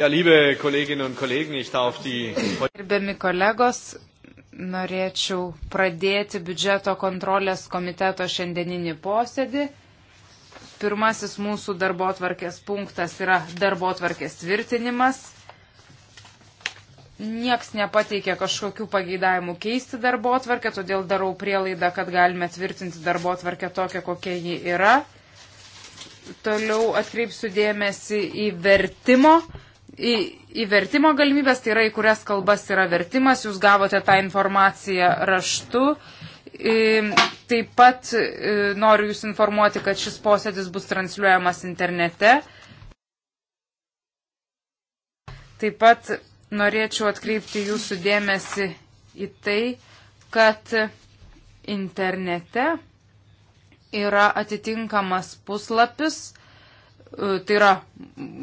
Ja, liebe Kolleginnen und Kollegen, ich darf die. Gerbiami kolegos, norėčiau pradėti biudžeto kontrolės komiteto šiandieninį posėdį. Pirmasis mūsų darbo atvarkės punktas yra darbo atvarkės tvirtinimas. Niekas nepateikė kažkokių pageidavimų keisti darbo atvarkę, todėl darau prielaidą, kad galime tvirtinti darbo atvarkę tokią, kokia ji yra. Toliau atkreipsiu dėmesį į vertimo į, į vertimo galimybės, tai yra į kurias kalbas yra vertimas, jūs gavote tą informaciją raštu. Taip pat noriu Jūs informuoti, kad šis posėdis bus transliuojamas internete. Taip pat norėčiau atkreipti Jūsų dėmesį į tai, kad internete yra atitinkamas puslapis, E, tai yra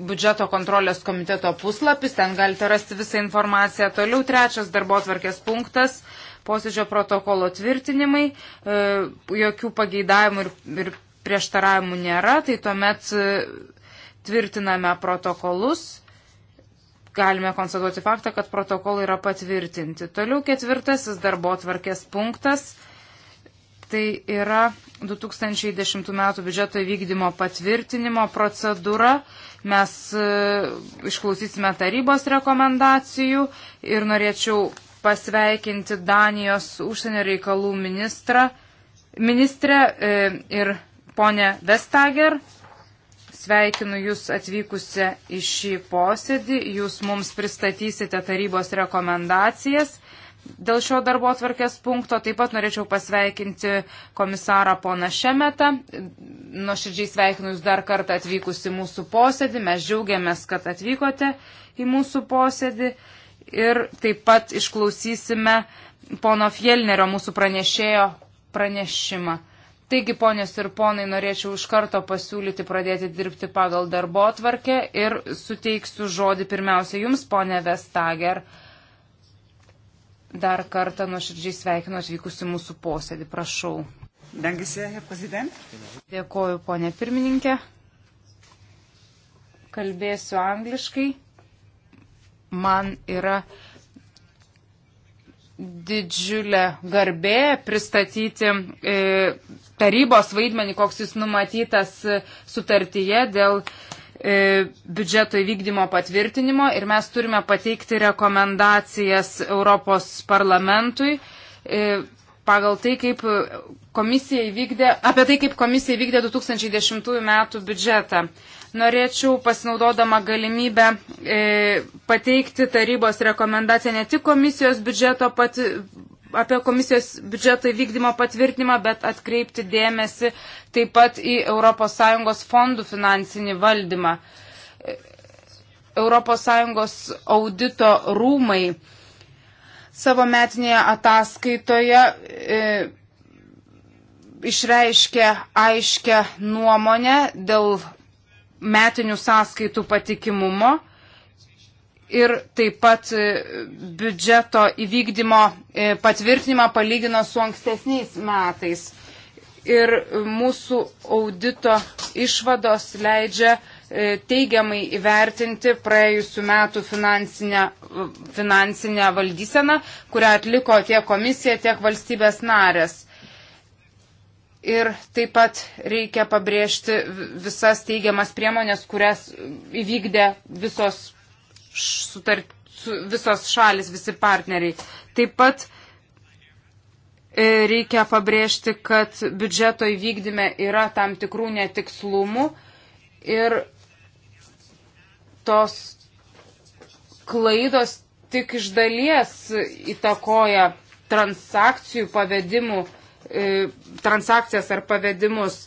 biudžeto kontrolės komiteto puslapis, ten galite rasti visą informaciją. Toliau trečias darbo tvarkės punktas - posėdžio protokolo tvirtinimai. E, jokių pageidavimų ir, ir prieštaravimų nėra, tai tuomet e, tvirtiname protokolus. Galime konstatuoti faktą, kad protokolai yra patvirtinti. Toliau ketvirtasis darbo tvarkės punktas - Tai yra 2010 m. biudžeto įvykdymo patvirtinimo procedūra. Mes e, išklausysime tarybos rekomendacijų ir norėčiau pasveikinti Danijos užsienio reikalų ministrą, ministrę e, ir ponę Vestager. Sveikinu Jūs atvykusią į šį posėdį. Jūs mums pristatysite tarybos rekomendacijas Dėl šio darbo atvarkės punkto taip pat norėčiau pasveikinti komisarą poną Šemetą. Nuoširdžiai sveikinu Jūs dar kartą atvykus į mūsų posėdį. Mes džiaugiamės, kad atvykote į mūsų posėdį. Ir taip pat išklausysime pono Fjellnerio, mūsų pranešėjo, pranešimą. Taigi, ponios ir ponai, norėčiau iš karto pasiūlyti pradėti dirbti pagal darbo atvarkę ir suteiksiu žodį pirmiausia Jums, ponė Vestager dar kartą nuoširdžiai sveikinu atvykusi mūsų posėdį. Prašau. Dėkoju, ponė pirmininkė. Kalbėsiu angliškai. Man yra didžiulė garbė pristatyti e, tarybos vaidmenį, koks jis numatytas sutartyje dėl e, E, biudžeto įvykdymo patvirtinimo ir mes turime pateikti rekomendacijas Europos parlamentui e, pagal tai, kaip komisija įvykdė, apie tai, kaip komisija įvykdė 2010 metų biudžetą. Norėčiau pasinaudodama galimybę e, pateikti tarybos rekomendaciją ne tik komisijos biudžeto pat, apie komisijos biudžeto įvykdymo patvirtinimą, bet atkreipti dėmesį taip pat į ES fondų finansinį valdymą. ES audito rūmai savo metinėje ataskaitoje e, išreiškė aiškę nuomonę dėl metinių sąskaitų patikimumo ir taip pat e, biudžeto įvykdymo e, patvirtinimą palygino su ankstesniais metais. Ir mūsų audito išvados leidžia e, teigiamai įvertinti praėjusių metų finansinę, finansinę valdyseną, kurią atliko tiek komisija, tiek valstybės narės. Ir taip pat reikia pabrėžti visas teigiamas priemonės, kurias įvykdė visos sutart, visos šalis, visi partneriai. Taip pat e, reikia pabrėžti, kad biudžeto įvykdyme yra tam tikrų netikslumų ir tos klaidos tik iš dalies įtakoja transakcijų pavedimų, e, transakcijas ar pavedimus.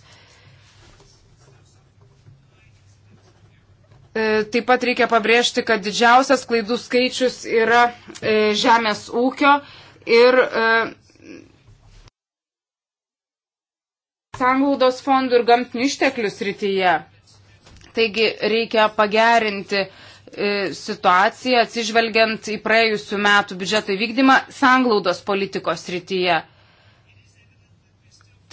E, taip pat reikia pabrėžti, kad didžiausias klaidų skaičius yra e, žemės ūkio ir e, sanglaudos fondų ir gamtinių išteklių srityje. Taigi reikia pagerinti situaciją atsižvelgiant į praėjusių metų biudžeto įvykdymą sanglaudos politikos srityje.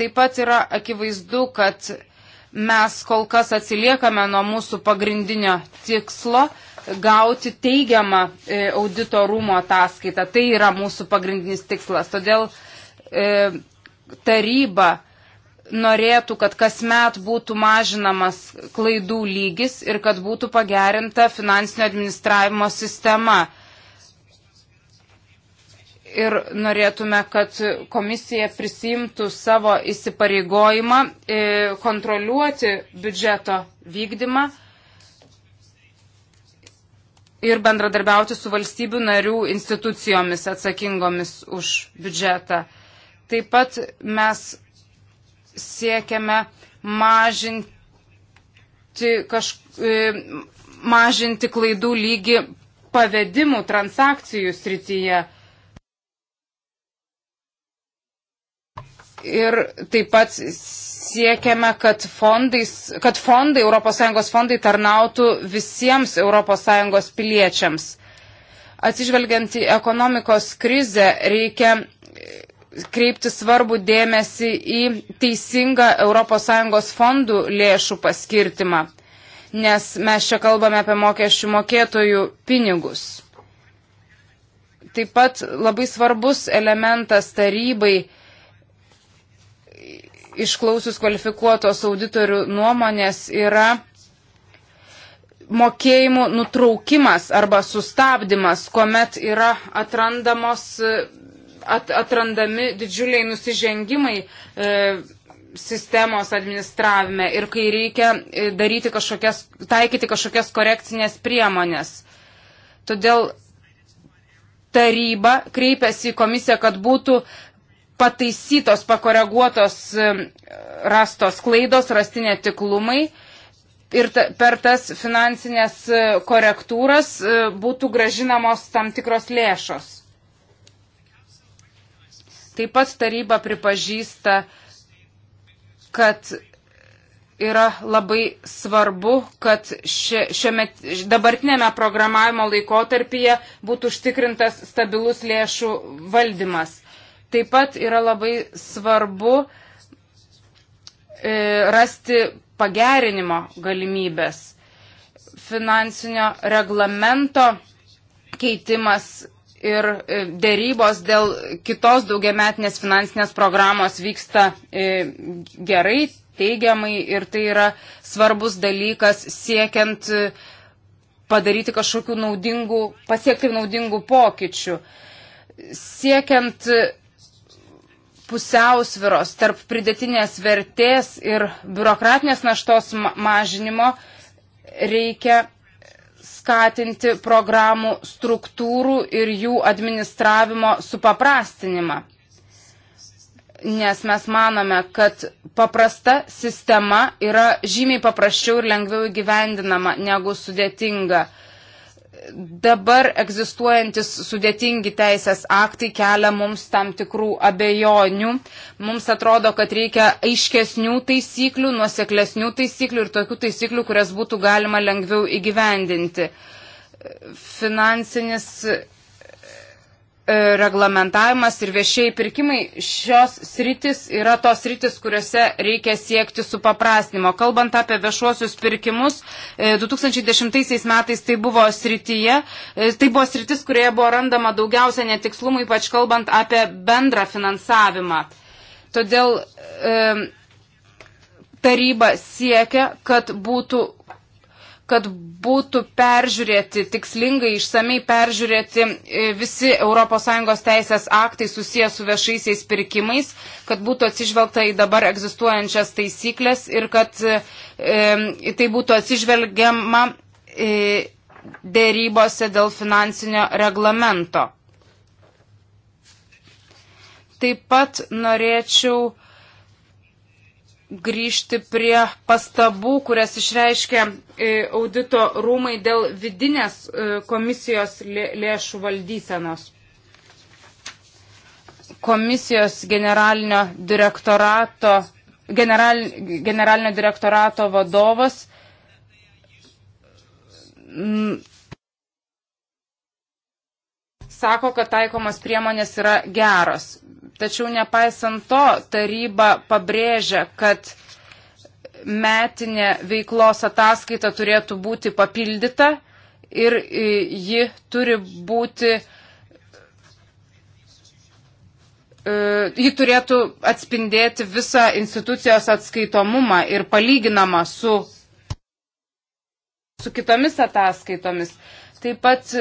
Taip pat yra akivaizdu, kad mes kol kas atsiliekame nuo mūsų pagrindinio tikslo gauti teigiamą e, audito rūmo ataskaitą. Tai yra mūsų pagrindinis tikslas. Todėl e, taryba norėtų, kad kasmet būtų mažinamas klaidų lygis ir kad būtų pagerinta finansinio administravimo sistema ir norėtume, kad komisija prisimtų savo įsipareigojimą e, kontroliuoti biudžeto vykdymą ir bendradarbiauti su valstybių narių institucijomis atsakingomis už biudžetą. Taip pat mes siekiame mažinti, kažk... E, mažinti klaidų lygį pavedimų transakcijų srityje ir taip pat siekiame, kad, fondais, kad fondai, ES fondai tarnautų visiems ES piliečiams. Atsižvelgiant į ekonomikos krizę, reikia kreipti svarbų dėmesį į teisingą ES fondų lėšų paskirtimą, nes mes čia kalbame apie mokesčių mokėtojų pinigus. Taip pat labai svarbus elementas tarybai išklausius kvalifikuotos auditorių nuomonės yra mokėjimų nutraukimas arba sustabdymas, kuomet yra atrandamos, at, atrandami didžiuliai nusižengimai e, sistemos administravime ir kai reikia e, daryti kažkokias, taikyti kažkokias korekcinės priemonės. Todėl taryba kreipėsi į komisiją, kad būtų pataisytos, pakoreguotos e, rastos klaidos, rasti netiklumai. Ir ta, per tas finansinės e, korektūras e, būtų gražinamos tam tikros lėšos. Taip pat taryba pripažįsta, kad yra labai svarbu, kad šiame dabartinėme programavimo laikotarpyje būtų užtikrintas stabilus lėšų valdymas. Taip pat yra labai svarbu e, rasti pagerinimo galimybės. Finansinio reglamento keitimas ir e, dėrybos dėl kitos daugiametinės finansinės programos vyksta e, gerai, teigiamai ir tai yra svarbus dalykas siekiant padaryti kažkokių naudingų, pasiekti naudingų pokyčių. Siekiant pusiausviros tarp pridėtinės vertės ir biurokratinės naštos mažinimo reikia skatinti programų struktūrų ir jų administravimo supaprastinimą. Nes mes manome, kad paprasta sistema yra žymiai paprasčiau ir lengviau įgyvendinama negu sudėtinga sistema dabar egzistuojantis sudėtingi teisės aktai kelia mums tam tikrų abejonių. Mums atrodo, kad reikia aiškesnių taisyklių, nuoseklesnių taisyklių ir tokių taisyklių, kurias būtų galima lengviau įgyvendinti. Finansinis E, reglamentavimas ir viešieji pirkimai, šios sritis yra tos sritis, kuriuose reikia siekti supaprastinimo. Kalbant apie viešuosius pirkimus, 2010 e, metais tai buvo srityje, e, tai buvo sritis, kurioje buvo randama daugiausia netikslumų, ypač kalbant apie bendrą finansavimą. Todėl e, taryba siekia, kad būtų kad būtų peržiūrėti, tikslingai išsamei peržiūrėti e, visi ES teisės aktai susijęs su viešaisiais pirkimais, kad būtų atsižvelgta į dabar egzistuojančias taisyklės ir kad e, tai būtų atsižvelgiama e, dėrybose dėl finansinio reglamento. Taip pat norėčiau grįžti prie pastabų, kurias išreiškė e, audito rūmai dėl vidinės e, komisijos lėšų valdysenos. Komisijos generalinio direktorato, general, generalinio direktorato vadovas m, sako, kad taikomas priemonės yra geros. Tačiau nepaisant to, taryba pabrėžia, kad metinė veiklos ataskaita turėtų būti papildyta ir e, ji turi būti. E, ji turėtų atspindėti visą institucijos atskaitomumą ir palyginamą su, su kitomis ataskaitomis. Taip pat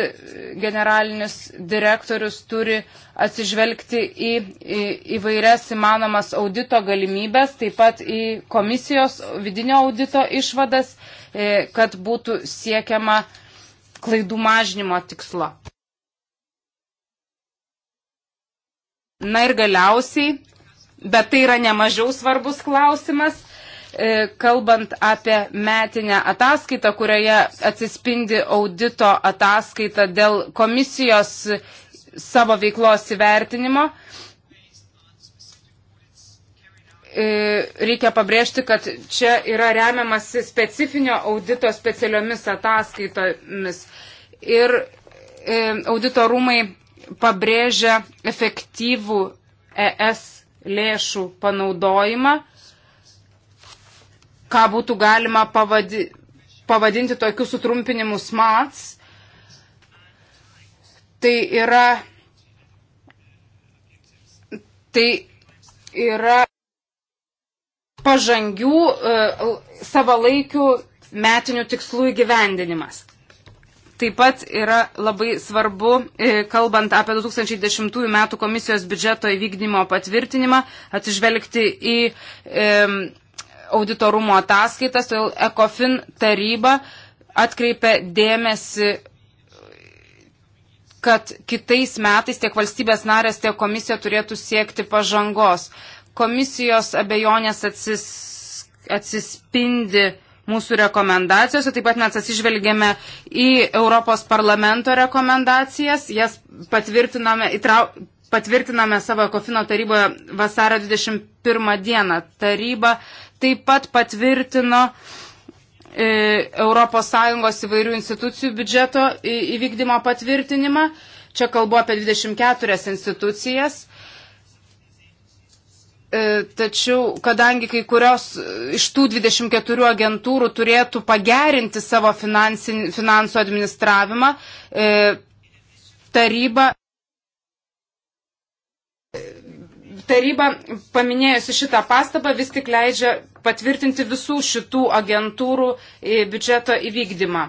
generalinis direktorius turi atsižvelgti į, į įvairias įmanomas audito galimybės, taip pat į komisijos vidinio audito išvadas, e, kad būtų siekiama klaidų mažinimo tikslo. Na ir galiausiai, bet tai yra nemažiau svarbus klausimas, E, kalbant apie metinę ataskaitą, kurioje atsispindi audito ataskaita dėl komisijos savo veiklos įvertinimo. E, reikia pabrėžti, kad čia yra remiamas specifinio audito specialiomis ataskaitomis. Ir e, audito rūmai pabrėžia efektyvų ES lėšų panaudojimą ką būtų galima pavadi, pavadinti tokiu sutrumpinimu SMATS. Tai yra. Tai yra pažangių e, savalaikių metinių tikslų įgyvendinimas. Taip pat yra labai svarbu, e, kalbant apie 2010 metų komisijos biudžeto įvykdymo patvirtinimą, atsižvelgti į e, auditorumo ataskaitas, todėl ECOFIN taryba atkreipia dėmesį, kad kitais metais tiek valstybės narės, tiek komisija turėtų siekti pažangos. Komisijos abejonės atsis, atsispindi mūsų rekomendacijose, taip pat mes atsižvelgėme į Europos parlamento rekomendacijas, jas patvirtiname, įtrau, patvirtiname savo Ekofino taryboje vasaro 21 dieną. Taryba taip pat patvirtino ES įvairių institucijų biudžeto įvykdymo patvirtinimą. Čia kalbu apie 24 institucijas. E, tačiau, kadangi kai kurios iš tų 24 agentūrų turėtų pagerinti savo finansin, finansų administravimą, e, taryba taryba, paminėjusi šitą pastabą, vis tik leidžia patvirtinti visų šitų agentūrų e, biudžeto įvykdymą.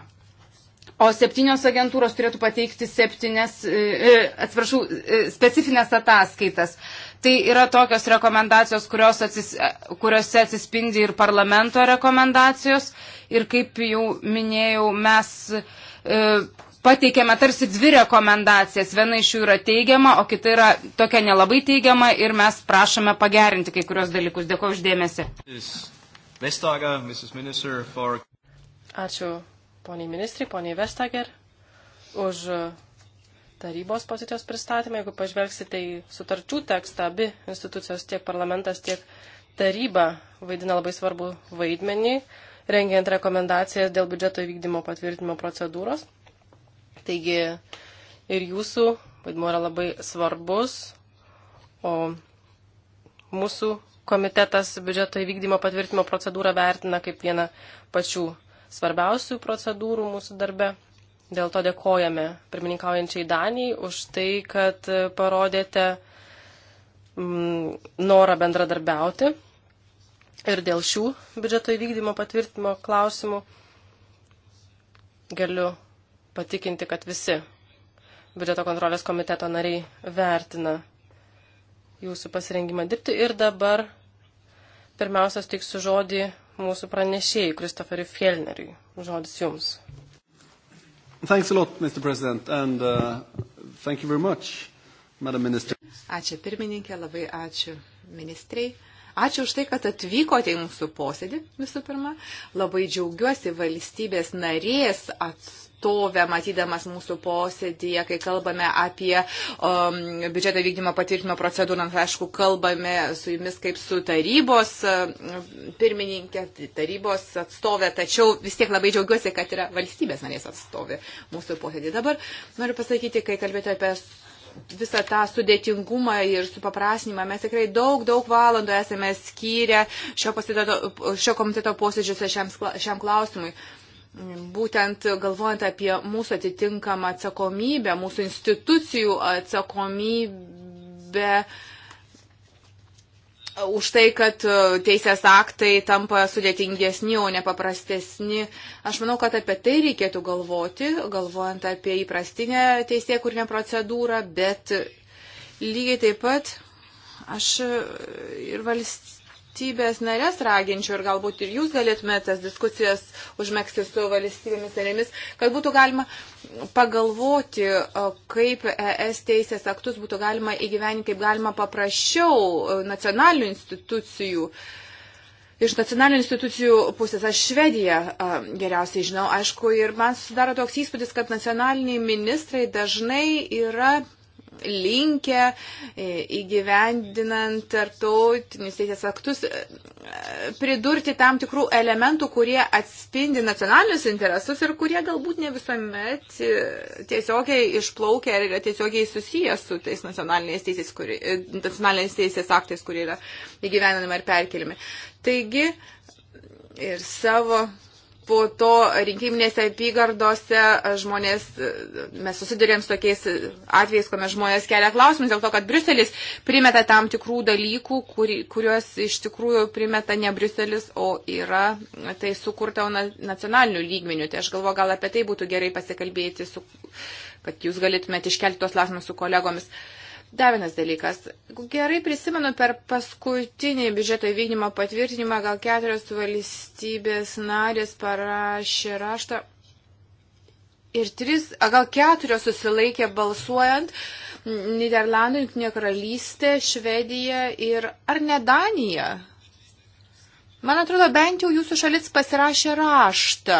O septynios agentūros turėtų pateikti septynes, e, e, atsiprašau, specifines ataskaitas. Tai yra tokios rekomendacijos, atsis, kuriuose atsispindi ir parlamento rekomendacijos. Ir kaip jau minėjau, mes pateikėme tarsi dvi rekomendacijas. Viena iš jų yra teigiama, o kita yra tokia nelabai teigiama ir mes prašome pagerinti kai kurios dalykus. Dėkuoju uždėmesi. Ačiū poniai ministrai, poniai Vestager už uh, tarybos pozicijos pristatymą. Jeigu pažvelgsite į sutarčių tekstą, abi institucijos, tiek parlamentas, tiek taryba vaidina labai svarbu vaidmenį, rengiant rekomendacijas dėl biudžeto įvykdymo patvirtinimo procedūros. Taigi ir jūsų vaidmuo yra labai svarbus, o mūsų komitetas biudžeto įvykdymo patvirtimo procedūrą vertina kaip vieną pačių svarbiausių procedūrų mūsų darbe. Dėl to dėkojame pirmininkaujančiai Danijai už tai, kad parodėte mm, norą bendradarbiauti ir dėl šių biudžeto įvykdymo patvirtimo klausimų galiu patikinti, kad visi biudžeto kontrolės komiteto nariai vertina jūsų pasirengimą dirbti. Ir dabar pirmiausia steiksiu žodį mūsų pranešėjai, Kristoferiu Fjellneriui. Žodis jums. Thanks a lot, Mr. President, and uh, thank you very much, Madam Minister. Ačiū pirmininkė, labai ačiū ministrei. Ačiū už tai, kad atvykote į mūsų posėdį visų pirma. Labai džiaugiuosi valstybės narės atstovų vietovę, matydamas mūsų posėdėje, kai kalbame apie um, biudžeto vykdymo patvirtinimo procedūrą. Aišku, kalbame su jumis kaip su tarybos um, pirmininkė, tarybos atstovė, tačiau vis tiek labai džiaugiuosi, kad yra valstybės narės atstovė mūsų posėdėje. Dabar noriu pasakyti, kai kalbėjote apie visą tą sudėtingumą ir supaprasnimą. Mes tikrai daug, daug valandų esame skyrę šio, šio komiteto posėdžiuose šiam, šiam klausimui būtent galvojant apie mūsų atitinkamą atsakomybę, mūsų institucijų atsakomybę uh, už tai, kad uh, teisės aktai tampa sudėtingesni, o ne paprastesni. Aš manau, kad apie tai reikėtų galvoti, galvojant apie įprastinę teisėkūrinę procedūrą, bet uh, lygiai taip pat aš ir valstybė valstybės narės raginčiau ir galbūt ir jūs galėtumėte tas diskusijas užmėgsti su valstybėmis narėmis, kad būtų galima pagalvoti, kaip ES teisės aktus būtų galima įgyveninti, kaip galima paprasčiau nacionalinių institucijų. Iš nacionalinių institucijų pusės aš Švediją a, geriausiai žinau, aišku, ir man susidaro toks įspūdis, kad nacionaliniai ministrai dažnai yra linkę e, įgyvendinant tarptautinius teisės aktus e, pridurti tam tikrų elementų, kurie atspindi nacionalinius interesus ir kurie galbūt ne visuomet e, tiesiogiai išplaukia ir yra tiesiogiai susijęs su tais nacionaliniais teisės, kuri, nacionaliniais teisės aktais, kurie yra įgyvendinami ar perkeliami. Taigi ir savo po to rinkiminėse apygardose žmonės, mes susidurėm su tokiais atvejais, kuomet žmonės kelia klausimus dėl to, kad Briuselis primeta tam tikrų dalykų, kur, kuriuos iš tikrųjų primeta ne Briuselis, o yra tai sukurta nacionaliniu lygmeniu. Tai aš galvoju, gal apie tai būtų gerai pasikalbėti, su, kad jūs galėtumėte iškelti tos klausimus su kolegomis. Uh, Dar vienas dalykas. Gerai prisimenu, per paskutinį biudžeto įvykdymo patvirtinimą gal keturios valstybės narės parašė raštą ir tris, a, gal keturios susilaikė balsuojant Niderlandų, Junktinė karalystė, Švedija ir ar ne Danija? Man atrodo, bent jau jūsų šalis pasirašė raštą.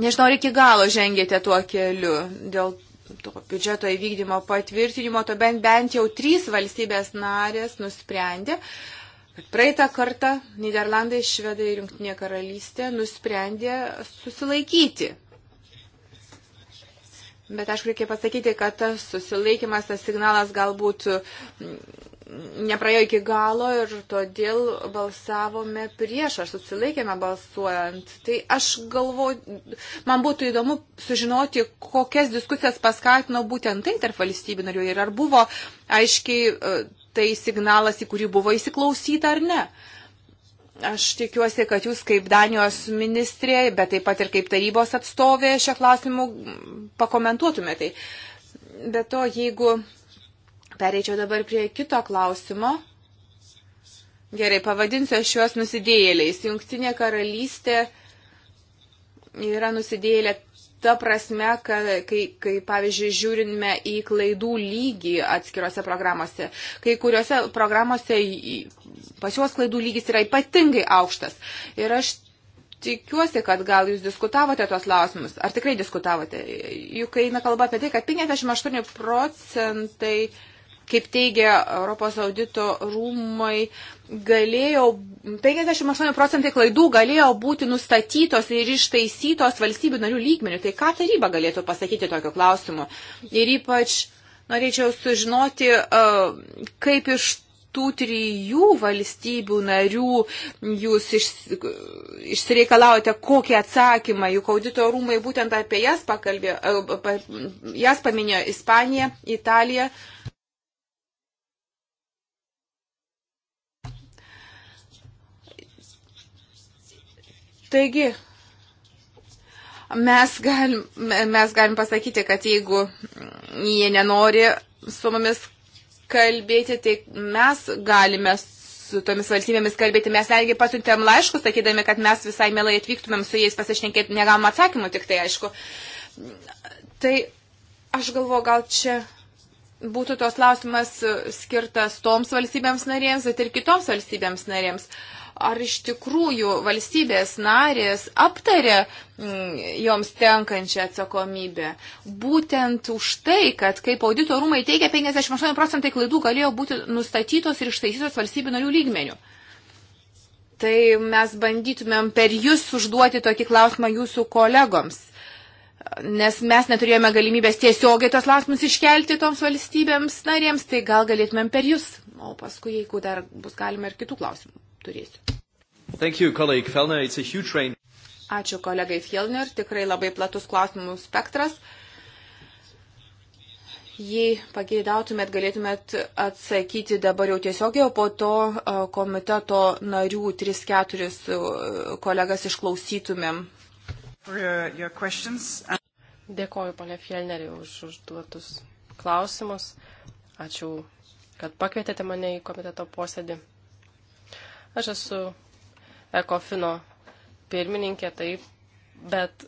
Nežinau, ar iki galo žengėte tuo keliu. Dėl to biudžeto įvykdymo patvirtinimo, to bent, bent jau trys valstybės narės nusprendė, kad praeitą kartą Niderlandai, Švedai ir Junktinė karalystė nusprendė susilaikyti. Bet aišku, reikia pasakyti, kad tas susilaikimas, tas signalas galbūt nepraėjo iki galo ir todėl balsavome prieš, ar susilaikėme balsuojant. Tai aš galvoju, man būtų įdomu sužinoti, kokias diskusijas paskatino būtent tai tarp valstybių narių ir ar buvo aiškiai e, tai signalas, į kurį buvo įsiklausyta ar ne. Aš tikiuosi, kad jūs kaip Danijos ministrė, bet taip pat ir kaip tarybos atstovė šią klausimą pakomentuotumėte. Tai. Be to, jeigu Pereičiau dabar prie kito klausimo. Gerai, pavadinsiu aš juos nusidėjėliais. Jungtinė karalystė yra nusidėjėlė ta prasme, kad, kai, kai, pavyzdžiui, žiūrime į klaidų lygį atskirose programuose. Kai kuriuose programuose pas juos klaidų lygis yra ypatingai aukštas. Ir aš tikiuosi, kad gal jūs diskutavote tuos klausimus. Ar tikrai diskutavote? Juk eina kalba apie tai, kad 58 procentai kaip teigia Europos audito rūmai, galėjo, 58 procentai klaidų galėjo būti nustatytos ir ištaisytos valstybių narių lygmenių. Tai ką taryba galėtų pasakyti tokiu klausimu? Ir ypač norėčiau sužinoti, kaip iš tų trijų valstybių narių jūs iš, išsireikalaujate kokį atsakymą, juk audito rūmai būtent apie jas, pakalbė, jas paminėjo Ispanija, Italija, Taigi, mes galim, mes galim pasakyti, kad jeigu jie nenori su mumis kalbėti, tai mes galime su tomis valstybėmis kalbėti. Mes netgi pasiuntėm laiškus, sakydami, kad mes visai mielai atvyktumėm su jais pasišnekėti, negavom atsakymų tik tai, aišku. Tai aš galvoju, gal čia būtų tos klausimas skirtas toms valstybėms narėms, bet ir kitoms valstybėms narėms. Uh, ar iš tikrųjų valstybės narės aptarė mm, joms tenkančią atsakomybę. Būtent už tai, kad kaip audito rūmai teigia, 58 procentai klaidų galėjo būti nustatytos ir ištaisytos valstybių narių lygmenių. Tai mes bandytumėm per jūs užduoti tokį klausimą jūsų kolegoms nes mes neturėjome galimybės tiesiogiai tos klausimus iškelti toms valstybėms narėms, tai gal galėtumėm per jūs, o paskui, jeigu dar bus galima ir kitų klausimų turėsiu. Thank you, colleague Felner. It's a huge range. Ačiū kolegai Fjellner, tikrai labai platus klausimų spektras. Jei pageidautumėt, galėtumėt atsakyti dabar jau tiesiogiai, o po to e, komiteto narių 3-4 e, kolegas išklausytumėm. Dėkoju, ponė Fjellneri, už užduotus klausimus. Ačiū, kad pakvietėte mane į komiteto posėdį. Aš esu ekofino pirmininkė, taip, bet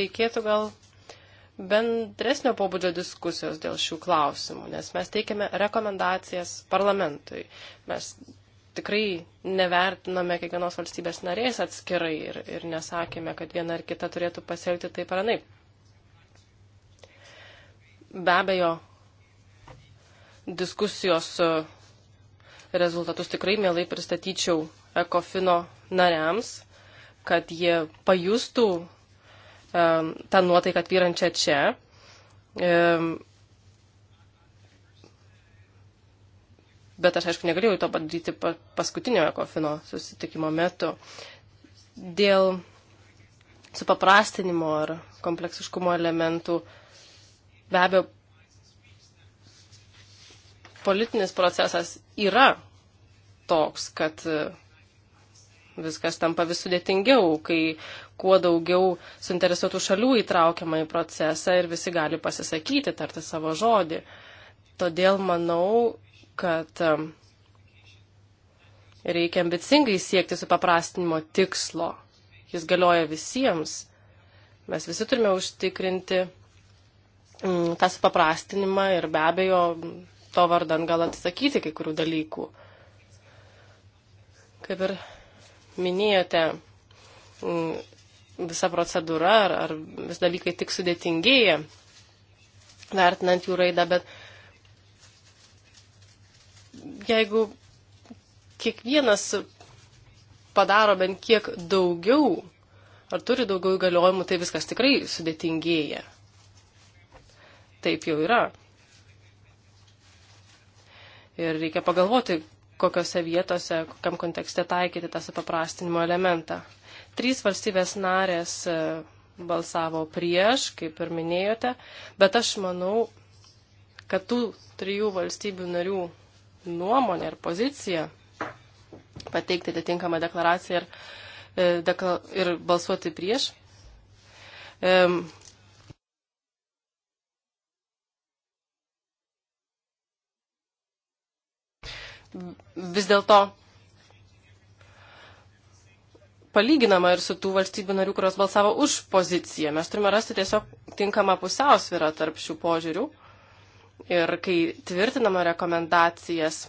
reikėtų gal bendresnio pobūdžio diskusijos dėl šių klausimų, nes mes teikiame rekomendacijas parlamentui. Mes tikrai nevertiname kiekvienos valstybės narės atskirai ir, ir nesakėme, kad viena ar kita turėtų pasielgti taip ar anaip. Be abejo, diskusijos e, rezultatus tikrai mielai pristatyčiau ekofino nariams, kad jie pajustų um, tą nuotaiką atvyrančią čia. Um, bet aš, aišku, negalėjau to padaryti paskutinio ekofino susitikimo metu. Dėl supaprastinimo ar kompleksiškumo elementų be abejo politinis procesas yra toks, kad e, viskas tampa vis sudėtingiau, kai kuo daugiau suinteresuotų šalių įtraukiama į procesą ir visi gali pasisakyti, tarti savo žodį. Todėl manau, kad e, reikia ambicingai siekti supaprastinimo tikslo. Jis galioja visiems. Mes visi turime užtikrinti mm, tą supaprastinimą ir be abejo to vardan gal atsisakyti kai kurių dalykų. Kaip ir minėjote, mm, visa procedūra ar, ar vis dalykai tik sudėtingėja, vertinant jų raidą, bet jeigu kiekvienas padaro bent kiek daugiau ar turi daugiau įgaliojimų, tai viskas tikrai sudėtingėja. Taip jau yra ir reikia pagalvoti, kokiose vietose, kokiam kontekste taikyti tą supaprastinimo elementą. Trys valstybės narės e, balsavo prieš, kaip ir minėjote, bet aš manau, kad tų trijų valstybių narių nuomonė ir pozicija pateikti atitinkamą deklaraciją ir, e, dekla, ir balsuoti prieš. vis dėlto palyginama ir su tų valstybių narių, kurios balsavo už poziciją. Mes turime rasti tiesiog tinkamą pusiausvyrą tarp šių požiūrių. Ir kai tvirtinama rekomendacijas,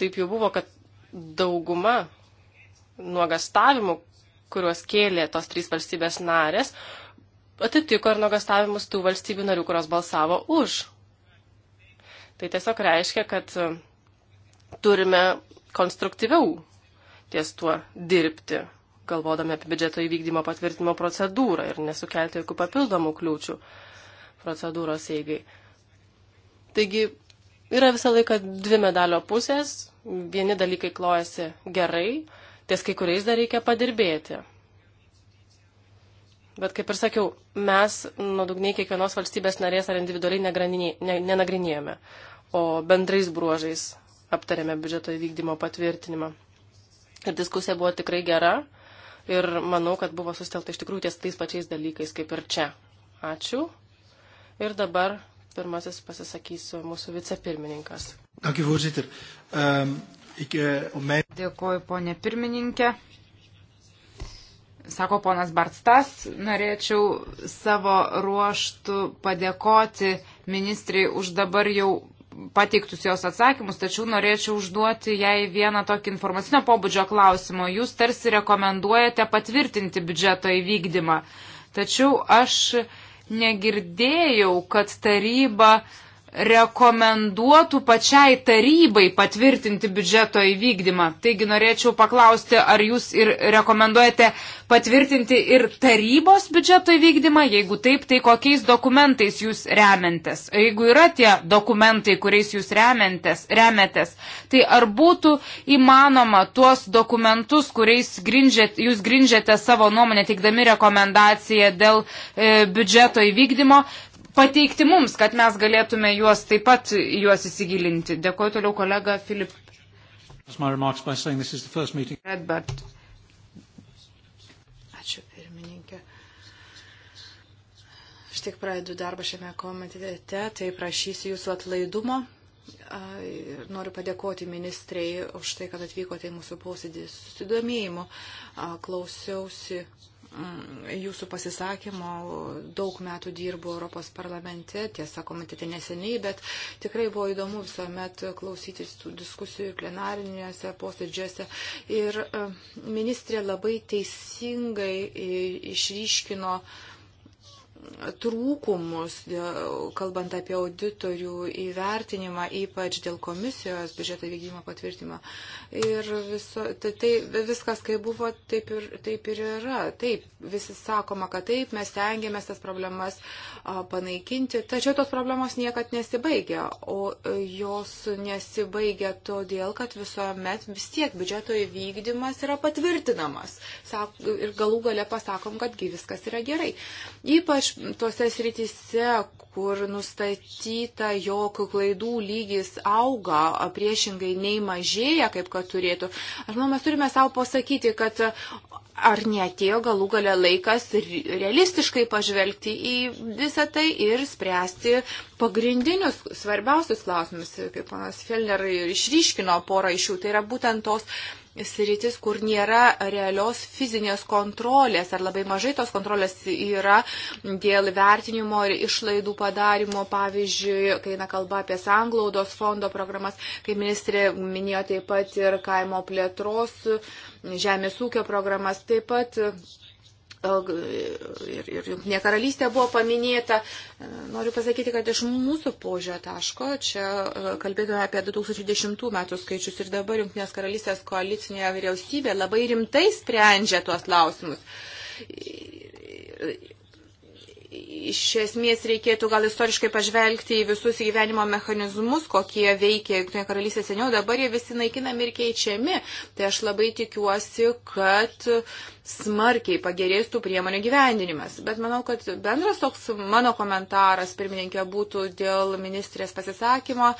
taip jau buvo, kad dauguma nuogastavimų, kuriuos kėlė tos trys valstybės narės, atitiko ir nuogastavimus tų valstybių narių, kurios balsavo už Tai tiesiog reiškia, kad e, turime konstruktyviau ties tuo dirbti, galvodami apie biudžeto įvykdymo patvirtinimo procedūrą ir nesukelti jokių papildomų kliūčių procedūros eigai. Taigi yra visą laiką dvi medalio pusės, vieni dalykai klojasi gerai, ties kai kuriais dar reikia padirbėti. Bet kaip ir sakiau, mes nuodugniai kiekvienos valstybės narės ar individualiai ne, nenagrinėjome, o bendrais bruožais aptarėme biudžeto įvykdymo patvirtinimą. Ir diskusija buvo tikrai gera ir manau, kad buvo sustelta iš tikrųjų ties tais pačiais dalykais kaip ir čia. Ačiū. Ir dabar pirmasis pasisakysiu mūsų vicepirmininkas. Ehm, eh, Dėkuoju, ponė pirmininkė sako ponas Bartstas, norėčiau savo ruoštų padėkoti ministrai už dabar jau pateiktus jos atsakymus, tačiau norėčiau užduoti jai vieną tokį informacinio pobūdžio klausimą. Jūs tarsi rekomenduojate patvirtinti biudžeto įvykdymą, tačiau aš negirdėjau, kad taryba uh, rekomenduotų pačiai tarybai patvirtinti biudžeto įvykdymą. Taigi norėčiau paklausti, ar jūs ir rekomenduojate patvirtinti ir tarybos biudžeto įvykdymą, jeigu taip, tai kokiais dokumentais jūs remiantis. Jeigu yra tie dokumentai, kuriais jūs remiantis, remiatės, tai ar būtų įmanoma tuos dokumentus, kuriais grindžiat, jūs grindžiate savo nuomonę, teikdami rekomendaciją dėl e, biudžeto įvykdymo, pateikti mums, kad mes galėtume juos taip pat juos įsigilinti. Dėkuoju toliau kolega Filip. Redbert. Ačiū pirmininkė. Aš tik pradedu darbą šiame komitete, tai prašysiu jūsų atlaidumo. Noriu padėkoti ministrei už tai, kad atvykote į mūsų posėdį. Susidomėjimu klausiausi Mm, jūsų pasisakymo, daug metų dirbu Europos parlamente, tiesa, komitete neseniai, bet tikrai buvo įdomu visuomet klausytis tų diskusijų plenarinėse posėdžiuose. Ir e, ministrė labai teisingai išryškino uh, trūkumus, kalbant apie auditorių įvertinimą, ypač dėl komisijos biudžeto vykdymo patvirtimo. Ir viso, tai, tai viskas, kaip buvo, taip ir, taip ir yra. Taip, visi sakoma, kad taip, mes tengiamės tas problemas a, panaikinti, tačiau tos problemos niekad nesibaigia, o e, jos nesibaigia todėl, kad visuomet vis tiek biudžeto įvykdymas yra patvirtinamas. Sak, ir galų gale pasakom, kadgi viskas yra gerai. Ypač ypač tose srityse, kur nustatyta, jog klaidų lygis auga, priešingai nei mažėja, kaip kad turėtų. Aš manau, mes turime savo pasakyti, kad ar netėjo galų gale laikas realistiškai pažvelgti į visą tai ir spręsti pagrindinius, svarbiausius klausimus, kaip panas Felner išryškino porą iš jų. Tai yra būtent tos sritis, kur nėra realios fizinės kontrolės ar labai mažai tos kontrolės yra dėl vertinimo ir išlaidų padarimo, pavyzdžiui, kai eina kalba apie sanglaudos fondo programas, kai ministrė minėjo taip pat ir kaimo plėtros, žemės ūkio programas, taip pat ir, ir Junktinė karalystė buvo paminėta. E, noriu pasakyti, kad iš mūsų požio taško, čia e, kalbėtume apie 2010 metų skaičius ir dabar Junktinės karalystės koalicinė vyriausybė labai rimtai sprendžia tuos klausimus iš esmės reikėtų gal istoriškai pažvelgti į visus gyvenimo mechanizmus, kokie veikia Junktinė karalystė seniau, dabar jie visi naikinami ir keičiami. Tai aš labai tikiuosi, kad smarkiai pagerės tų priemonių gyvendinimas. Bet manau, kad bendras toks mano komentaras, pirmininkė, būtų dėl ministrės pasisakymo,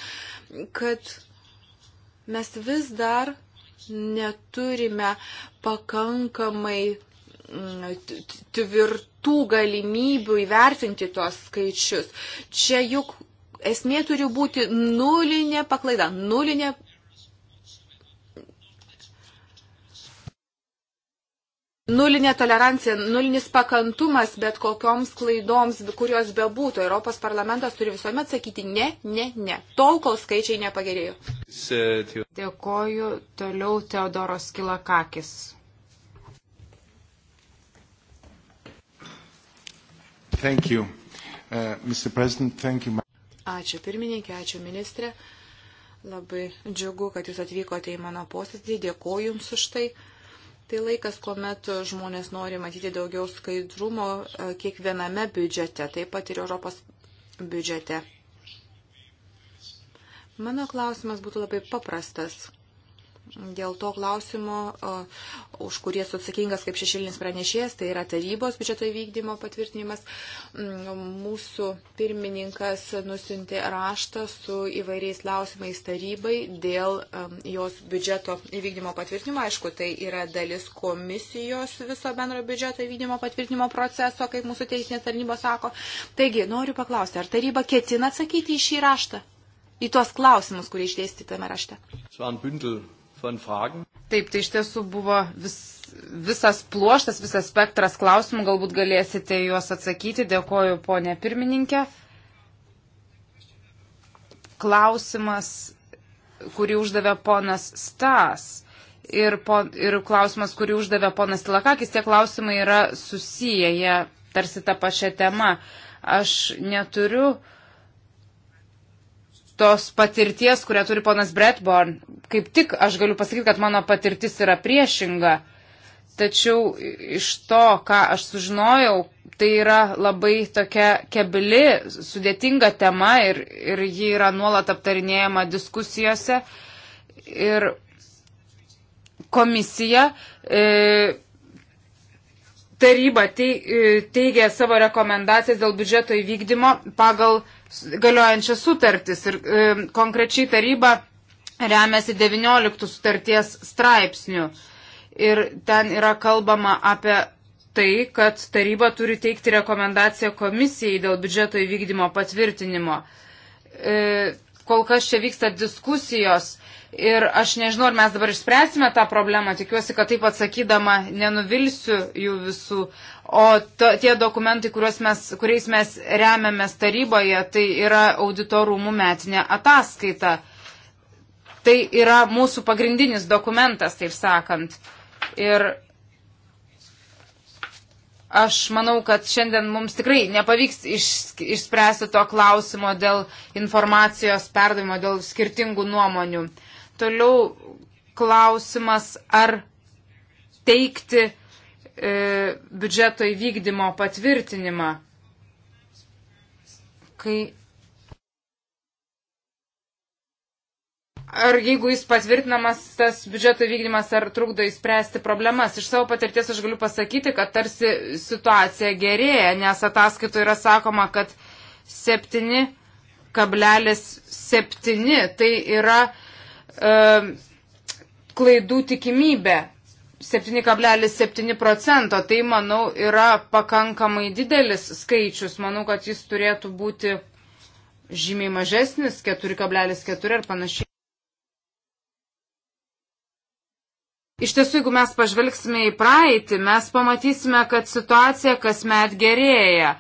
kad mes vis dar neturime pakankamai tvirtų galimybių įvertinti tuos skaičius. Čia juk esmė turi būti nulinė paklaida, nulinė nulinė tolerancija, nulinis pakantumas bet kokioms klaidoms, kurios bebūtų. Europos parlamentas turi visuomet sakyti ne, ne, ne, tol, kol skaičiai nepagerėjo. Dėkoju toliau Teodoros Kilakakis. Thank you. Uh, Mr. President, thank you. Ačiū pirmininkė, ačiū ministrė. Labai džiugu, kad jūs atvykote į mano posėdį. Dėkoju Jums už tai. Tai laikas, kuomet žmonės nori matyti daugiau skaidrumo e, kiekviename biudžete, taip pat ir Europos biudžete. Mano klausimas būtų labai paprastas dėl to klausimo, už kurį esu atsakingas kaip šešilinis pranešėjas, tai yra tarybos biudžeto įvykdymo patvirtinimas. Mm, mūsų pirmininkas nusinti raštą su įvairiais klausimais tarybai dėl jos biudžeto įvykdymo patvirtinimo. Aišku, tai yra dalis komisijos viso bendro biudžeto įvykdymo patvirtinimo proceso, kaip mūsų teisinė tarnyba sako. Taigi, noriu paklausti, ar taryba ketina atsakyti į šį raštą? Į tuos klausimus, kurie išdėstyti tame rašte. Svan Bündel Taip, tai iš tiesų buvo vis, visas pluoštas, visas spektras klausimų, galbūt galėsite juos atsakyti. Dėkoju, ponė pirmininkė. Klausimas, kurį uždavė ponas Stas ir, pon, ir klausimas, kurį uždavė ponas Tilakakis, tie klausimai yra susiję, jie tarsi tą pačią temą. Aš neturiu uh, tos patirties, kurią turi ponas Bretborn. Kaip tik aš galiu pasakyti, kad mano patirtis yra priešinga. Tačiau iš to, ką aš sužinojau, tai yra labai tokia kebili, sudėtinga tema ir, ir ji yra nuolat aptarinėjama diskusijose. Ir komisija. E, taryba e, teigia savo rekomendacijas dėl biudžeto įvykdymo pagal galiojančias sutartis ir e, konkrečiai taryba remiasi 19 sutarties straipsnių. Ir ten yra kalbama apie tai, kad taryba turi teikti rekomendaciją komisijai dėl biudžeto įvykdymo patvirtinimo. E, kol kas čia vyksta diskusijos Ir aš nežinau, ar mes dabar išspręsime tą problemą, tikiuosi, kad taip atsakydama nenuvilsiu jų visų. O to, tie dokumentai, mes, kuriais mes remiamės taryboje, tai yra auditorumų metinė ataskaita. Tai yra mūsų pagrindinis dokumentas, taip sakant. Ir Aš manau, kad šiandien mums tikrai nepavyks iš, išspręsti to klausimo dėl informacijos perdavimo, dėl skirtingų nuomonių. Toliau klausimas, ar teikti e, biudžeto įvykdymo patvirtinimą. Kai ar jeigu jis patvirtinamas tas biudžeto vykdymas, ar trukdo įspręsti problemas. Iš savo patirties aš galiu pasakyti, kad tarsi situacija gerėja, nes ataskaitoje yra sakoma, kad 7,7 tai yra E, klaidų tikimybė 7,7 procento. Tai, manau, yra pakankamai didelis skaičius. Manau, kad jis turėtų būti žymiai mažesnis, 4,4 ar panašiai. Iš tiesų, jeigu mes pažvelgsime į praeitį, mes pamatysime, kad situacija kasmet gerėja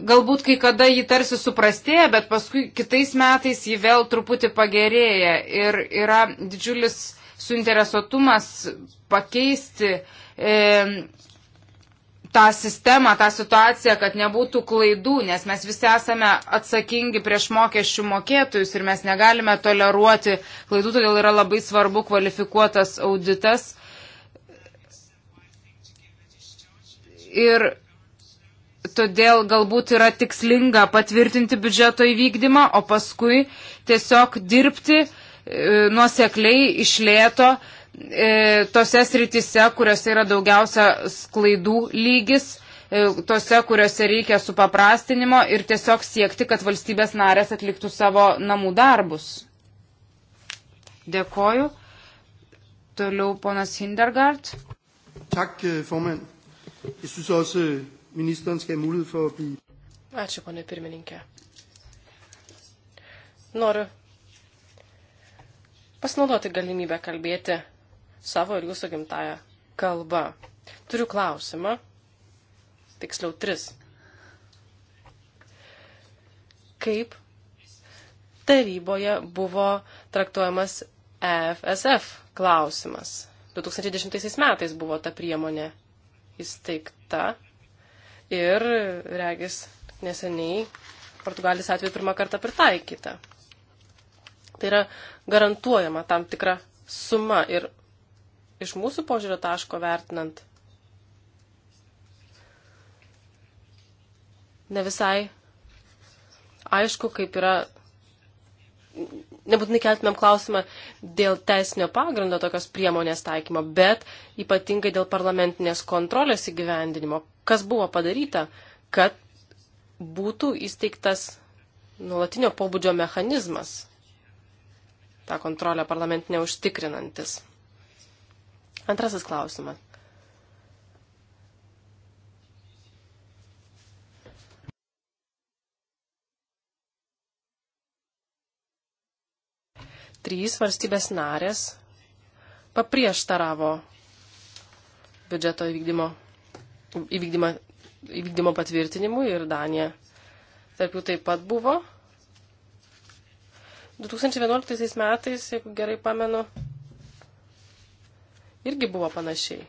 galbūt kai kada jį tarsi suprastėja, bet paskui kitais metais jį vėl truputį pagerėja ir yra didžiulis suinteresuotumas pakeisti e, tą sistemą, tą situaciją, kad nebūtų klaidų, nes mes visi esame atsakingi prieš mokesčių mokėtojus ir mes negalime toleruoti klaidų, todėl yra labai svarbu kvalifikuotas auditas. Ir todėl galbūt yra tikslinga patvirtinti biudžeto įvykdymą, o paskui tiesiog dirbti e, nuosekliai išlėto e, tose sritise, kuriuose yra daugiausia klaidų lygis e, tose, kuriuose reikia supaprastinimo ir tiesiog siekti, kad valstybės narės atliktų savo namų darbus. Dėkoju. Toliau ponas Hindergard. Tak, øh, formand. Jeg synes også, ministeren skal have mulighed for at blive. Ačiū, ponė pirmininkė. Noriu pasinaudoti galimybę kalbėti savo ir jūsų gimtają kalbą. Turiu klausimą, tiksliau tris. Kaip taryboje buvo traktuojamas EFSF klausimas? 2010 metais buvo ta priemonė įsteigta ir, regis, neseniai Portugalis atveju pirmą kartą pritaikyta. Tai yra garantuojama tam tikra suma ir iš mūsų požiūrio taško vertinant ne visai aišku, kaip yra nebūtinai keltumėm klausimą dėl teisinio pagrindo tokios priemonės taikymo, bet ypatingai dėl parlamentinės kontrolės įgyvendinimo. Kas buvo padaryta, kad būtų įsteigtas nuolatinio pobūdžio mechanizmas, tą kontrolę parlamentinę užtikrinantis. Antrasis klausimas. trys valstybės narės paprieštaravo biudžeto įvykdymo, įvykdymo, įvykdymo patvirtinimui ir Danija tarp jų taip pat buvo. 2011 metais, jeigu gerai pamenu, irgi buvo panašiai.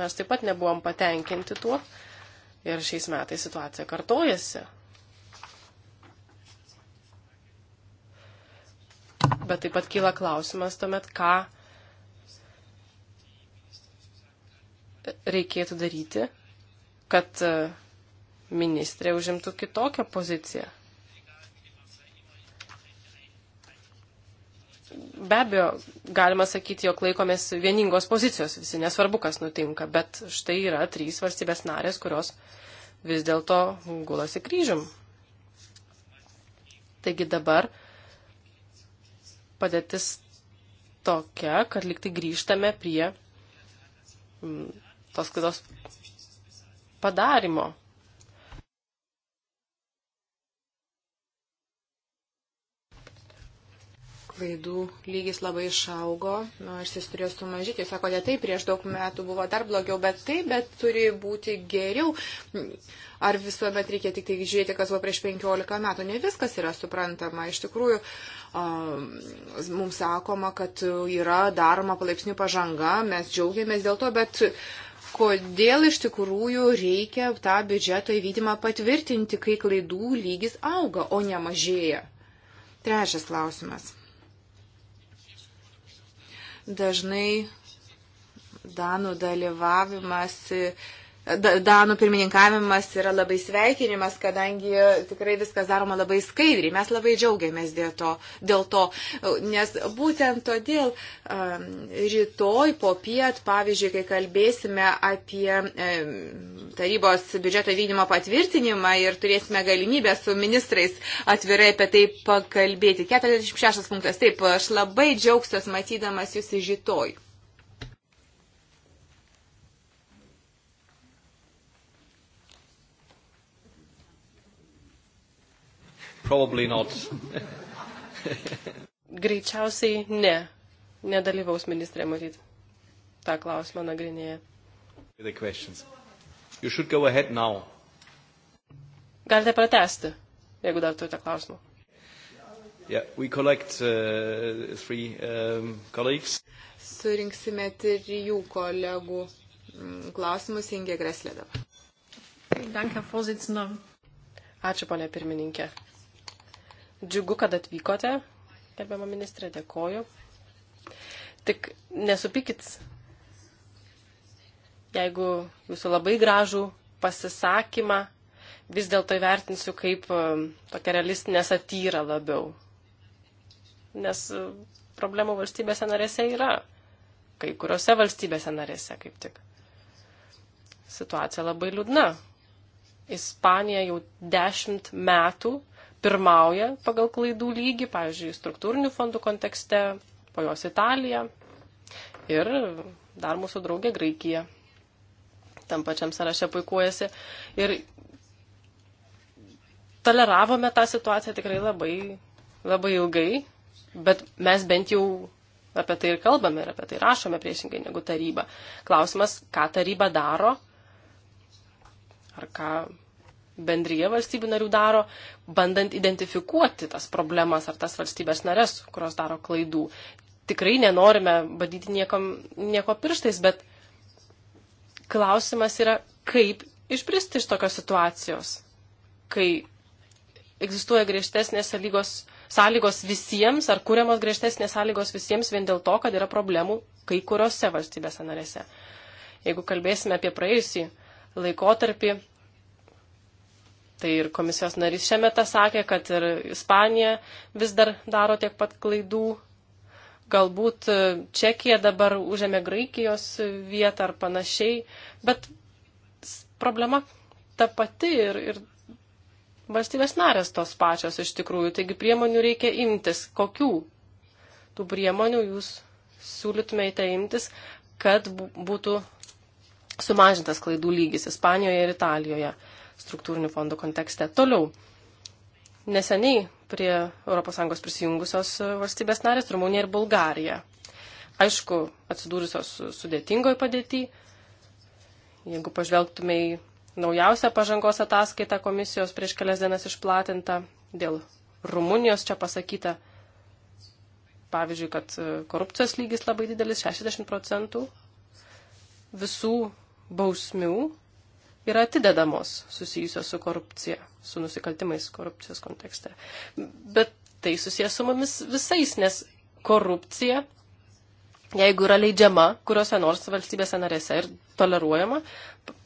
Mes taip pat nebuvom patenkinti tuo ir šiais metais situacija kartojasi. Bet taip pat kyla klausimas tuomet, ką reikėtų daryti, kad e, ministrė užimtų kitokią poziciją. Be abejo, galima sakyti, jog laikomės vieningos pozicijos visi, nesvarbu, kas nutinka, bet štai yra trys valstybės narės, kurios vis dėlto gulosi kryžium. Taigi dabar uh, padėtis tokia, kad liktai grįžtame prie mm, tos klaidos padarimo. klaidų lygis labai išaugo, nors nu, jis turėjo sumažyti. Jūs sakote, taip, prieš daug metų buvo dar blogiau, bet taip, bet turi būti geriau. Ar visuomet reikia tik tai žiūrėti, kas buvo prieš 15 metų? Ne viskas yra suprantama. Iš tikrųjų, mums sakoma, kad yra daroma palaipsnių pažanga, mes džiaugiamės dėl to, bet kodėl iš tikrųjų reikia tą biudžeto įvykdymą patvirtinti, kai klaidų lygis auga, o ne mažėja. Trečias klausimas dažnai Danų dalyvavimas Danų pirmininkavimas yra labai sveikinimas, kadangi tikrai viskas daroma labai skaidriai. Mes labai džiaugiamės dėl to, dėl to nes būtent todėl um, rytoj po piet, pavyzdžiui, kai kalbėsime apie um, tarybos biudžeto vykdymo patvirtinimą ir turėsime galimybę su ministrais atvirai apie tai pakalbėti. 46 punktas. Taip, aš labai džiaugsiuos matydamas jūs į rytoj. Probably not. Greičiausiai ne. Nedalyvaus ministrė, matyt, tą klausimą nagrinėja. Galite pratesti, jeigu dar turite klausimų. Yeah, we collect uh, three um, colleagues. Surinksime trijų kolegų mm, klausimus Inge Greslė dabar. Danke, Vorsitzender. Ačiū, ponė pirmininkė. Džiugu, kad atvykote. Gerbiamą ministrę dėkoju. Tik nesupykit, jeigu jūsų labai gražų pasisakymą vis dėlto įvertinsiu kaip e, tokia realistinė satyra labiau. Nes e, problemų valstybėse narėse yra. Kai kuriuose valstybėse narėse kaip tik. Situacija labai liūdna. Ispanija jau dešimt metų pirmauja pagal klaidų lygį, pavyzdžiui, struktūrinių fondų kontekste, po jos Italija ir dar mūsų draugė Graikija. Tam pačiam sąraše puikuojasi. Ir toleravome tą situaciją tikrai labai, labai ilgai, bet mes bent jau apie tai ir kalbame ir apie tai rašome priešingai negu taryba. Klausimas, ką taryba daro, ar ką bendryje valstybių narių daro, bandant identifikuoti tas problemas ar tas valstybės narės, kurios daro klaidų. Tikrai nenorime badyti niekom, nieko pirštais, bet klausimas yra, kaip išbristi iš tokios situacijos, kai egzistuoja griežtesnės sąlygos, sąlygos visiems ar kuriamos griežtesnės sąlygos visiems vien dėl to, kad yra problemų kai kuriuose valstybėse narėse. Jeigu kalbėsime apie praėjusį laikotarpį, Tai ir komisijos narys šiame tą sakė, kad ir Ispanija vis dar daro tiek pat klaidų. Galbūt e, Čekija dabar užėmė Graikijos vietą ar panašiai, bet problema ta pati ir, ir valstybės narės tos pačios iš tikrųjų. Taigi priemonių reikia imtis. Kokių tų priemonių jūs siūlytumėte imtis, kad būtų sumažintas klaidų lygis Ispanijoje ir Italijoje? struktūrinių fondų kontekste. Toliau. Neseniai prie ES prisijungusios valstybės narės Rumunija ir Bulgarija. Aišku, atsidūrusios sudėtingoje padėtyje. Jeigu pažvelgtume į naujausią pažangos ataskaitą komisijos prieš kelias dienas išplatintą dėl Rumunijos čia pasakyta, pavyzdžiui, kad e, korupcijos lygis labai didelis - 60 procentų visų bausmių yra atidedamos susijusios su korupcija, su nusikaltimais korupcijos kontekste. Bet tai susijęs su mumis visais, nes korupcija, jeigu yra leidžiama kuriuose nors valstybėse narėse ir toleruojama,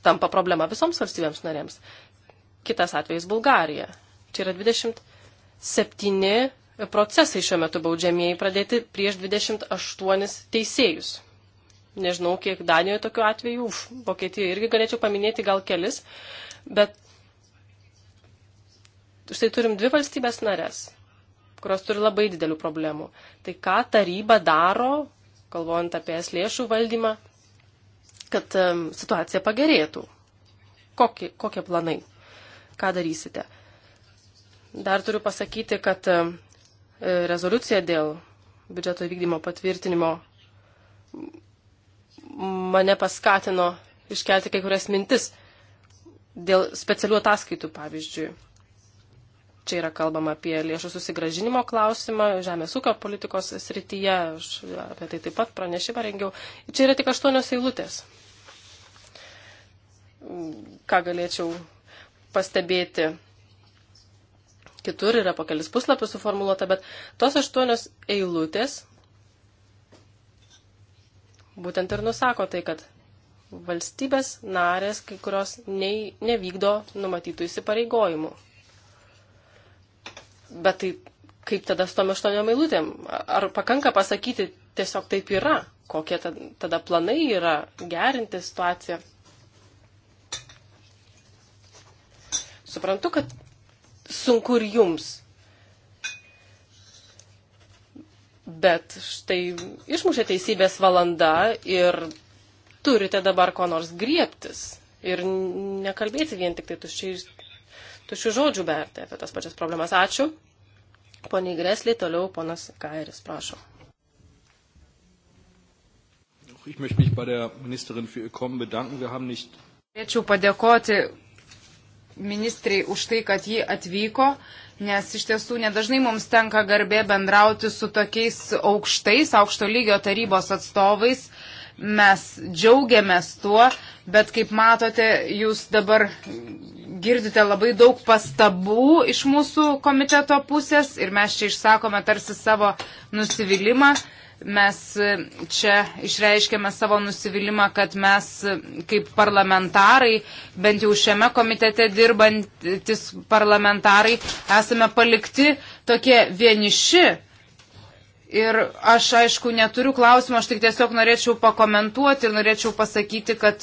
tampa problema visoms valstybėms narėms. Kitas atvejis - Bulgarija. Čia yra 27 procesai šiuo metu baudžiamieji pradėti prieš 28 teisėjus. Nežinau, kiek Danijoje tokių atvejų, Uf, Vokietijoje irgi galėčiau paminėti gal kelis, bet štai turim dvi valstybės narės, kurios turi labai didelių problemų. Tai ką taryba daro, kalbant apie es lėšų valdymą, kad um, situacija pagerėtų? Kokie, kokie planai? Ką darysite? Dar turiu pasakyti, kad rezoliucija dėl biudžeto įvykdymo patvirtinimo mane paskatino iškelti kai kurias mintis dėl specialių ataskaitų, pavyzdžiui. Čia yra kalbama apie lėšų susigražinimo klausimą, žemės ūkio politikos srityje, aš apie tai taip pat pranešimą rengiau. Čia yra tik aštuonios eilutės. Ką galėčiau pastebėti. Kitur yra po kelis puslapius suformuoluota, bet tos aštuonios eilutės būtent ir nusako tai, kad valstybės narės, kai kurios nei, nevykdo numatytų įsipareigojimų. Bet tai kaip tada su tom aštuoniom eilutėm? Ar pakanka pasakyti tiesiog taip yra? Kokie tada planai yra gerinti situaciją? Suprantu, kad sunku ir jums Bet štai išmušė teisybės valanda ir turite dabar ko nors griebtis ir nekalbėti vien tik tai tuščių žodžių berti apie tas pačias problemas. Ačiū. Pone Greslį, toliau ponas Kairis, prašom. Norėčiau padėkoti ministrai už tai, kad ji atvyko. Uh, nes iš tiesų nedažnai mums tenka garbė bendrauti su tokiais aukštais, aukšto lygio tarybos atstovais. Mes džiaugiamės tuo, bet kaip matote, jūs dabar girdite labai daug pastabų iš mūsų komiteto pusės ir mes čia išsakome tarsi savo nusivylimą. Mes e, čia išreiškėme savo nusivylimą, kad mes e, kaip parlamentarai, bent jau šiame komitete dirbantis parlamentarai, esame palikti tokie vieniši. Ir aš, aišku, neturiu klausimų, aš tik tiesiog norėčiau pakomentuoti ir norėčiau pasakyti, kad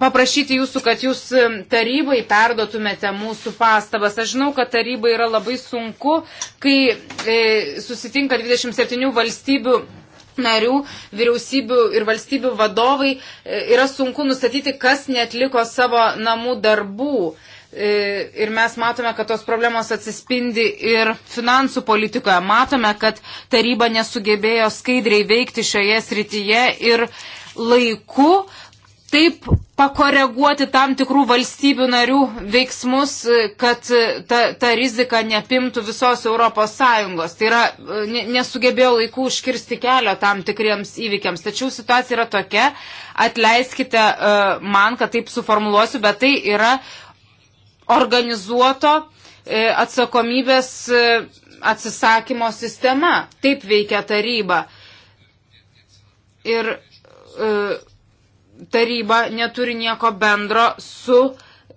paprašyti jūsų, kad jūs tarybai perdotumėte mūsų pastabas. Aš žinau, kad tarybai yra labai sunku, kai e, susitinka 27 valstybių narių, vyriausybių ir valstybių vadovai, e, yra sunku nustatyti, kas netliko savo namų darbų. E, ir mes matome, kad tos problemos atsispindi ir finansų politikoje. Matome, kad taryba nesugebėjo skaidriai veikti šioje srityje ir laiku uh, taip pakoreguoti tam tikrų valstybių narių veiksmus, kad ta, ta rizika nepimtų visos Europos Sąjungos. Tai yra, nesugebėjo laikų užkirsti kelio tam tikriems įvykiams. Tačiau situacija yra tokia, atleiskite e, man, kad taip suformuluosiu, bet tai yra organizuoto e, atsakomybės e, atsisakymo sistema. Taip veikia taryba. Ir uh, taryba neturi nieko bendro su,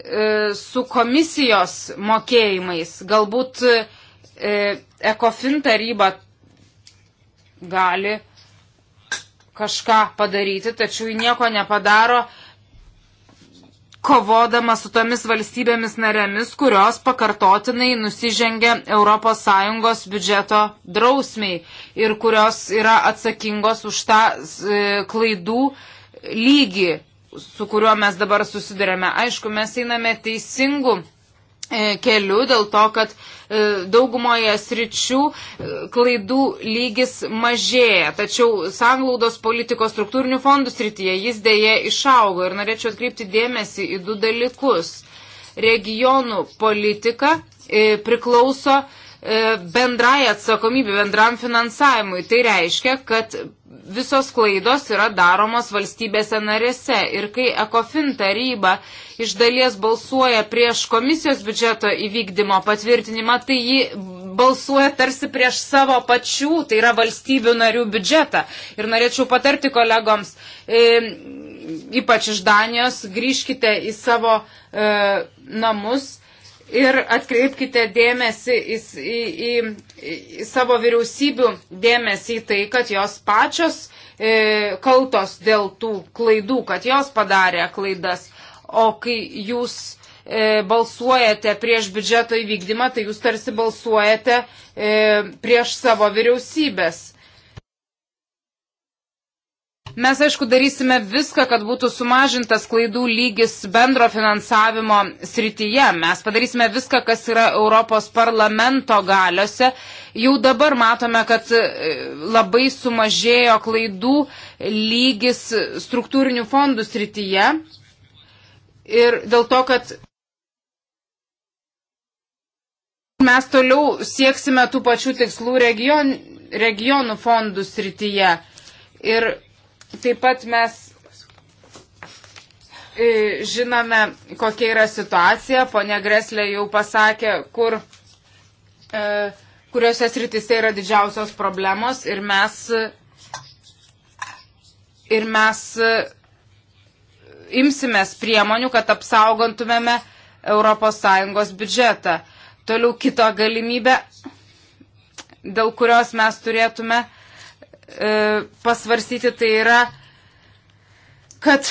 e, su komisijos mokėjimais. Galbūt e, ECOFIN taryba gali kažką padaryti, tačiau ji nieko nepadaro, kovodama su tomis valstybėmis narėmis, kurios pakartotinai nusižengia ES biudžeto drausmiai ir kurios yra atsakingos už tą e, klaidų lygį, su kuriuo mes dabar susidurėme. Aišku, mes einame teisingu e, keliu dėl to, kad e, daugumoje sričių e, klaidų lygis mažėja. Tačiau sanglaudos politikos struktūrinių fondų srityje jis dėje išaugo ir norėčiau atkreipti dėmesį į du dalykus. Regionų politika priklauso E, bendrai atsakomybė, bendram finansavimui. Tai reiškia, kad visos klaidos yra daromos valstybėse narėse. Ir kai ECOFIN taryba iš dalies balsuoja prieš komisijos biudžeto įvykdymo patvirtinimą, tai ji balsuoja tarsi prieš savo pačių, tai yra valstybių narių biudžetą. Ir norėčiau patarti kolegoms, e, ypač iš Danijos, grįžkite į savo e, namus Ir atkreipkite dėmesį į, į, į, į savo vyriausybių dėmesį į tai, kad jos pačios e, kaltos dėl tų klaidų, kad jos padarė klaidas. O kai jūs e, balsuojate prieš biudžeto įvykdymą, tai jūs tarsi balsuojate e, prieš savo vyriausybės. Mes, aišku, darysime viską, kad būtų sumažintas klaidų lygis bendro finansavimo srityje. Mes padarysime viską, kas yra Europos parlamento galiuose. Jau dabar matome, kad e, labai sumažėjo klaidų lygis struktūrinių fondų srityje. Ir dėl to, kad mes toliau sieksime tų pačių tikslų region, regionų fondų srityje. Ir Taip pat mes e, žinome, kokia yra situacija. Pone Greslė jau pasakė, kur, e, kuriuose sritise yra didžiausios problemos ir mes, ir mes imsimės priemonių, kad apsaugantumėme ES biudžetą. Toliau kita galimybė, dėl kurios mes turėtume E, pasvarstyti, tai yra, kad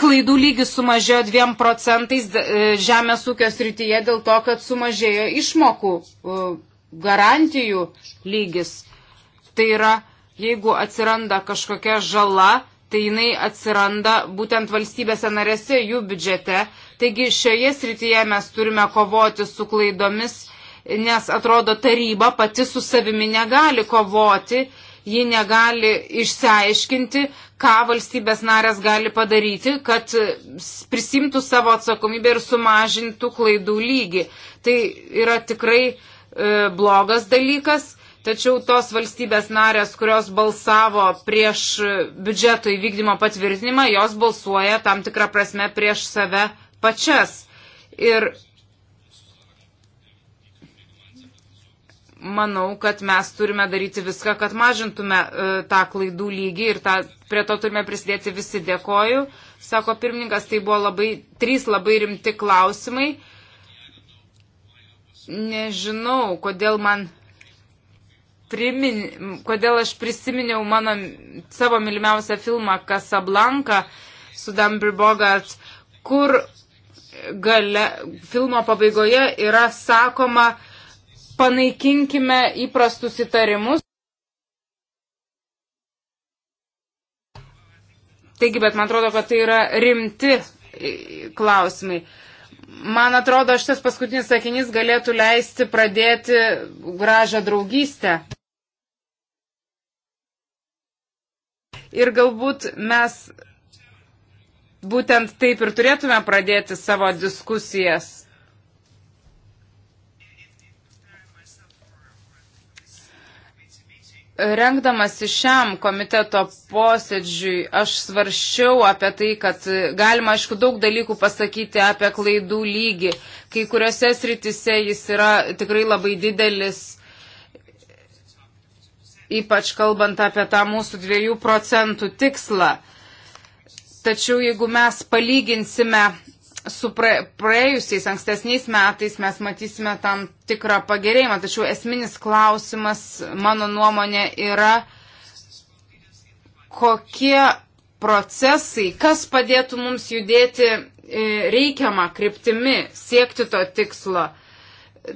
klaidų lygis sumažėjo 2 procentais e, žemės ūkio srityje dėl to, kad sumažėjo išmokų e, garantijų lygis. Tai yra, jeigu atsiranda kažkokia žala, tai jinai atsiranda būtent valstybėse narėse jų biudžete. Taigi šioje srityje mes turime kovoti su klaidomis, nes atrodo taryba pati su savimi negali kovoti ji negali išsiaiškinti, ką valstybės narės gali padaryti, kad prisimtų savo atsakomybę ir sumažintų klaidų lygį. Tai yra tikrai e, blogas dalykas, tačiau tos valstybės narės, kurios balsavo prieš e, biudžeto įvykdymo patvirtinimą, jos balsuoja tam tikrą prasme prieš save pačias. Ir manau, kad mes turime daryti viską, kad mažintume e, tą klaidų lygį ir tą, prie to turime prisidėti visi. Dėkoju, sako pirmininkas, tai buvo labai, trys labai rimti klausimai. Nežinau, kodėl man. Primin, kodėl aš prisiminiau mano, savo mylimiausią filmą Casablanca su Dambri Bogart, kur gale, filmo pabaigoje yra sakoma, uh, panaikinkime įprastus įtarimus. Taigi, bet man atrodo, kad tai yra rimti e, klausimai. Man atrodo, šitas paskutinis sakinys galėtų leisti pradėti gražią draugystę. Ir galbūt mes būtent taip ir turėtume pradėti savo diskusijas. Rengdamas šiam komiteto posėdžiui, aš svarščiau apie tai, kad galima, aišku, daug dalykų pasakyti apie klaidų lygį. Kai kuriuose sritise jis yra tikrai labai didelis, ypač kalbant apie tą mūsų dviejų procentų tikslą. Tačiau jeigu mes palyginsime su praėjusiais ankstesniais metais mes matysime tam tikrą pagerėjimą, tačiau esminis klausimas, mano nuomonė, yra, kokie procesai, kas padėtų mums judėti e, reikiamą kryptimi, siekti to tikslo.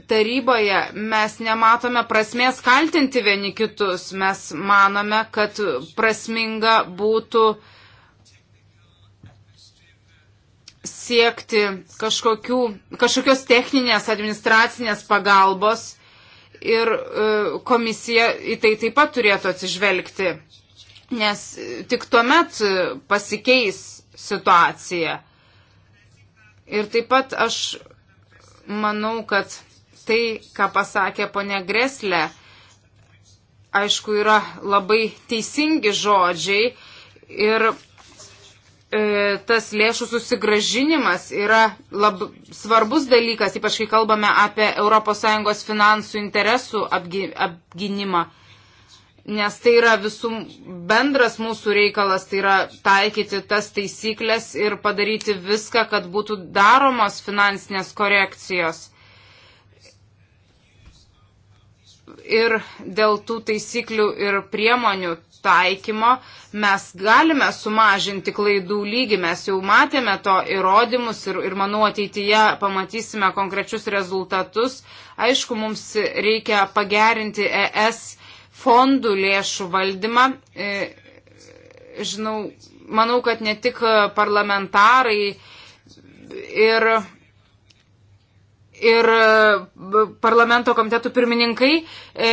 Taryboje mes nematome prasmės kaltinti vieni kitus, mes manome, kad prasminga būtų uh, siekti kažkokių, kažkokios techninės administracinės pagalbos ir e, komisija į tai taip pat turėtų atsižvelgti, nes tik tuomet e, pasikeis situacija. Ir taip pat aš manau, kad tai, ką pasakė ponia Greslė, aišku, yra labai teisingi žodžiai ir E, tas lėšų susigražinimas yra lab, svarbus dalykas, ypač kai kalbame apie ES finansų interesų apgi, apginimą. Nes tai yra visų bendras mūsų reikalas, tai yra taikyti tas taisyklės ir padaryti viską, kad būtų daromos finansinės korekcijos. Ir dėl tų taisyklių ir priemonių taikymo mes galime sumažinti klaidų lygį, mes jau matėme to įrodymus ir, ir manau ateityje pamatysime konkrečius rezultatus. Aišku, mums reikia pagerinti ES fondų lėšų valdymą. E, žinau, manau, kad ne tik parlamentarai ir ir e, parlamento komitetų pirmininkai e,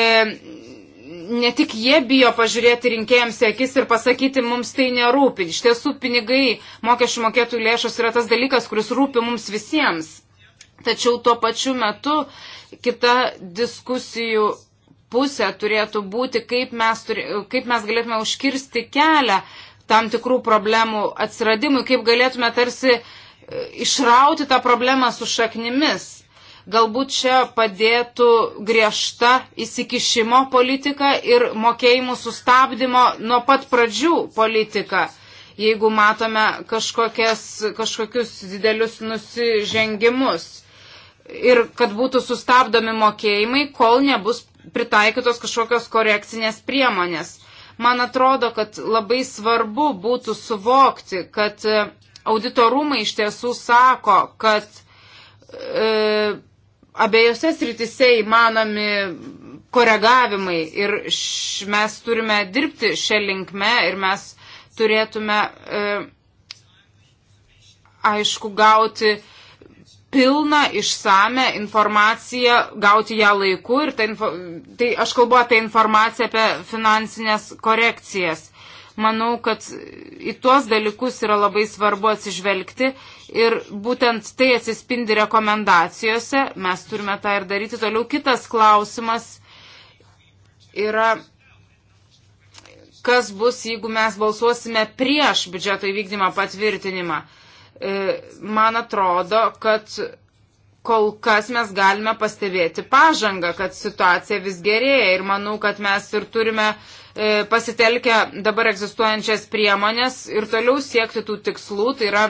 ne tik jie bijo pažiūrėti rinkėjams į akis ir pasakyti, mums tai nerūpi. Iš tiesų pinigai, mokesčių mokėtų lėšos yra tas dalykas, kuris rūpi mums visiems. Tačiau tuo pačiu metu kita diskusijų pusė turėtų būti, kaip mes, turė, kaip mes galėtume užkirsti kelią tam tikrų problemų atsiradimui, kaip galėtume tarsi e, išrauti tą problemą su šaknimis. Galbūt čia padėtų griežta įsikišimo politika ir mokėjimų sustabdymo nuo pat pradžių politika. Jeigu matome kažkokius didelius nusižengimus ir kad būtų sustabdomi mokėjimai, kol nebus pritaikytos kažkokios korekcinės priemonės. Man atrodo, kad labai svarbu būtų suvokti, kad auditorumai iš tiesų sako, kad e, abiejose sritise įmanomi koregavimai ir š, mes turime dirbti šią linkme ir mes turėtume, e, aišku, gauti pilną išsame informaciją, gauti ją laiku ir tai, info, tai aš kalbu apie informaciją apie finansinės korekcijas. Manau, kad į tuos dalykus yra labai svarbu atsižvelgti Ir būtent tai atsispindi rekomendacijose. Mes turime tą ir daryti. Toliau kitas klausimas yra, kas bus, jeigu mes balsuosime prieš biudžeto įvykdymą patvirtinimą. E, man atrodo, kad kol kas mes galime pastebėti pažangą, kad situacija vis gerėja ir manau, kad mes ir turime e, pasitelkę dabar egzistuojančias priemonės ir toliau siekti tų tikslų, tai yra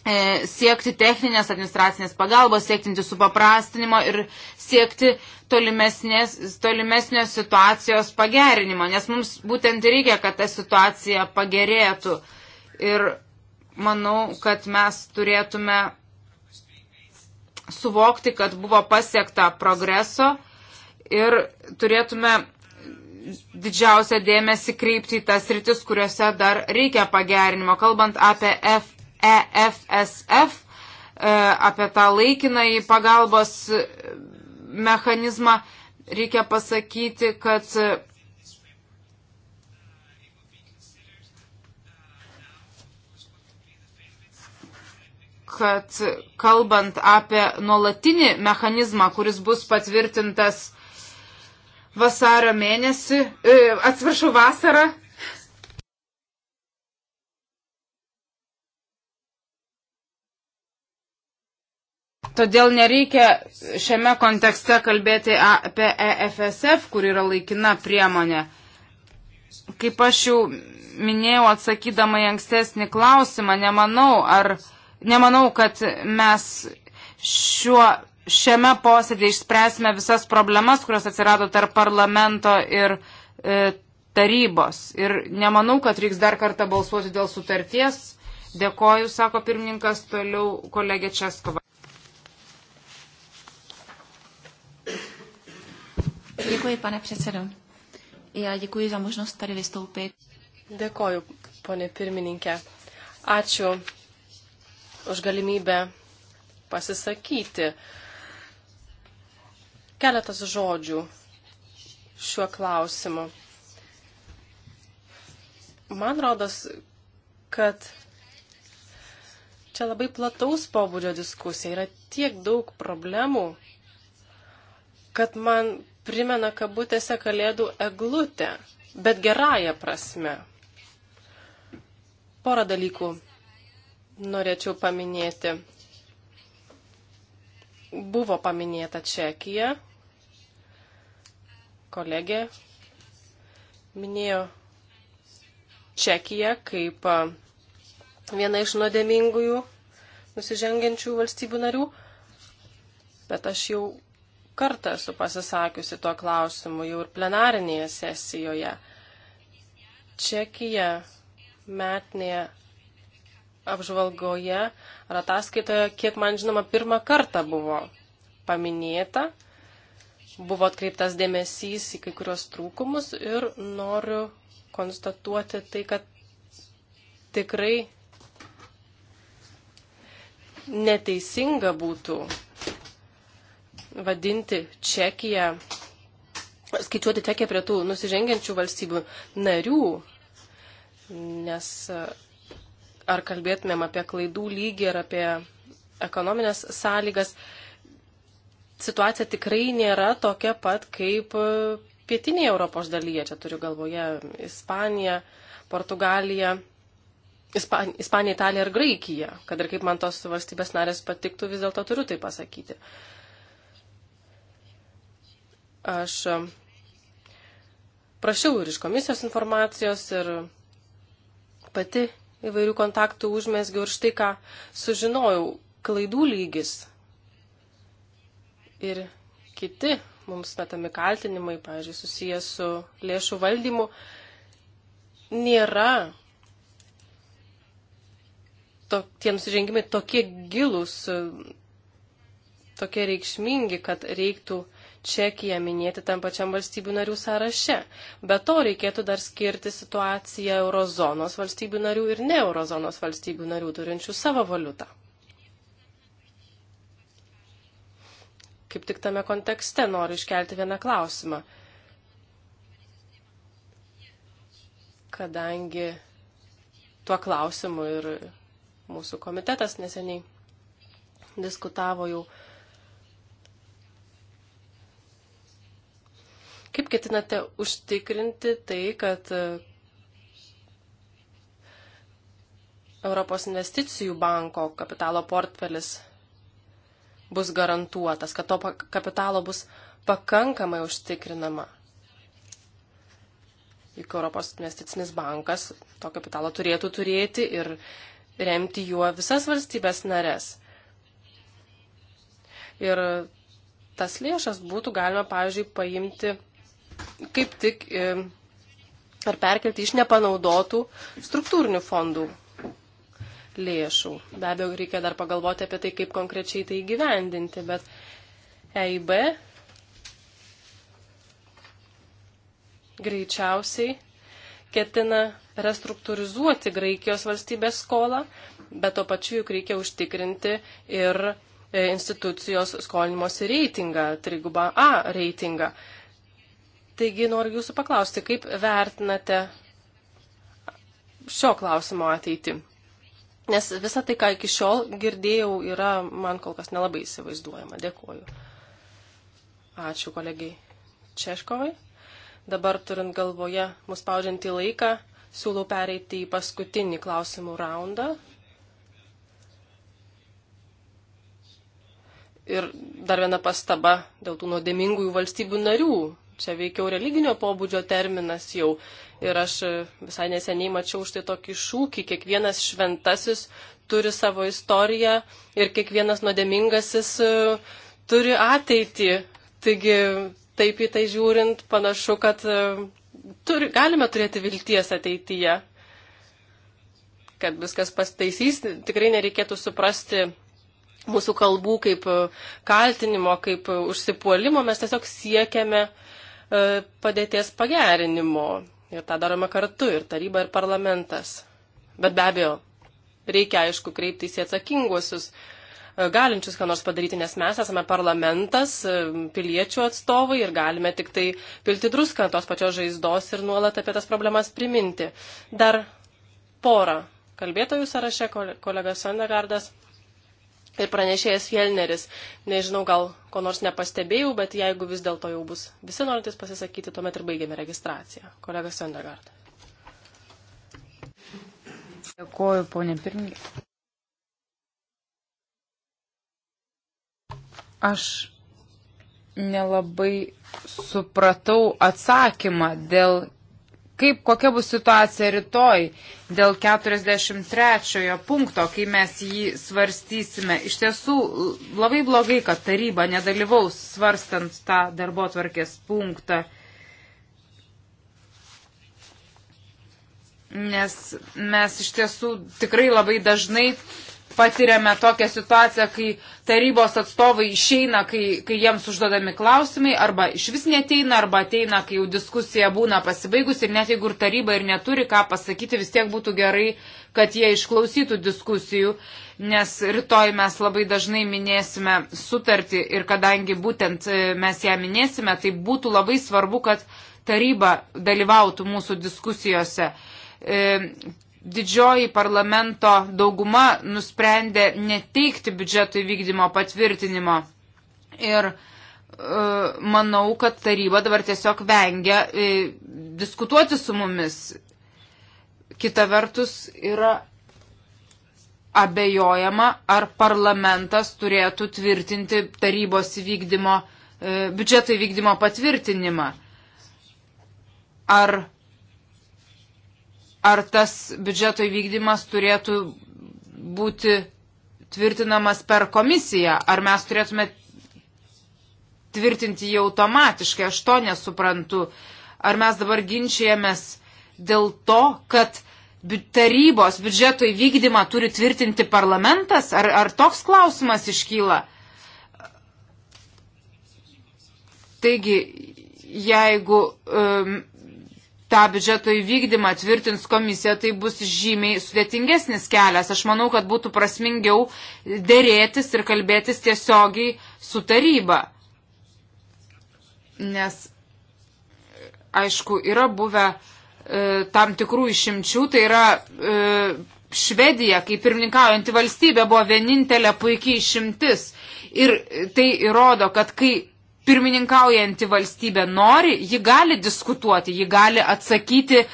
E, siekti techninės administracinės pagalbos, siekti supaprastinimo ir siekti tolimesnio situacijos pagerinimo, nes mums būtent reikia, kad ta situacija pagerėtų. Ir manau, kad mes turėtume suvokti, kad buvo pasiekta progreso ir turėtume didžiausią dėmesį kreipti į tas rytis, kuriuose dar reikia pagerinimo. Kalbant apie F EFSF, e, apie tą laikinąjį pagalbos mechanizmą, reikia pasakyti, kad kad kalbant apie nuolatinį mechanizmą, kuris bus patvirtintas vasario mėnesį, e, atsiprašau, vasarą, Todėl nereikia šiame kontekste kalbėti apie EFSF, kur yra laikina priemonė. Kaip aš jau minėjau atsakydama į ankstesnį klausimą, nemanau, ar, nemanau kad mes šiuo, šiame posėdėje išspręsime visas problemas, kurios atsirado tarp parlamento ir e, tarybos. Ir nemanau, kad reiks dar kartą balsuoti dėl sutarties. Dėkoju, sako pirmininkas, toliau kolegė Českova. Děkuji, pane předsedo. Já děkuji za možnost tady vystoupit. Dėkoju, ponė pirmininkė. Ačiū už galimybę pasisakyti. Keletas žodžių šiuo klausimu. Man rodos, kad čia labai plataus pobūdžio diskusija yra tiek daug problemų, kad man primena kabutėse kalėdų eglutę, bet gerąją prasme. Porą dalykų norėčiau paminėti. Buvo paminėta Čekija, kolegė minėjo Čekiją kaip viena iš nuodėmingųjų nusižengiančių valstybių narių, bet aš jau kartą esu pasisakiusi tuo klausimu jau ir plenarinėje sesijoje. Čekija metinėje apžvalgoje ar ataskaitoje, kiek man žinoma, pirmą kartą buvo paminėta, buvo atkreiptas dėmesys į kai kurios trūkumus ir noriu konstatuoti tai, kad tikrai neteisinga būtų vadinti Čekiją, skaičiuoti Čekiją prie tų nusižengiančių valstybių narių, nes e, ar kalbėtumėm apie klaidų lygį ir apie ekonominės sąlygas, situacija tikrai nėra tokia pat kaip e, pietinėje Europos dalyje. Čia turiu galvoje Ispaniją, Portugaliją, Ispaniją, Ispaniją Italiją ir Graikiją. Kad ir kaip man tos valstybės narės patiktų, vis dėlto turiu tai pasakyti. Uh, Aš e, prašiau ir iš komisijos informacijos, ir pati įvairių kontaktų užmėsgiau ir štai ką sužinojau - klaidų lygis ir kiti mums metami kaltinimai, pavyzdžiui, susijęs su lėšų valdymu, nėra to, tie nusižengimai tokie gilus, tokie reikšmingi, kad reiktų uh, Čekiją minėti tam pačiam valstybių narių sąraše. Be to reikėtų dar skirti situaciją eurozonos valstybių narių ir ne eurozonos valstybių narių turinčių savo valiutą. Kaip tik tame kontekste noriu iškelti vieną klausimą. Kadangi tuo klausimu ir mūsų komitetas neseniai diskutavo jau Kaip ketinate užtikrinti tai, kad e, Europos investicijų banko kapitalo portfelis bus garantuotas, kad to kapitalo bus pakankamai užtikrinama? Juk Europos investicinis bankas to kapitalo turėtų turėti ir remti juo visas valstybės narės. Ir tas lėšas būtų galima, pavyzdžiui, paimti kaip tik e, ar perkelti iš nepanaudotų struktūrinių fondų lėšų. Be abejo, reikia dar pagalvoti apie tai, kaip konkrečiai tai gyvendinti, bet EIB greičiausiai ketina restruktūrizuoti Graikijos valstybės skolą, bet to pačiu juk reikia užtikrinti ir e, institucijos skolinimosi reitingą, trigubą A reitingą. Taigi noriu jūsų paklausti, kaip vertinate šio klausimo ateitį? Nes visa tai, ką iki šiol girdėjau, yra man kol kas nelabai įsivaizduojama. Dėkuoju. Ačiū kolegiai Češkovai. Dabar turint galvoje mus spaudžiantį laiką, siūlau pereiti į paskutinį klausimų raundą. Ir dar viena pastaba dėl tų nuodėmingųjų valstybių narių čia veikiau religinio pobūdžio terminas jau. Ir aš e, visai neseniai mačiau štai tokį šūkį, kiekvienas šventasis turi savo istoriją ir kiekvienas nuodėmingasis e, turi ateitį. Taigi taip į tai žiūrint panašu, kad e, turi, galime turėti vilties ateityje, kad viskas pastaisys. Tikrai nereikėtų suprasti mūsų kalbų kaip kaltinimo, kaip užsipuolimo, mes tiesiog siekiame uh, E, padėties pagerinimo. Ir tą darome kartu, ir taryba, ir parlamentas. Bet be abejo, reikia, aišku, kreiptis į atsakinguosius, e, galinčius ką nors padaryti, nes mes esame parlamentas, e, piliečių atstovai ir galime tik tai pilti druską ant tos pačios žaizdos ir nuolat apie tas problemas priminti. Dar porą kalbėtojų sąraše, kolega Sondegardas ir pranešėjas Jelneris. Nežinau, gal ko nors nepastebėjau, bet jeigu vis dėlto jau bus visi norintys pasisakyti, tuomet ir baigėme registraciją. Kolega Sendegard. Dėkuoju, ponė pirmininkė. Aš nelabai supratau atsakymą dėl kaip, kokia bus situacija rytoj dėl 43 punkto, kai mes jį svarstysime. Iš tiesų labai blogai, kad taryba nedalyvaus svarstant tą darbo tvarkės punktą. Nes mes iš tiesų tikrai labai dažnai patiriame tokią situaciją, kai tarybos atstovai išeina, kai, kai jiems užduodami klausimai, arba iš vis neteina, arba ateina, kai jau diskusija būna pasibaigus ir net jeigu ir taryba ir neturi ką pasakyti, vis tiek būtų gerai, kad jie išklausytų diskusijų, nes rytoj mes labai dažnai minėsime sutartį ir kadangi būtent e, mes ją minėsime, tai būtų labai svarbu, kad taryba dalyvautų mūsų diskusijose. E, didžioji parlamento dauguma nusprendė neteikti biudžeto įvykdymo patvirtinimo. Ir e, manau, kad taryba dabar tiesiog vengia e, diskutuoti su mumis. Kita vertus yra abejojama, ar parlamentas turėtų tvirtinti tarybos įvykdymo, e, biudžeto įvykdymo patvirtinimą. Ar ar tas biudžeto įvykdymas turėtų būti tvirtinamas per komisiją, ar mes turėtume tvirtinti jį automatiškai, aš to nesuprantu. Ar mes dabar ginčijamės dėl to, kad tarybos biudžeto įvykdymą turi tvirtinti parlamentas, ar, ar toks klausimas iškyla? Taigi, jeigu um, tą biudžeto įvykdymą tvirtins komisija, tai bus žymiai sudėtingesnis kelias. Aš manau, kad būtų prasmingiau dėrėtis ir kalbėtis tiesiogiai su taryba. Nes, aišku, yra buvę e, tam tikrų išimčių, tai yra e, Švedija, kaip pirmininkaujanti valstybė, buvo vienintelė puikiai išimtis. Ir tai įrodo, kad kai pirmininkaujanti valstybė nori, ji gali diskutuoti, ji gali atsakyti e,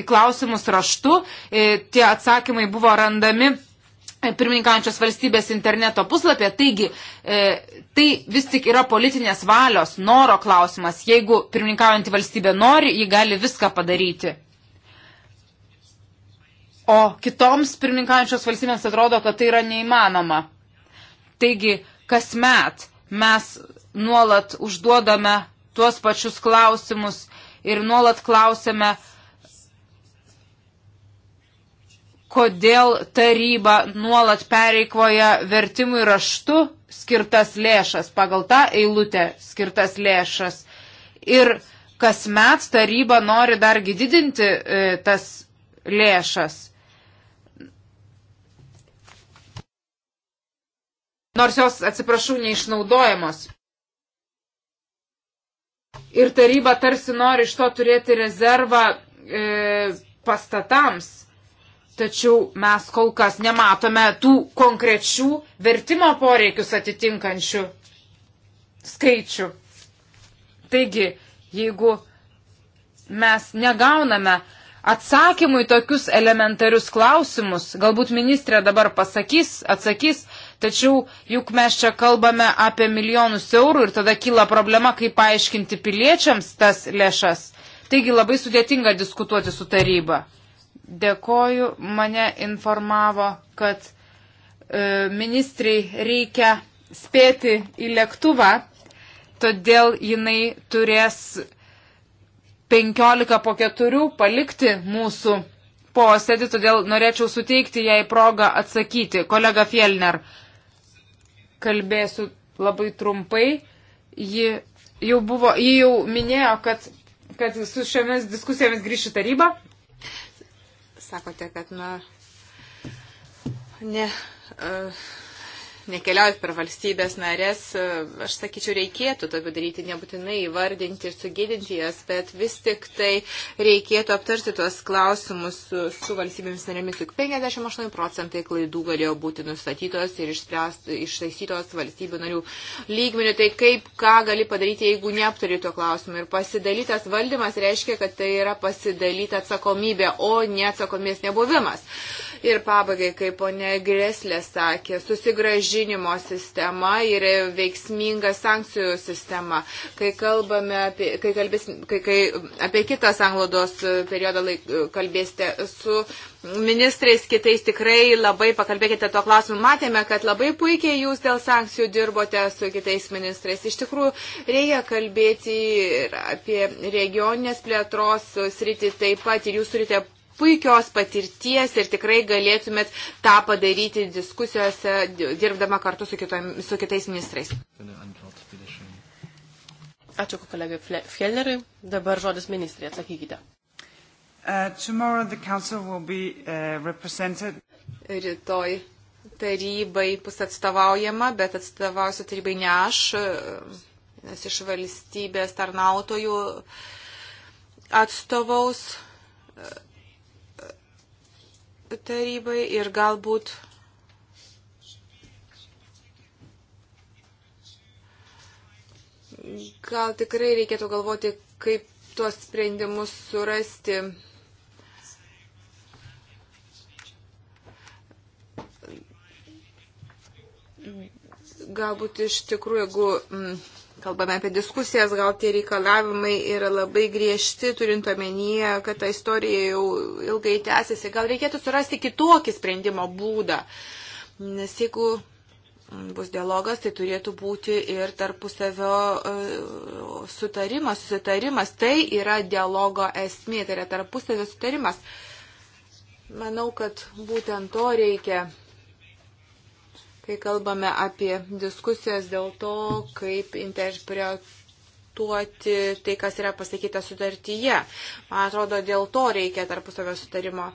į klausimus raštu. E, tie atsakymai buvo randami e, pirmininkaujančios valstybės interneto puslapė. Taigi, tai vis tik yra politinės valios, noro klausimas. Jeigu pirmininkaujanti valstybė nori, ji gali viską padaryti. O kitoms pirmininkaujančios valstybėms atrodo, kad tai yra neįmanoma. Taigi, kasmet mes nuolat užduodame tuos pačius klausimus ir nuolat klausime, kodėl taryba nuolat pereikvoja vertimui raštu skirtas lėšas, pagal tą eilutę skirtas lėšas. Ir kasmet taryba nori dargi didinti e, tas lėšas. Nors jos, atsiprašau, neišnaudojamos. Ir taryba tarsi nori iš to turėti rezervą e, pastatams. Tačiau mes kol kas nematome tų konkrečių vertimo poreikius atitinkančių skaičių. Taigi, jeigu mes negauname atsakymų į tokius elementarius klausimus, galbūt ministrė dabar pasakys, atsakys, Tačiau juk mes čia kalbame apie milijonus eurų ir tada kyla problema, kaip paaiškinti piliečiams tas lėšas. Taigi labai sudėtinga diskutuoti su taryba. Dėkoju, mane informavo, kad e, ministrai reikia spėti į lėktuvą, todėl jinai turės 15 po 4 palikti mūsų posėdį, todėl norėčiau suteikti jai progą atsakyti. Kolega Fielner, kalbėsiu labai trumpai. Ji jau, buvo, ji jau minėjo, kad, kad su šiomis diskusijomis grįši taryba. Sakote, kad, na, ne. Uh nekeliaujat per valstybės narės, aš sakyčiau, reikėtų tokiu daryti, nebūtinai įvardinti ir sugėdinti jas, bet vis tik tai reikėtų aptarti tuos klausimus su, su valstybėmis narėmis. Juk 58 procentai klaidų galėjo būti nustatytos ir ištaisytos valstybių narių lygmenių. Tai kaip, ką gali padaryti, jeigu neaptari to klausimą. Ir pasidalytas valdymas reiškia, kad tai yra pasidalyta atsakomybė, o ne atsakomės nebuvimas. Ir pabaigai, kaip ponė Greslė sakė, susigražinimo sistema ir veiksminga sankcijų sistema. Kai kalbame apie, kai kalbės, kai, kai, apie kitą sanglodos periodą laik, kalbėsite su ministrais kitais tikrai labai pakalbėkite to klausimu. Matėme, kad labai puikiai jūs dėl sankcijų dirbote su kitais ministrais. Iš tikrųjų, reikia kalbėti ir apie regioninės plėtros sritį taip pat ir jūs turite puikios patirties ir tikrai galėtumėt tą padaryti diskusijose, dirbdama kartu su, kitom, su kitais ministrais. Ačiū kolegai Fjellneriui. Dabar žodis ministrė, atsakykite. Uh, be, uh, Rytoj tarybai bus atstovaujama, bet atstovausiu tarybai ne aš, uh, nes iš valstybės tarnautojų atstovaus tarybai ir galbūt gal tikrai reikėtų galvoti, kaip tuos sprendimus surasti. Galbūt iš tikrųjų, jeigu mm, kalbame apie diskusijas, gal tie reikalavimai yra labai griežti, turint omenyje, kad ta istorija jau ilgai tęsiasi. Gal reikėtų surasti kitokį sprendimo būdą. Nes jeigu bus dialogas, tai turėtų būti ir tarpusavio e, sutarimas, susitarimas. Tai yra dialogo esmė, tai yra tarpusavio sutarimas. Manau, kad būtent to reikia kai kalbame apie diskusijas dėl to, kaip interpretuoti tai, kas yra pasakyta sutartyje. Man atrodo, dėl to reikia tarpusavio sutarimo.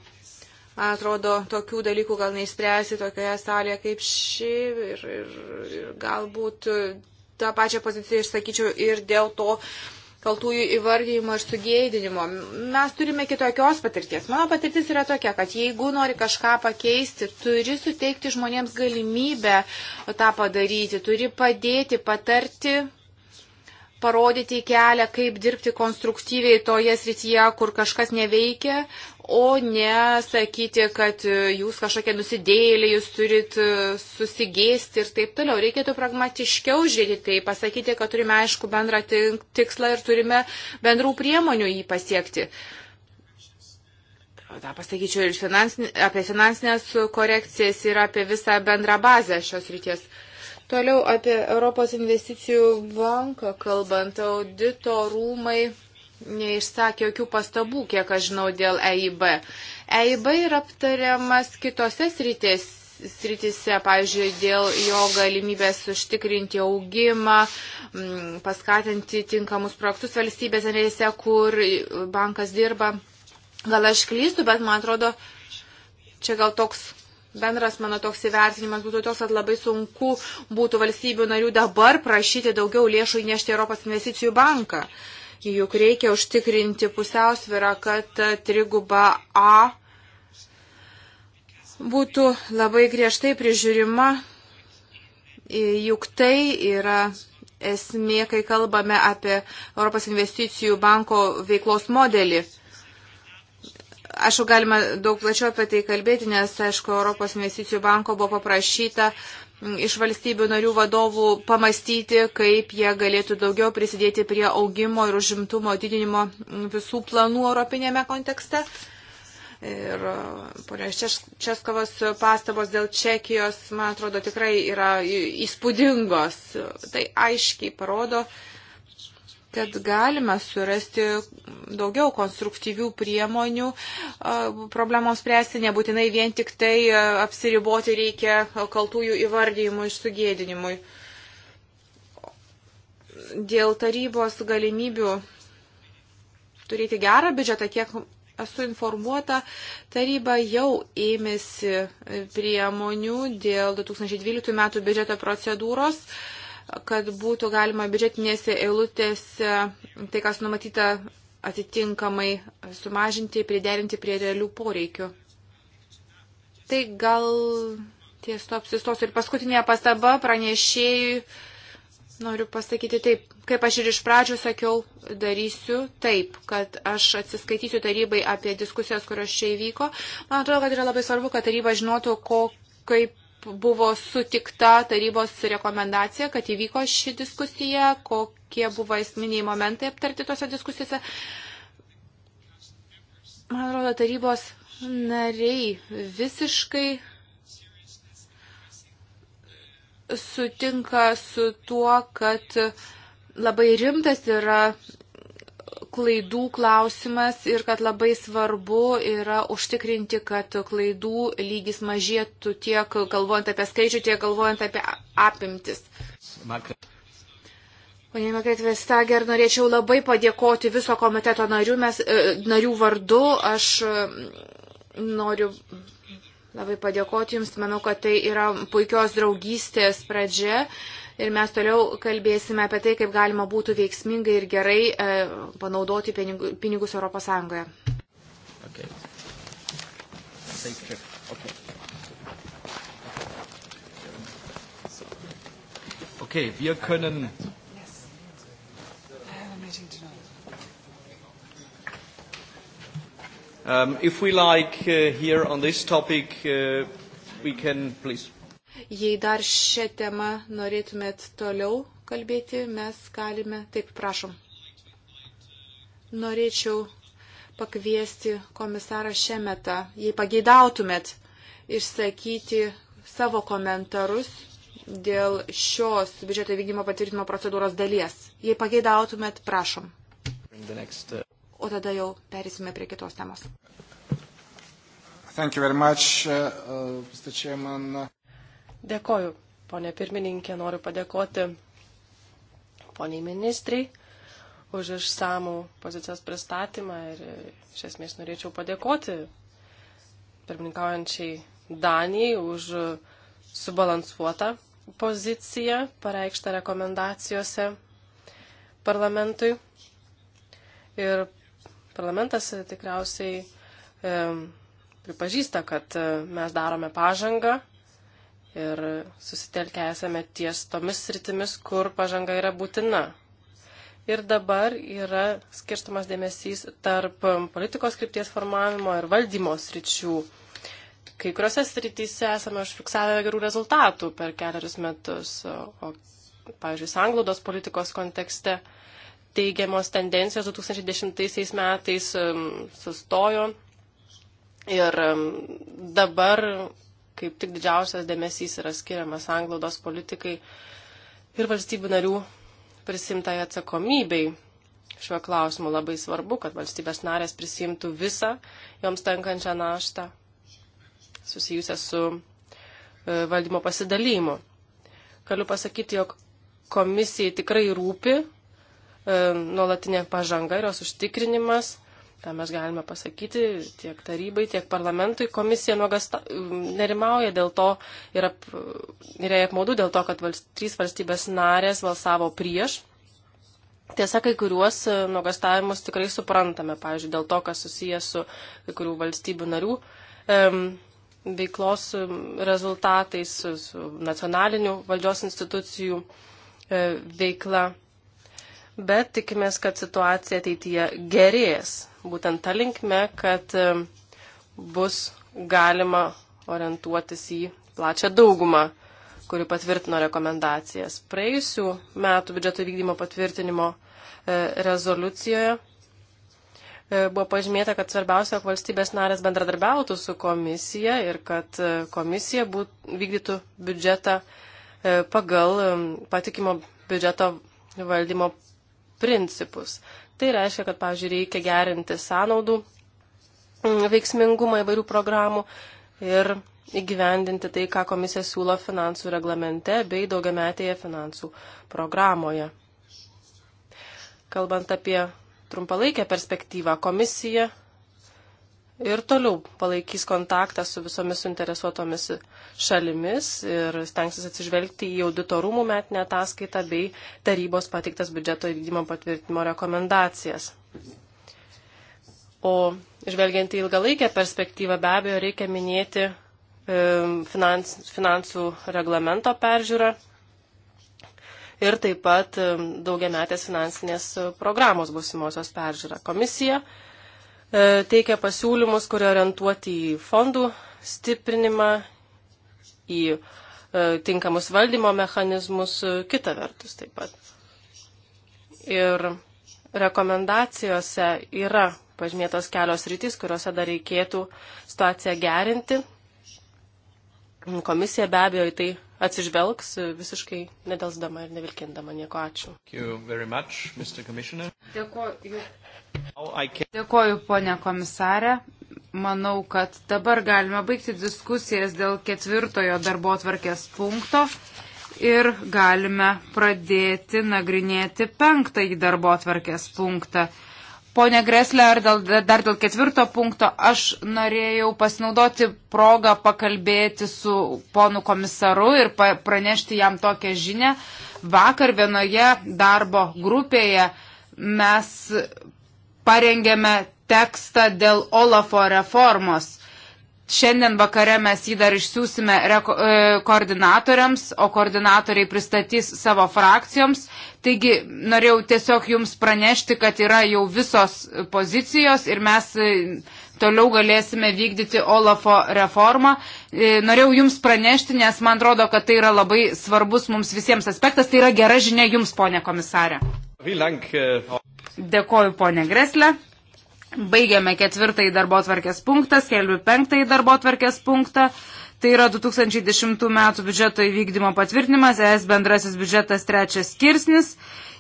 Man atrodo, tokių dalykų gal neįspręsi tokioje salėje kaip ši ir, ir, ir galbūt tą pačią poziciją išsakyčiau ir dėl to kaltųjų įvardyjimo ir sugėdinimo. Mes turime kitokios patirties. Mano patirtis yra tokia, kad jeigu nori kažką pakeisti, turi suteikti žmonėms galimybę tą padaryti, turi padėti, patarti parodyti kelią, kaip dirbti konstruktyviai toje srityje, kur kažkas neveikia, o ne sakyti, kad e, jūs kažkokie nusidėjėliai, jūs turit e, susigėsti ir taip toliau. Reikėtų pragmatiškiau žiūrėti tai, pasakyti, kad turime aišku bendrą tikslą ir turime bendrų priemonių jį pasiekti. Ta, pasakyčiau ir finansinė, apie finansinės korekcijas ir apie visą bendrą bazę šios ryties. Uh, Toliau apie Europos investicijų banką kalbant, audito rūmai neišsakė jokių pastabų, kiek aš žinau, dėl EIB. EIB yra aptariamas kitose sritės, sritise, pavyzdžiui, dėl jo galimybės užtikrinti augimą, mm, paskatinti tinkamus projektus valstybės narėse, kur bankas dirba. Gal aš klystu, bet man atrodo, čia gal toks bendras mano toks įvertinimas būtų toks, kad labai sunku būtų valstybių narių dabar prašyti daugiau lėšų įnešti Europos investicijų banką. Juk reikia užtikrinti pusiausvirą, kad triguba A būtų labai griežtai prižiūrima, juk tai yra esmė, kai kalbame apie Europos investicijų banko veiklos modelį Aišku, galima daug plačiau apie tai kalbėti, nes, aišku, Europos investicijų banko buvo paprašyta mm, iš valstybių narių vadovų pamastyti, kaip jie galėtų daugiau prisidėti prie augimo ir užimtumo didinimo mm, visų planų europinėme kontekste. Ir e, ponės Českovos pastabos dėl Čekijos, man atrodo, tikrai yra įspūdingos. Tai aiškiai parodo, uh, kad galime surasti daugiau konstruktyvių priemonių problemoms spręsti, nebūtinai vien tik tai apsiriboti reikia kaltųjų įvardyjimų ir sugėdinimui. Dėl tarybos galimybių turėti gerą biudžetą, kiek esu informuota, taryba jau ėmėsi priemonių dėl 2012 metų biudžeto procedūros. Uh, kad būtų galima biudžetinėse eilutėse tai, kas numatyta atitinkamai sumažinti, priderinti prie realių poreikių. Tai gal ties to apsistosiu. Ir paskutinė pastaba pranešėjui noriu pasakyti taip, kaip aš ir iš pradžių sakiau, darysiu taip, kad aš atsiskaitysiu tarybai apie diskusijas, kurios čia įvyko. Man atrodo, kad yra labai svarbu, kad taryba žinotų, ko, kaip buvo sutikta tarybos rekomendacija, kad įvyko ši diskusija, kokie buvo esminiai momentai aptarti tose diskusijose. Man atrodo, tarybos nariai visiškai sutinka su tuo, kad labai rimtas yra klaidų klausimas ir kad labai svarbu yra užtikrinti, kad klaidų lygis mažėtų tiek galvojant apie skaičių, tiek galvojant apie apimtis. Pane Makret Vestager, norėčiau labai padėkoti viso komiteto narių, mes, e, narių vardu. Aš e, noriu labai padėkoti Jums, manau, kad tai yra puikios draugystės pradžia. Uh, ir mes toliau kalbėsime apie tai, kaip galima būtų veiksmingai ir gerai e, panaudoti pinigus Europos Sąjungoje. Okay. Okay. Okay, wir können. Um, if we like uh, here on this topic, uh, we can please. Jei dar šią temą norėtumėt toliau kalbėti, mes galime. Taip, prašom. Norėčiau pakviesti komisarą Šemetą, jei pageidautumėt, išsakyti savo komentarus dėl šios biudžeto vykdymo patvirtinimo procedūros dalies. Jei pageidautumėt, prašom. Uh, o tada jau perėsime prie kitos temos. Much, uh, uh Dėkoju, ponė pirmininkė, noriu padėkoti poniai ministrai už išsamų pozicijos pristatymą ir iš esmės norėčiau padėkoti pirmininkaujančiai Danijai už subalansuotą poziciją pareikštą rekomendacijose parlamentui. Ir parlamentas tikriausiai e, pripažįsta, kad mes darome pažangą ir susitelkę esame ties tomis sritimis, kur pažanga yra būtina. Ir dabar yra skirstamas dėmesys tarp politikos krypties formavimo ir valdymo sričių. Kai kuriuose srityse esame užfiksavę gerų rezultatų per keliarius metus, o, pavyzdžiui, sanglaudos politikos kontekste teigiamos tendencijos 2010 metais um, sustojo ir um, dabar kaip tik didžiausias dėmesys yra skiriamas anglaudos politikai ir valstybių narių prisimtai atsakomybei. Šiuo klausimu labai svarbu, kad valstybės narės prisimtų visą joms tenkančią naštą susijusią su e, valdymo pasidalymu. Galiu pasakyti, jog komisijai tikrai rūpi e, nuolatinė pažanga ir jos užtikrinimas tą mes galime pasakyti tiek tarybai, tiek parlamentui. Komisija nuogasta, um, nerimauja dėl to ir, ap, ir apmaudu dėl to, kad valst, trys valstybės narės balsavo prieš. Tiesa, kai kuriuos e, nuogastavimus tikrai suprantame, pavyzdžiui, dėl to, kas susijęs su kai kurių valstybių narių um, veiklos rezultatais, su, su nacionaliniu valdžios institucijų e, veikla. Bet tikimės, kad situacija ateityje gerės būtent tą linkmę, kad e, bus galima orientuotis į plačią daugumą, kuri patvirtino rekomendacijas. Praėjusių metų biudžeto vykdymo patvirtinimo e, rezoliucijoje e, buvo pažymėta, kad svarbiausia, jog valstybės narės bendradarbiautų su komisija ir kad komisija būt, vykdytų biudžetą pagal patikimo biudžeto valdymo principus. Tai reiškia, kad, pavyzdžiui, reikia gerinti sąnaudų mm, veiksmingumą įvairių programų ir įgyvendinti tai, ką komisija siūlo finansų reglamente bei daugiametėje finansų programoje. Kalbant apie trumpalaikę perspektyvą, komisija ir toliau palaikys kontaktą su visomis suinteresuotomis šalimis ir stengsis atsižvelgti į auditorumų metinę ataskaitą bei tarybos pateiktas biudžeto įvykdymo patvirtinimo rekomendacijas. O žvelgiant į ilgalaikę perspektyvą be abejo reikia minėti e, finans, finansų reglamento peržiūrą ir taip pat e, daugiametės finansinės programos busimosios peržiūrą. Komisija E, teikia pasiūlymus, kurie orientuoti į fondų stiprinimą, į e, tinkamus valdymo mechanizmus e, kita vertus taip pat. Ir rekomendacijose yra pažymėtos kelios rytis, kuriuose dar reikėtų situaciją gerinti. Komisija be abejo į tai atsižvelgs visiškai nedelsdama ir nevilkindama. Nieko ačiū. Much, Dėkuoju Dėkoju, ponė komisarė. Manau, kad dabar galime baigti diskusijas dėl ketvirtojo darbo atvarkės punkto ir galime pradėti nagrinėti penktąjį darbo atvarkės punktą. Pone Greslė, ar dėl, dar dėl ketvirto punkto aš norėjau pasinaudoti progą pakalbėti su ponu komisaru ir pranešti jam tokią žinę. Vakar vienoje darbo grupėje mes parengėme tekstą dėl Olafo reformos. Šiandien vakare mes jį dar išsiųsime e, koordinatoriams, o koordinatoriai pristatys savo frakcijoms. Taigi norėjau tiesiog jums pranešti, kad yra jau visos pozicijos ir mes e, toliau galėsime vykdyti Olafo reformą. E, norėjau jums pranešti, nes man atrodo, kad tai yra labai svarbus mums visiems aspektas. Tai yra gera žinia jums, ponė komisarė. Äh, Dėkoju, ponė Greslė. Baigiame ketvirtąjį darbo tvarkės punktą, skelbiu penktąjį darbo tvarkės punktą. Tai yra 2010 m. biudžeto įvykdymo patvirtinimas, ES bendrasis biudžetas trečias skirsnis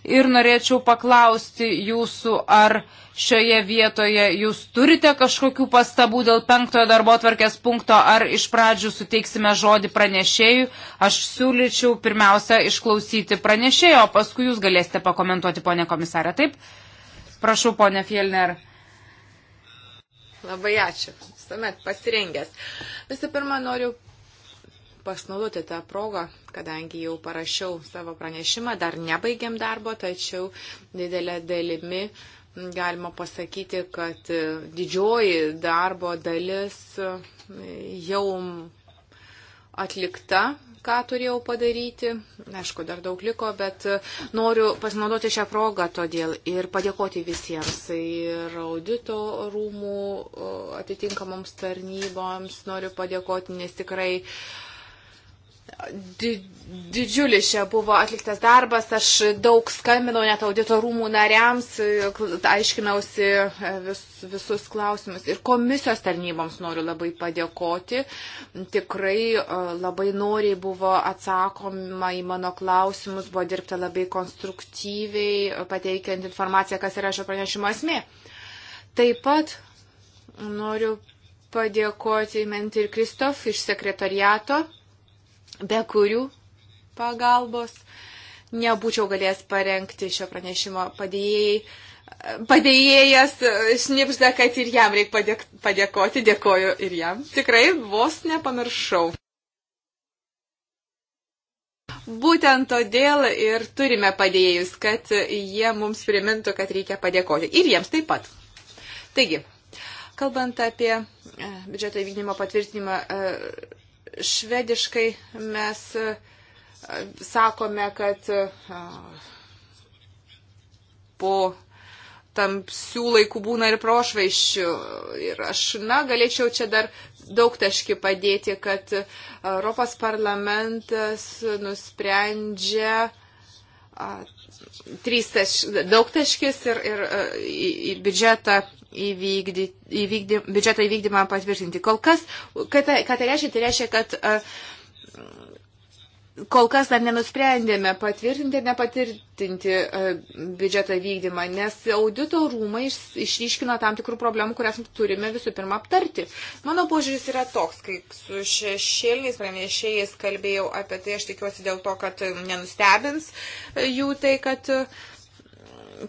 ir norėčiau paklausti jūsų, ar šioje vietoje jūs turite kažkokių pastabų dėl penktojo darbo tvarkės punkto, ar iš pradžių suteiksime žodį pranešėjui. Aš siūlyčiau pirmiausia išklausyti pranešėjo, paskui jūs galėsite pakomentuoti, ponė komisarė. Taip? Prašau, ponė Fielner. Labai ačiū. Visuomet pasirengęs. Visų pirma, noriu pasinaudoti tą progą, kadangi jau parašiau savo pranešimą, dar nebaigiam darbo, tačiau didelė dalimi galima pasakyti, kad didžioji darbo dalis jau atlikta, ką turėjau padaryti. Aišku, dar daug liko, bet noriu pasinaudoti šią progą todėl ir padėkoti visiems. Ir audito rūmų e, atitinkamoms tarnyboms noriu padėkoti, nes tikrai didžiulis čia buvo atliktas darbas, aš daug skambinau net audito rūmų nariams, aiškinausi e, vis, visus klausimus. Ir komisijos tarnyboms noriu labai padėkoti. Tikrai e, labai noriai buvo atsakoma į mano klausimus, buvo dirbta labai konstruktyviai, e, pateikiant informaciją, kas yra šio pranešimo esmė. Taip pat noriu padėkoti Menti ir Kristof iš sekretariato be kurių pagalbos nebūčiau galėjęs parengti šio pranešimo padėjėjai. Padėjėjas šnipžda, kad ir jam reikia padėk padėkoti, dėkoju ir jam. Tikrai vos nepamiršau. Būtent todėl ir turime padėjėjus, kad jie mums primintų, kad reikia padėkoti. Ir jiems taip pat. Taigi, kalbant apie e, biudžeto įvykdymo patvirtinimą e, Švediškai mes e, sakome, kad e, po tamsių laikų būna ir prošvaiščių. Ir aš, na, galėčiau čia dar daug taškį padėti, kad e, Europos parlamentas nusprendžia a, trys taš, daug taškis ir, ir į, į biudžetą įvykdy, įvykdy, biudžeto įvykdymą patvirtinti. Kol kas, ką tai, ką tai reiškia, tai reiškia, kad a, kol kas dar nenusprendėme patvirtinti ir nepatvirtinti a, biudžeto vykdymą, nes audito rūmai iš, išryškino tam tikrų problemų, kurias turime visų pirma aptarti. Mano požiūris yra toks, kai su šešėliniais pranešėjais kalbėjau apie tai, aš tikiuosi dėl to, kad nenustebins jų tai, kad a,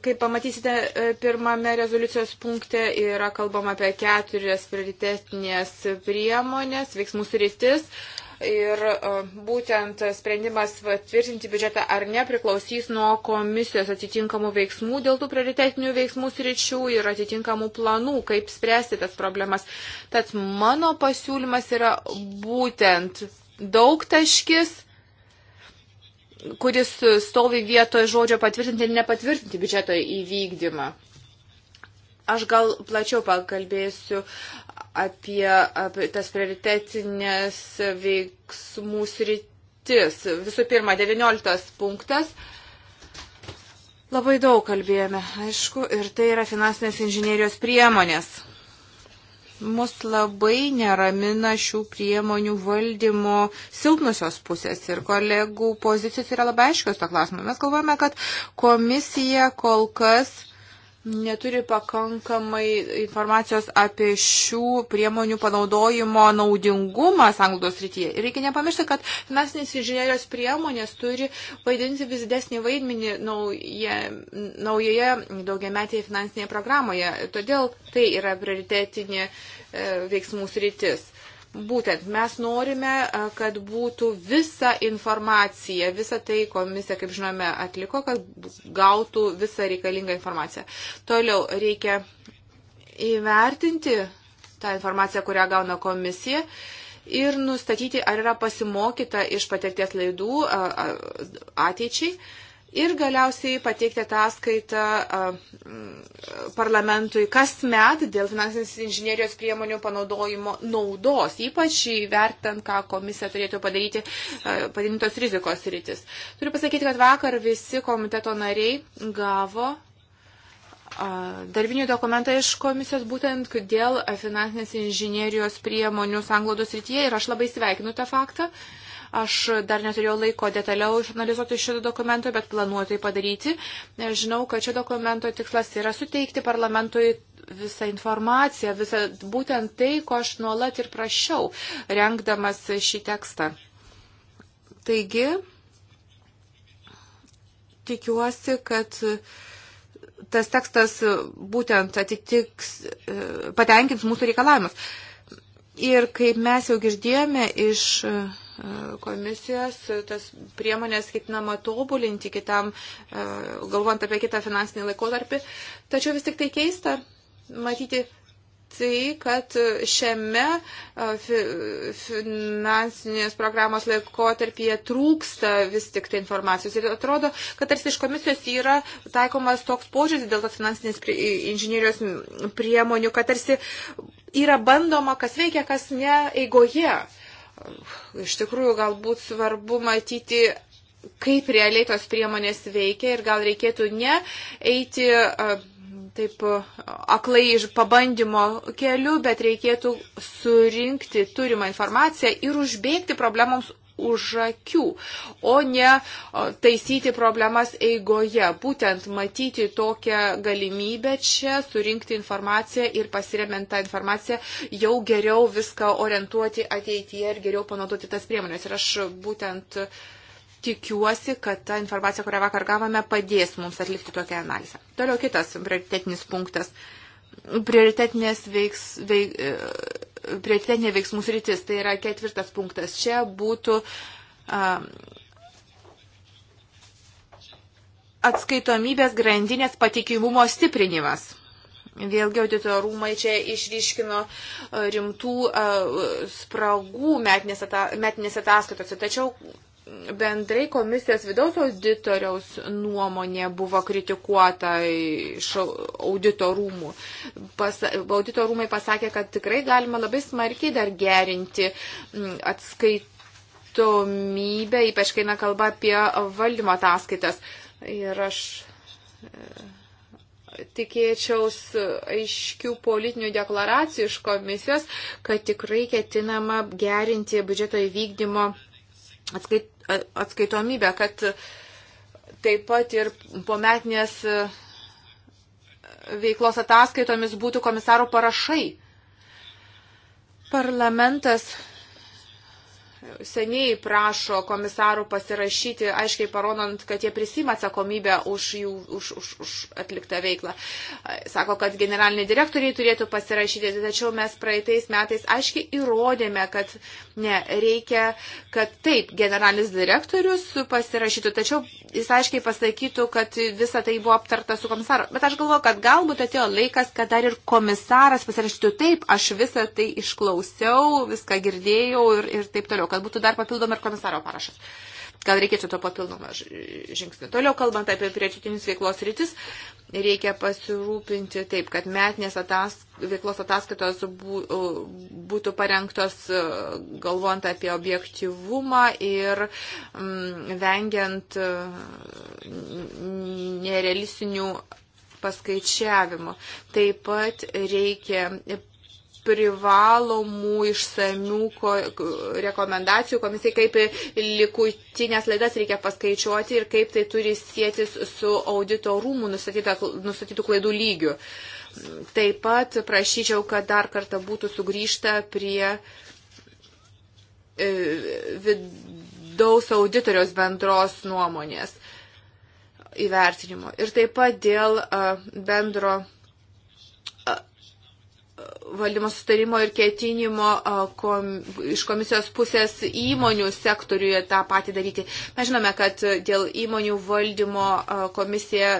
Kaip pamatysite, e, pirmame rezoliucijos punkte yra kalbama apie keturias prioritetinės priemonės, veiksmų sritis. Ir e, būtent sprendimas tvirtinti biudžetą ar ne priklausys nuo komisijos atitinkamų veiksmų dėl tų prioritetinių veiksmų sričių ir atitinkamų planų, kaip spręsti tas problemas. Tad mano pasiūlymas yra būtent daug taškis kuris stovi vietoje žodžio patvirtinti ir nepatvirtinti biudžeto įvykdymą. Aš gal plačiau pakalbėsiu apie, apie tas prioritetinės veiksmų sritis. Visų pirma, 19 punktas. Labai daug kalbėjome, aišku, ir tai yra finansinės inžinierijos priemonės. Mus labai neramina šių priemonių valdymo silpnusios pusės ir kolegų pozicijos yra labai aiškios to klausimo. Mes galvojame, kad komisija kol kas neturi pakankamai informacijos apie šių priemonių panaudojimo naudingumą sanglaudos rytyje. Ir reikia nepamiršti, kad finansinės inžinierijos priemonės turi vaidinti vis didesnį vaidmenį nauja, naujoje daugiametėje finansinėje programoje. Todėl tai yra prioritetinė e, veiksmų sritis. Būtent mes norime, kad būtų visa informacija, visa tai komisija, kaip žinome, atliko, kad gautų visą reikalingą informaciją. Toliau reikia įvertinti tą informaciją, kurią gauna komisija ir nustatyti, ar yra pasimokyta iš patirties laidų ateičiai ir galiausiai pateikti ataskaitą parlamentui kasmet dėl finansinės inžinierijos priemonių panaudojimo naudos, ypač įvertant, ką komisija turėtų padaryti padidintos rizikos rytis. Turiu pasakyti, kad vakar visi komiteto nariai gavo darbinį dokumentą iš komisijos būtent dėl finansinės inžinierijos priemonių sanglaudos rytyje ir aš labai sveikinu tą faktą. Uh, Aš dar neturėjau laiko detaliau išanalizuoti šio dokumento, bet planuoju tai padaryti. Žinau, kad šio dokumento tikslas yra suteikti parlamentui visą informaciją, visą, būtent tai, ko aš nuolat ir prašiau, renkdamas šį tekstą. Taigi, tikiuosi, kad tas tekstas būtent atitiks, patenkins mūsų reikalavimus. Ir kaip mes jau girdėjome iš komisijos tas priemonės ketinama tobulinti kitam, e, galvojant apie kitą finansinį laikotarpį. Tačiau vis tik tai keista matyti tai, kad šiame e, finansinės programos laikotarpyje trūksta vis tik tai informacijos. Ir atrodo, kad tarsi iš komisijos yra taikomas toks požiūris dėl tos finansinės inžinierijos priemonių, kad tarsi yra bandoma, kas veikia, kas ne eigoje. Yeah iš tikrųjų galbūt svarbu matyti kaip realiai tos priemonės veikia ir gal reikėtų ne eiti taip aklai iš pabandymo keliu, bet reikėtų surinkti turimą informaciją ir užbėgti problemoms už akių, o ne taisyti problemas eigoje. Būtent matyti tokią galimybę čia, surinkti informaciją ir pasiremiant tą informaciją jau geriau viską orientuoti ateityje ir geriau panaudoti tas priemonės. Ir aš būtent tikiuosi, kad ta informacija, kurią vakar gavome, padės mums atlikti tokią analizę. Toliau kitas prioritetinis punktas. Prioritetinės veiks, veik, prioritetinė veiksmų sritis, tai yra ketvirtas punktas. Čia būtų um, atskaitomybės grandinės patikimumo stiprinimas. Vėlgi audito rūmai čia išryškino uh, rimtų uh, spragų metinės ataskaitose, tačiau bendrai komisijos vidaus auditoriaus nuomonė buvo kritikuota iš audito rūmų. Pas, audito rūmai pasakė, kad tikrai galima labai smarkiai dar gerinti atskaitomybę, ypač kai na kalba apie valdymo ataskaitas. Ir aš e, tikėčiaus aiškių politinių deklaracijų iš komisijos, kad tikrai ketinama gerinti biudžeto įvykdymo atskait, atskaitomybę, kad taip pat ir po metinės e, veiklos ataskaitomis būtų komisaro parašai. Parlamentas seniai prašo komisarų pasirašyti, aiškiai parodant, kad jie prisima atsakomybę už jų už, už, už atliktą veiklą. Sako, kad generaliniai direktoriai turėtų pasirašyti, tačiau mes praeitais metais aiškiai įrodėme, kad ne, reikia, kad taip, generalinis direktorius pasirašytų, tačiau jis aiškiai pasakytų, kad visa tai buvo aptarta su komisaru. Bet aš galvoju, kad galbūt atėjo laikas, kad dar ir komisaras pasirašytų taip, aš visą tai išklausiau, viską girdėjau ir, ir taip toliau kad būtų dar papildomai ir komisaro parašas. Gal reikėtų to papildomą žingsnį. Toliau kalbant apie priečytinius veiklos rytis, reikia pasirūpinti taip, kad metinės atas, veiklos ataskaitos bū, būtų parengtos e, galvojant apie objektivumą ir mm, vengiant e, nerealistinių paskaičiavimų. Taip pat reikia privalomų išsamių ko, rekomendacijų komisijai, kaip likutinės laidas reikia paskaičiuoti ir kaip tai turi sėtis su audito rūmų nustatytų klaidų lygiu. Taip pat prašyčiau, kad dar kartą būtų sugrįžta prie e, vidaus auditoriaus bendros nuomonės įvertinimo. Ir taip pat dėl e, bendro valdymo sustarimo ir ketinimo kom, iš komisijos pusės įmonių sektoriuje tą patį daryti. Mes žinome, kad dėl įmonių valdymo komisija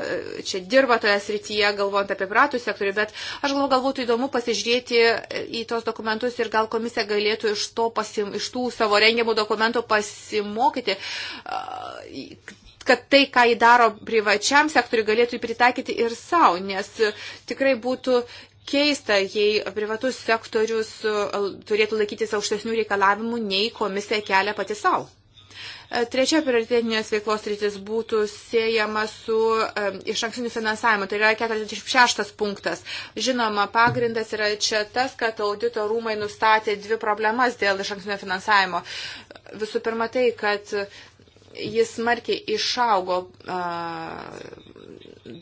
čia dirba toje srityje, galvojant apie pratų sektorių, bet aš galvoju, gal būtų įdomu pasižiūrėti į tos dokumentus ir gal komisija galėtų iš, to pasim, iš tų savo rengiamų dokumentų pasimokyti kad tai, ką jį daro privačiam sektoriu, galėtų pritaikyti ir savo, nes tikrai būtų keista, jei privatus sektorius e, turėtų laikytis aukštesnių reikalavimų, nei komisija kelia pati savo. E, trečia prioritetinės veiklos rytis būtų siejama su um, iš anksinių finansavimu, tai yra 46 punktas. Žinoma, pagrindas yra čia tas, kad audito rūmai nustatė dvi problemas dėl iš anksinių finansavimo. Visų pirma tai, kad jis smarkiai išaugo uh,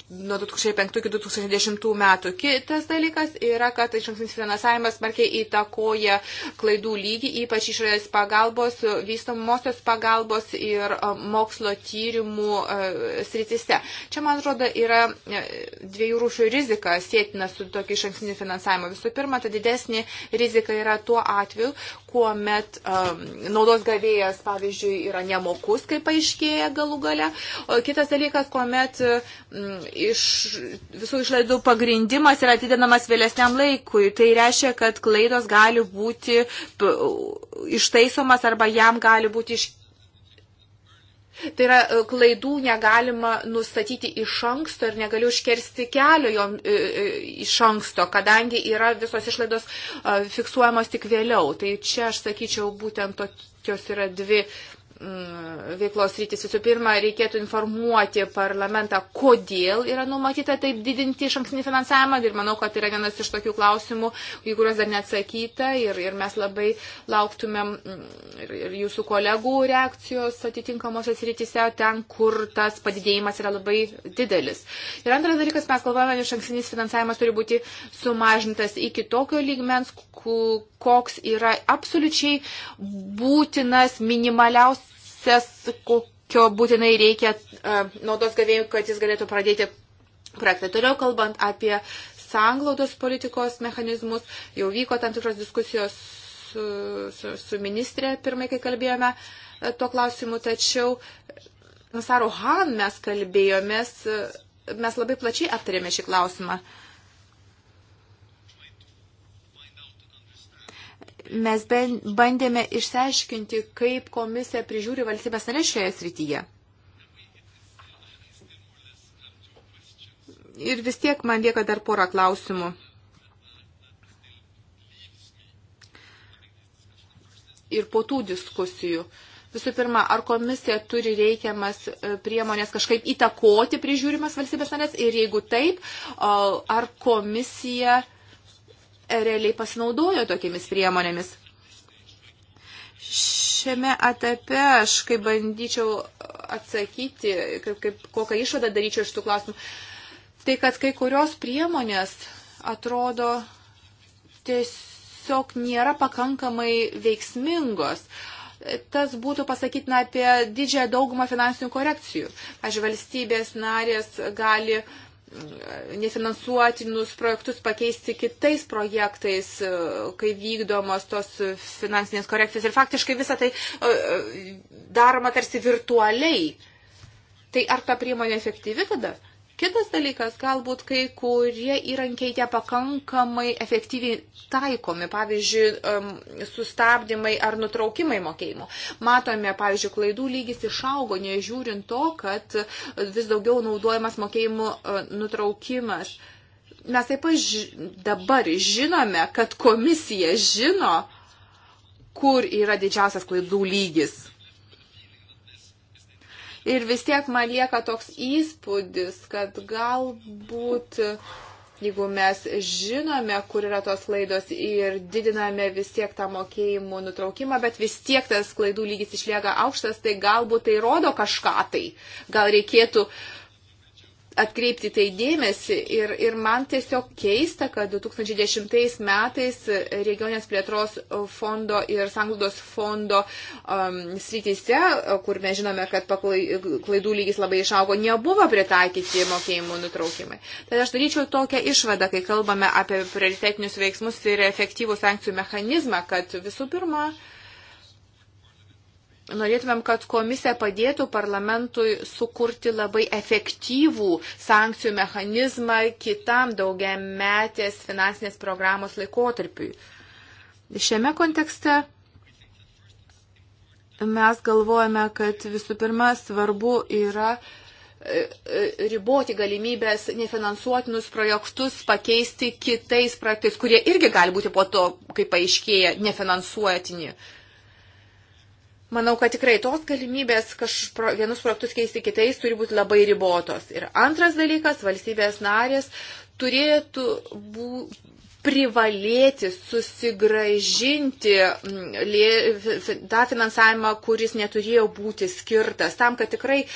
nuo 2005 iki 2010 metų. Kitas dalykas yra, kad išankstinis finansavimas smarkiai įtakoja klaidų lygį, ypač išorės pagalbos, vystomosios pagalbos ir e, mokslo tyrimų e, sritise. Čia, man atrodo, yra e, dviejų rūšių rizika sėtina su tokiu išankstiniu finansavimu. Visų pirma, ta didesnė rizika yra tuo atveju, kuomet um, naudos gavėjas, pavyzdžiui, yra nemokus, kaip paaiškėja galų gale. O kitas dalykas, kuomet um, iš visų išlaidų pagrindimas yra atidinamas vėlesniam laikui. Tai reiškia, kad klaidos gali būti ištaisomas arba jam gali būti iš. Tai yra, e, klaidų negalima nustatyti iš anksto ir negaliu užkersti kelio jom e, e, iš anksto, kadangi yra visos išlaidos fiksuojamos tik vėliau. Tai čia aš sakyčiau, būtent tokios yra dvi uh, Mm, veiklos rytis. Visų pirma, reikėtų informuoti parlamentą, kodėl yra numatyta taip didinti iš ankstinį finansavimą. Ir manau, kad yra vienas iš tokių klausimų, į kuriuos dar neatsakyta. Ir, ir mes labai lauktumėm mm, ir, ir jūsų kolegų reakcijos atitinkamosios rytise, ten, kur tas padidėjimas yra labai didelis. Ir antras dalykas, mes kalbame, iš ankstinis finansavimas turi būti sumažintas iki tokio lygmens, koks yra absoliučiai būtinas minimaliausias procesas, kokio būtinai reikia e, naudos gavėjų, kad jis galėtų pradėti projektą. Toliau kalbant apie sanglaudos politikos mechanizmus, jau vyko tam tikros diskusijos su, su, su ministrė pirmai, kai kalbėjome e, tuo klausimu, tačiau Saru Han mes kalbėjomės, e, mes labai plačiai aptarėme šį klausimą. Uh, mes bandėme išsiaiškinti, kaip komisija prižiūri valstybės narės šioje srityje. Ir vis tiek man lieka dar porą klausimų. Ir po tų diskusijų. Visų pirma, ar komisija turi reikiamas e, priemonės kažkaip įtakoti prižiūrimas valstybės narės ir jeigu taip, ar komisija realiai pasinaudojo tokiamis priemonėmis. Šiame etape aš kaip bandyčiau atsakyti, kaip, kaip, kokią išvadą daryčiau iš tų klausimų, tai kad kai kurios priemonės atrodo tiesiog nėra pakankamai veiksmingos. Tas būtų pasakytina apie didžiąją daugumą finansinių korekcijų. Aš valstybės narės gali uh, nefinansuotinus projektus pakeisti kitais projektais, e, kai vykdomos tos finansinės korekcijos. Ir faktiškai visą tai e, e, daroma tarsi virtualiai. Tai ar ta priemonė efektyvi tada? Kitas dalykas, galbūt kai kurie įrankiai nepakankamai efektyviai taikomi, pavyzdžiui, sustabdymai ar nutraukimai mokėjimo. Matome, pavyzdžiui, klaidų lygis išaugo, nežiūrint to, kad vis daugiau naudojamas mokėjimų e, nutraukimas mes taip pat ži dabar žinome, kad komisija žino, kur yra didžiausias klaidų lygis ir vis tiek man lieka toks įspūdis, kad galbūt jeigu mes žinome, kur yra tos klaidos ir didiname vis tiek tą mokėjimų nutraukimą, bet vis tiek tas klaidų lygis išlieka aukštas, tai galbūt tai rodo kažką tai. Gal reikėtų uh, atkreipti tai dėmesį ir, ir man tiesiog keista, kad 2010 metais regionės plėtros fondo ir sanglaudos fondo um, srityse, kur mes žinome, kad klaidų lygis labai išaugo, nebuvo pritaikyti mokėjimų nutraukimai. Tad aš daryčiau tokią išvadą, kai kalbame apie prioritetinius veiksmus ir efektyvų sankcijų mechanizmą, kad visų pirma, uh, norėtumėm, kad komisija padėtų parlamentui sukurti labai efektyvų sankcijų mechanizmą kitam daugiametės finansinės programos laikotarpiui. Šiame kontekste mes galvojame, kad visų pirma svarbu yra e, e, riboti galimybės nefinansuotinus projektus pakeisti kitais projektais, kurie irgi gali būti po to, kaip paaiškėja, nefinansuotini. Uh, Manau, kad tikrai tos galimybės kaž, vienus projektus keisti kitais turi būti labai ribotos. Ir antras dalykas, valstybės narės turėtų bū, privalėti susigražinti lė, tą finansavimą, kuris neturėjo būti skirtas, tam, kad tikrai e,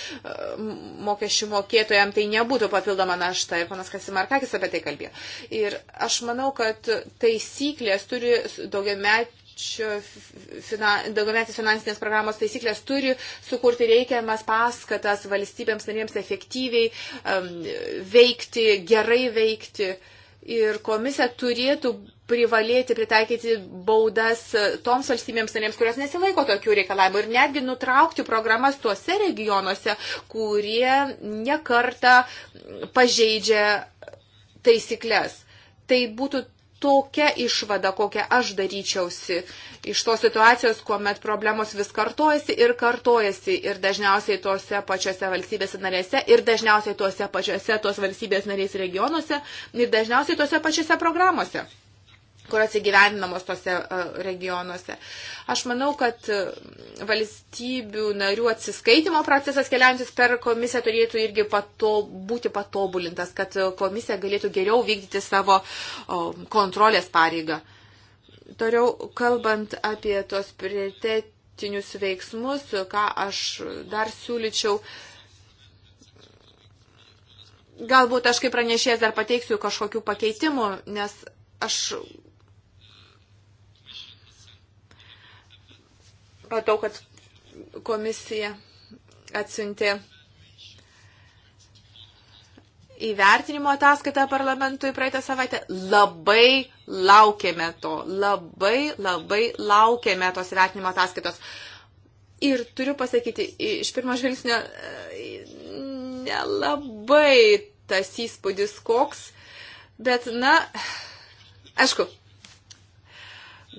mokesčių mokėtojams tai nebūtų papildoma našta. Ir panas Kasimarkakis apie tai kalbėjo. Ir aš manau, kad taisyklės turi daugiametį finan, daugiametės finansinės programos taisyklės turi sukurti reikiamas paskatas valstybėms narėms efektyviai um, veikti, gerai veikti. Ir komisija turėtų privalėti pritaikyti baudas toms valstybėms narėms, kurios nesilaiko tokių reikalavimų ir netgi nutraukti programas tuose regionuose, kurie nekarta pažeidžia taisyklės. Tai būtų tokia išvada, kokią aš daryčiausi iš tos situacijos, kuomet problemos vis kartojasi ir kartojasi ir dažniausiai tose pačiose valstybėse narėse ir dažniausiai tose pačiose tos valstybės narės regionuose ir dažniausiai tose pačiose programuose kurios įgyvendinamos tose e, regionuose. Aš manau, kad e, valstybių narių atsiskaitimo procesas keliaujantis per komisiją turėtų irgi pato, būti patobulintas, kad e, komisija galėtų geriau vykdyti savo kontrolės pareigą. Toliau, kalbant apie tos prioritetinius veiksmus, ką aš dar siūlyčiau galbūt aš kaip pranešėjas dar pateiksiu kažkokių pakeitimų, nes aš Matau, kad komisija atsiuntė įvertinimo ataskaitą parlamentui praeitą savaitę. Labai laukėme to. Labai, labai laukėme tos įvertinimo ataskaitos. Ir turiu pasakyti, iš pirmo žvilgsnio nelabai tas įspūdis koks, bet, na, aišku,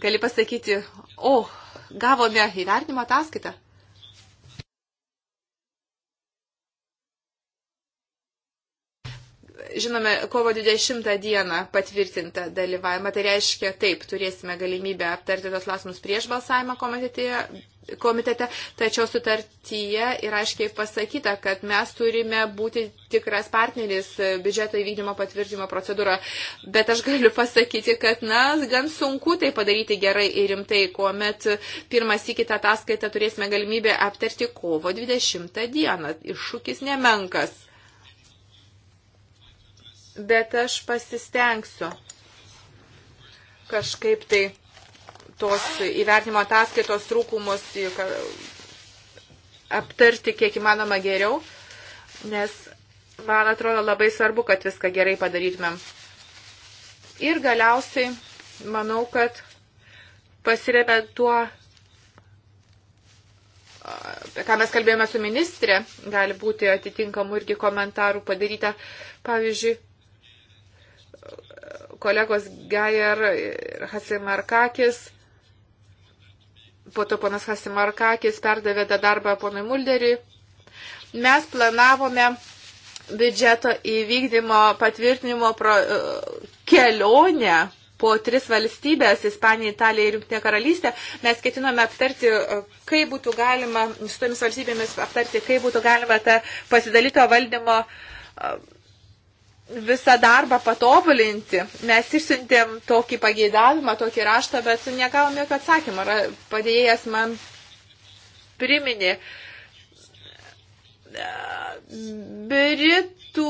gali pasakyti, o, oh, Gavome įvertinimo ataskaitą žinome, kovo 20 dieną patvirtintą dalyvavimą. Tai reiškia, taip, turėsime galimybę aptarti tos lasmus prieš balsavimą komitete, komitete, tačiau sutartyje yra aiškiai pasakyta, kad mes turime būti tikras partneris biudžeto įvykdymo patvirtimo procedūrą. Bet aš galiu pasakyti, kad, na, gan sunku tai padaryti gerai ir rimtai, kuomet pirmas į kitą ataskaitą turėsime galimybę aptarti kovo 20 dieną. Iššūkis nemenkas bet aš pasistengsiu kažkaip tai tos įvertimo ataskaitos trūkumus aptarti kiek įmanoma geriau, nes man atrodo labai svarbu, kad viską gerai padarytumėm. Ir galiausiai manau, kad pasiremė tuo, ką mes kalbėjome su ministrė, gali būti atitinkamų irgi komentarų padaryta. Pavyzdžiui, kolegos Gajer ir Hasimarkakis. Po to ponas Hasimarkakis perdavė tą darbą ponui Mulderiui. Mes planavome biudžeto įvykdymo patvirtinimo pro, e, kelionę po tris valstybės - Ispaniją, Italiją ir Junktinę karalystę. Mes ketinome aptarti, e, kaip būtų galima su tomis valstybėmis aptarti, kaip būtų galima tą pasidalyto valdymo e, visą darbą patobulinti. Mes išsintėm tokį pageidavimą, tokį raštą, bet negavom jokio atsakymą. Padėjėjas man priminė. Britų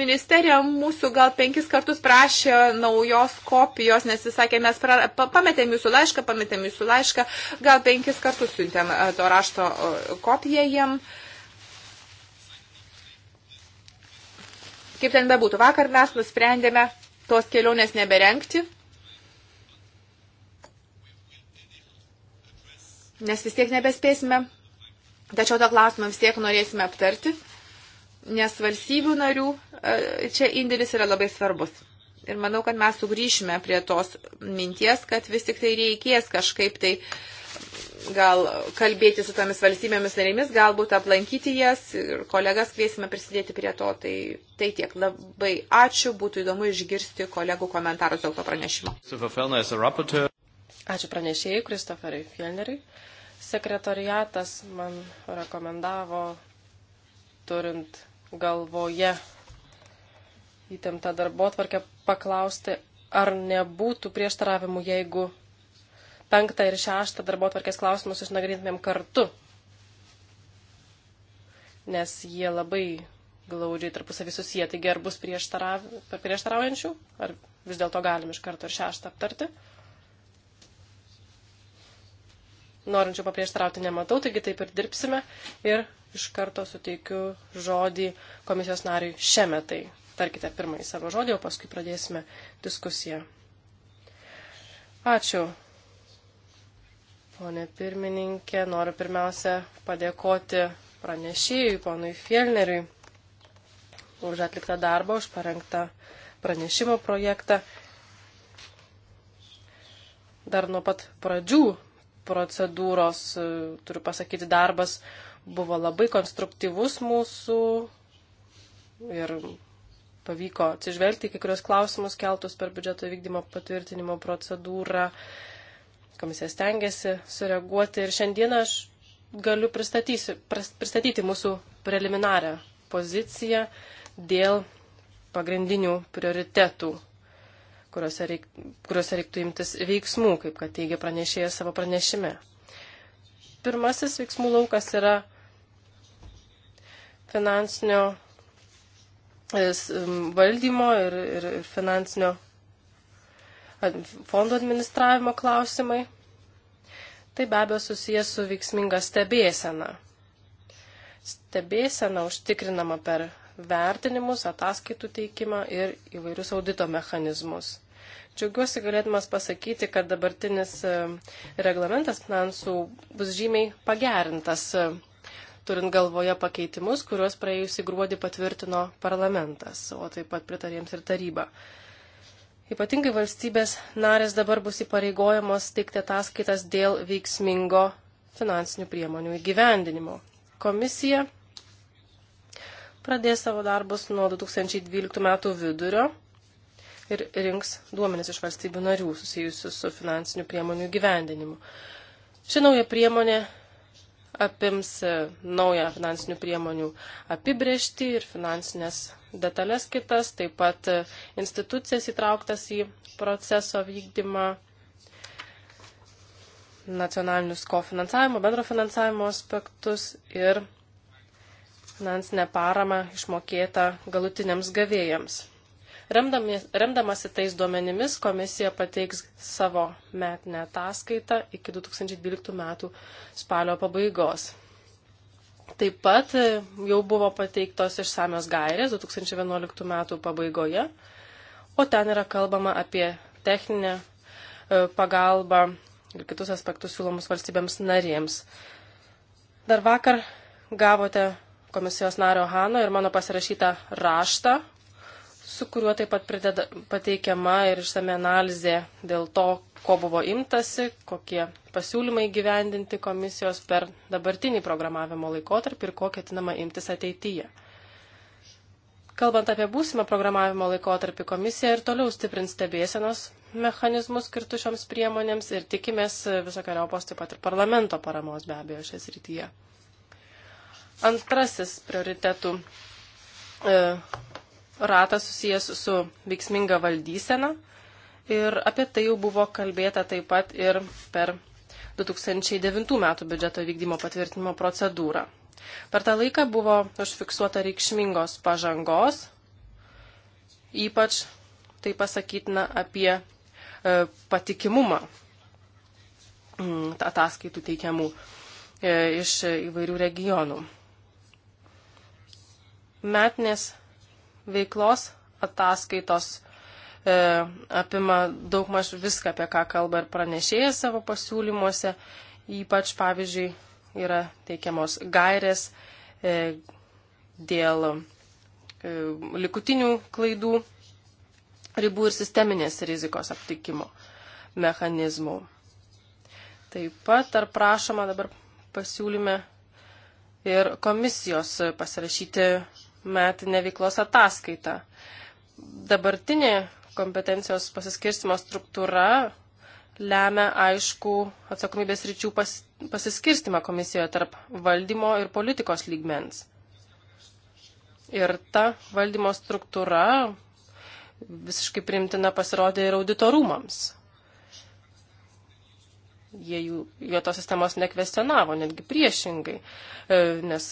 ministerija mūsų gal penkis kartus prašė naujos kopijos, nes jis sakė, mes pra, pa, pametėm jūsų laišką, pametėm jūsų laišką, gal penkis kartus siuntėm e, to rašto kopiją jiem. Uh, Kaip ten bebūtų, vakar mes nusprendėme tos kelionės neberengti, nes vis tiek nebespėsime, tačiau tą klausimą vis tiek norėsime aptarti, nes valstybių narių e, čia indėlis yra labai svarbus. Ir manau, kad mes sugrįšime prie tos minties, kad vis tik tai reikės kažkaip tai uh, gal kalbėti su tomis valstybėmis narėmis, galbūt aplankyti jas ir kolegas kviesime prisidėti prie to. Tai, tai tiek. Labai ačiū, būtų įdomu išgirsti kolegų komentarus dėl to pranešimo. Ačiū pranešėjai, Kristoferiai Fielneriai. Sekretariatas man rekomendavo, turint galvoje įtemptą darbo tvarkę, paklausti, ar nebūtų prieštaravimų, jeigu penktą ir šeštą darbo tvarkės klausimus išnagrintumėm kartu, nes jie labai glaudžiai tarpusavį susiję. Taigi ar bus prieštarav... prieštaraujančių, ar vis dėlto galim iš karto ir šeštą aptarti. Norinčių paprieštarauti nematau, taigi taip ir dirbsime. Ir iš karto suteikiu žodį komisijos nariui šiame tai. Tarkite pirmąjį savo žodį, o paskui pradėsime diskusiją. Ačiū, Pone pirmininkė, noriu pirmiausia padėkoti pranešėjui, ponui Fielneriui, už atliktą darbą, už parengtą pranešimo projektą. Dar nuo pat pradžių procedūros, e, turiu pasakyti, darbas buvo labai konstruktyvus mūsų ir pavyko atsižvelgti į kiekvienos klausimus keltus per biudžeto vykdymo patvirtinimo procedūrą. Uh, Komisija stengiasi sureaguoti ir šiandieną aš galiu pristatyti mūsų preliminarią poziciją dėl pagrindinių prioritetų, kuriuose, reik, kuriuose reiktų imtis veiksmų, kaip kad teigia pranešėjas savo pranešime. Pirmasis veiksmų laukas yra finansinio valdymo ir, ir finansinio fondų administravimo klausimai. Tai be abejo susijęs su veiksminga stebėsena. Stebėsena užtikrinama per vertinimus, ataskaitų teikimą ir įvairius audito mechanizmus. Džiaugiuosi galėtumas pasakyti, kad dabartinis e, reglamentas finansų bus žymiai pagerintas e, turint galvoje pakeitimus, kuriuos praėjusį gruodį patvirtino parlamentas, o taip pat pritarėms ir taryba. Ypatingai valstybės narės dabar bus įpareigojamos teikti ataskaitas dėl veiksmingo finansinių priemonių įgyvendinimo. Komisija pradės savo darbus nuo 2012 metų vidurio ir rinks duomenis iš valstybių narių susijusius su finansinių priemonių įgyvendinimu. Ši nauja priemonė apims e, naują finansinių priemonių apibrėžti ir finansinės detalės kitas, taip pat e, institucijas įtrauktas į proceso vykdymą, nacionalinius kofinansavimo, bendro finansavimo aspektus ir finansinę paramą išmokėtą galutiniams gavėjams. Remdamasi tais duomenimis, komisija pateiks savo metinę ataskaitą iki 2012 metų spalio pabaigos. Taip pat e, jau buvo pateiktos išsamios gairės 2011 metų pabaigoje, o ten yra kalbama apie techninę e, pagalbą ir kitus aspektus siūlomus valstybėms narėms. Dar vakar gavote komisijos nario Hano ir mano pasirašytą raštą, su kuriuo taip pat prideda, pateikiama ir išsame analizė dėl to, ko buvo imtasi, kokie pasiūlymai gyvendinti komisijos per dabartinį programavimo laikotarpį ir ko ketinama imtis ateityje. Kalbant apie būsimą programavimo laikotarpį, komisija ir toliau stiprins stebėsenos mechanizmus skirtus šioms priemonėms ir tikimės visokiojopos taip pat ir parlamento paramos be abejo šias rytyje. Antrasis prioritetų e, ratas susijęs su veiksminga valdysena. Ir apie tai jau buvo kalbėta taip pat ir per 2009 metų biudžeto vykdymo patvirtinimo procedūrą. Per tą laiką buvo užfiksuota reikšmingos pažangos, ypač tai pasakytina apie e, patikimumą mm, ataskaitų teikiamų e, iš įvairių regionų. Metinės veiklos ataskaitos e, apima daug maž viską, apie ką kalba ir pranešėjas savo pasiūlymuose. Ypač, pavyzdžiui, yra teikiamos gairės e, dėl e, likutinių klaidų ribų ir sisteminės rizikos aptikimo mechanizmų. Taip pat ar prašoma dabar pasiūlyme ir komisijos pasirašyti metinę veiklos ataskaitą. Dabartinė kompetencijos pasiskirstimo struktūra lemia aišku atsakomybės ryčių pas, pasiskirstimą komisijoje tarp valdymo ir politikos lygmens. Ir ta valdymo struktūra visiškai primtina pasirodė ir auditorumams. Jie jų, jo tos sistemos nekvestionavo, netgi priešingai, e, nes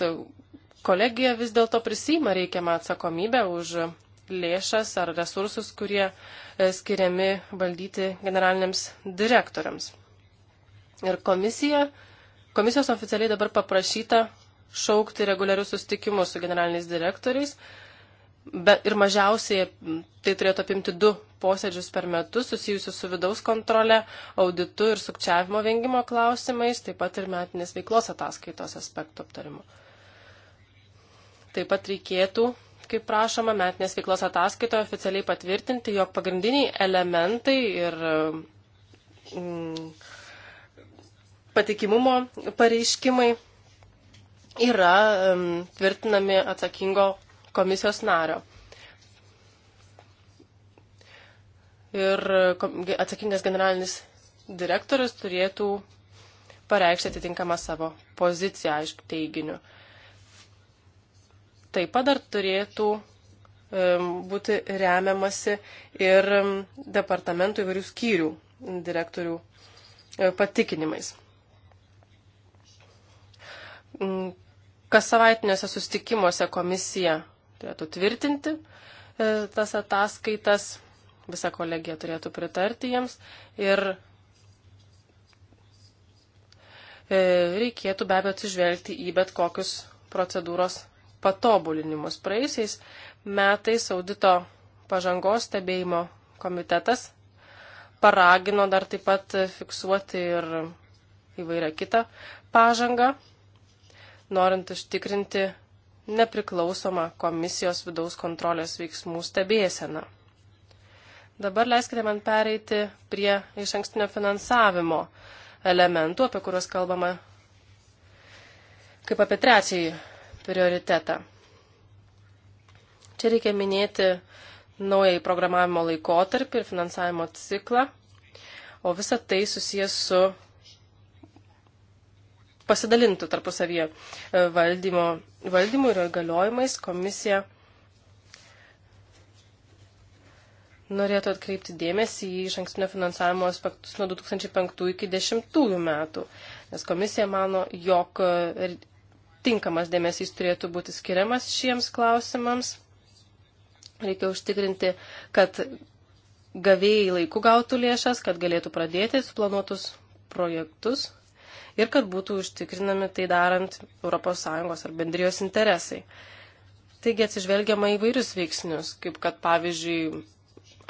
kolegija vis dėlto prisima reikiamą atsakomybę už lėšas ar resursus, kurie e, skiriami valdyti generaliniams direktoriams. Ir komisija, komisijos oficialiai dabar paprašyta šaukti reguliarius sustikimus su generaliniais direktoriais. Be, ir mažiausiai tai turėtų apimti du posėdžius per metus susijusius su vidaus kontrole, auditu ir sukčiavimo vengimo klausimais, taip pat ir metinės veiklos ataskaitos aspektų aptarimu. Taip pat reikėtų, kaip prašoma, metinės veiklos ataskaitoje oficialiai patvirtinti, jog pagrindiniai elementai ir mm, patikimumo pareiškimai yra mm, tvirtinami atsakingo komisijos nario. ir atsakingas generalinis direktorius turėtų pareikšti atitinkamą savo poziciją, aišku, teiginiu taip pat dar turėtų būti remiamasi ir departamentų įvairių skyrių direktorių e, patikinimais. Mm, kas savaitiniuose sustikimuose komisija turėtų tvirtinti e, tas ataskaitas, visa kolegija turėtų pritarti jiems ir e, reikėtų be abejo atsižvelgti į bet kokius procedūros patobulinimus. Praėjusiais metais audito pažangos stebėjimo komitetas paragino dar taip pat fiksuoti ir įvairią kitą pažangą, norint užtikrinti nepriklausomą komisijos vidaus kontrolės veiksmų stebėseną. Dabar leiskite man pereiti prie iš ankstinio finansavimo elementų, apie kuriuos kalbama kaip apie trečiąjį prioritetą. Čia reikia minėti naująjį programavimo laikotarpį ir finansavimo ciklą, o visa tai susijęs su pasidalintų tarpusavyje e, valdymo, valdymu ir galiojimais komisija norėtų atkreipti dėmesį į iš ankstinio finansavimo aspektus nuo 2005 iki 2010 metų, nes komisija mano, jog e, tinkamas dėmesys turėtų būti skiriamas šiems klausimams. Reikia užtikrinti, kad gavėjai laiku gautų lėšas, kad galėtų pradėti suplanuotus projektus ir kad būtų užtikrinami tai darant ES ar bendrijos interesai. Taigi atsižvelgiama į vairius veiksnius, kaip kad pavyzdžiui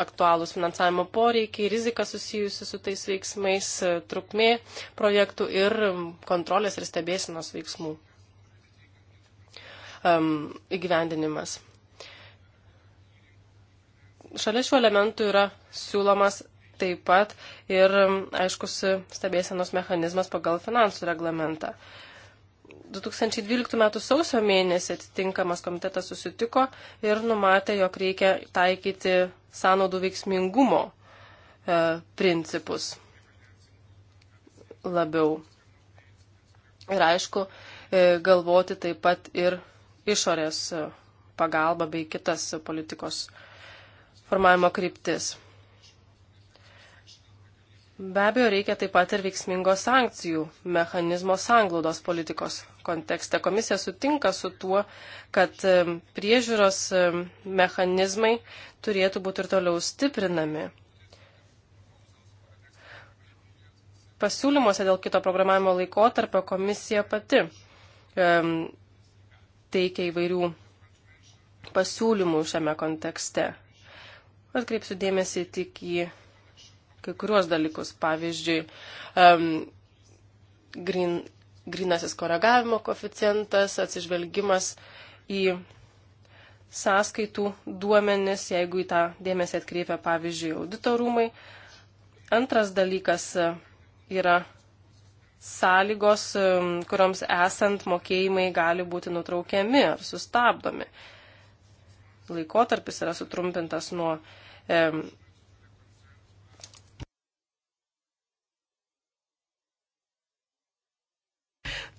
aktualūs finansavimo poreikiai, rizika susijusi su tais veiksmais, trukmė projektų ir kontrolės ir stebėsinos veiksmų um, įgyvendinimas. Šalia šių elementų yra siūlomas taip pat ir um, aiškus stebėsenos mechanizmas pagal finansų reglamentą. 2012 m. sausio mėnesį atitinkamas komitetas susitiko ir numatė, jog reikia taikyti sąnaudų veiksmingumo e, principus labiau. Ir aišku, e, galvoti taip pat ir išorės pagalba bei kitas politikos formavimo kryptis. Be abejo, reikia taip pat ir veiksmingos sankcijų mechanizmo sanglaudos politikos kontekste. Komisija sutinka su tuo, kad priežiūros mechanizmai turėtų būti ir toliau stiprinami. Pasiūlymuose dėl kito programavimo laikotarpio komisija pati teikia įvairių pasiūlymų šiame kontekste. Atkreipsiu dėmesį tik į kai kuriuos dalykus, pavyzdžiui, um, grin, grinasis koregavimo koficijantas, atsižvelgimas į sąskaitų duomenis, jeigu į tą dėmesį atkreipia, pavyzdžiui, auditorumai. Antras dalykas yra sąlygos, kurioms esant mokėjimai gali būti nutraukiami ar sustabdomi. Laikotarpis yra sutrumpintas nuo e,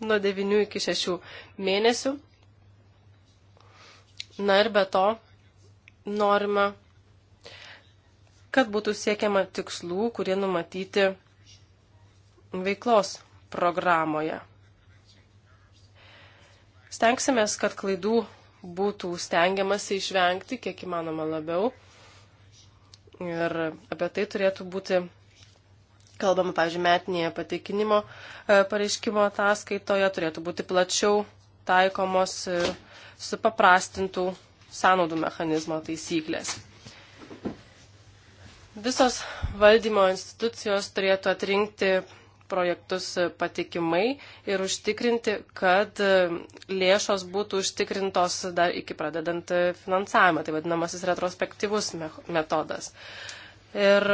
nuo 9 iki 6 mėnesių. Na ir be to norima, kad būtų siekiama tikslų, kurie numatyti veiklos programoje. Stengsimės, kad klaidų būtų stengiamasi išvengti kiek įmanoma labiau. Ir apie tai turėtų būti kalbama, pavyzdžiui, metinėje pateikinimo e, pareiškimo ataskaitoje, turėtų būti plačiau taikomos ir e, supaprastintų sąnaudų mechanizmo taisyklės. Visos valdymo institucijos turėtų atrinkti projektus e, patikimai ir užtikrinti, kad e, lėšos būtų užtikrintos dar iki pradedant e, finansavimą, tai vadinamasis retrospektyvus metodas. Ir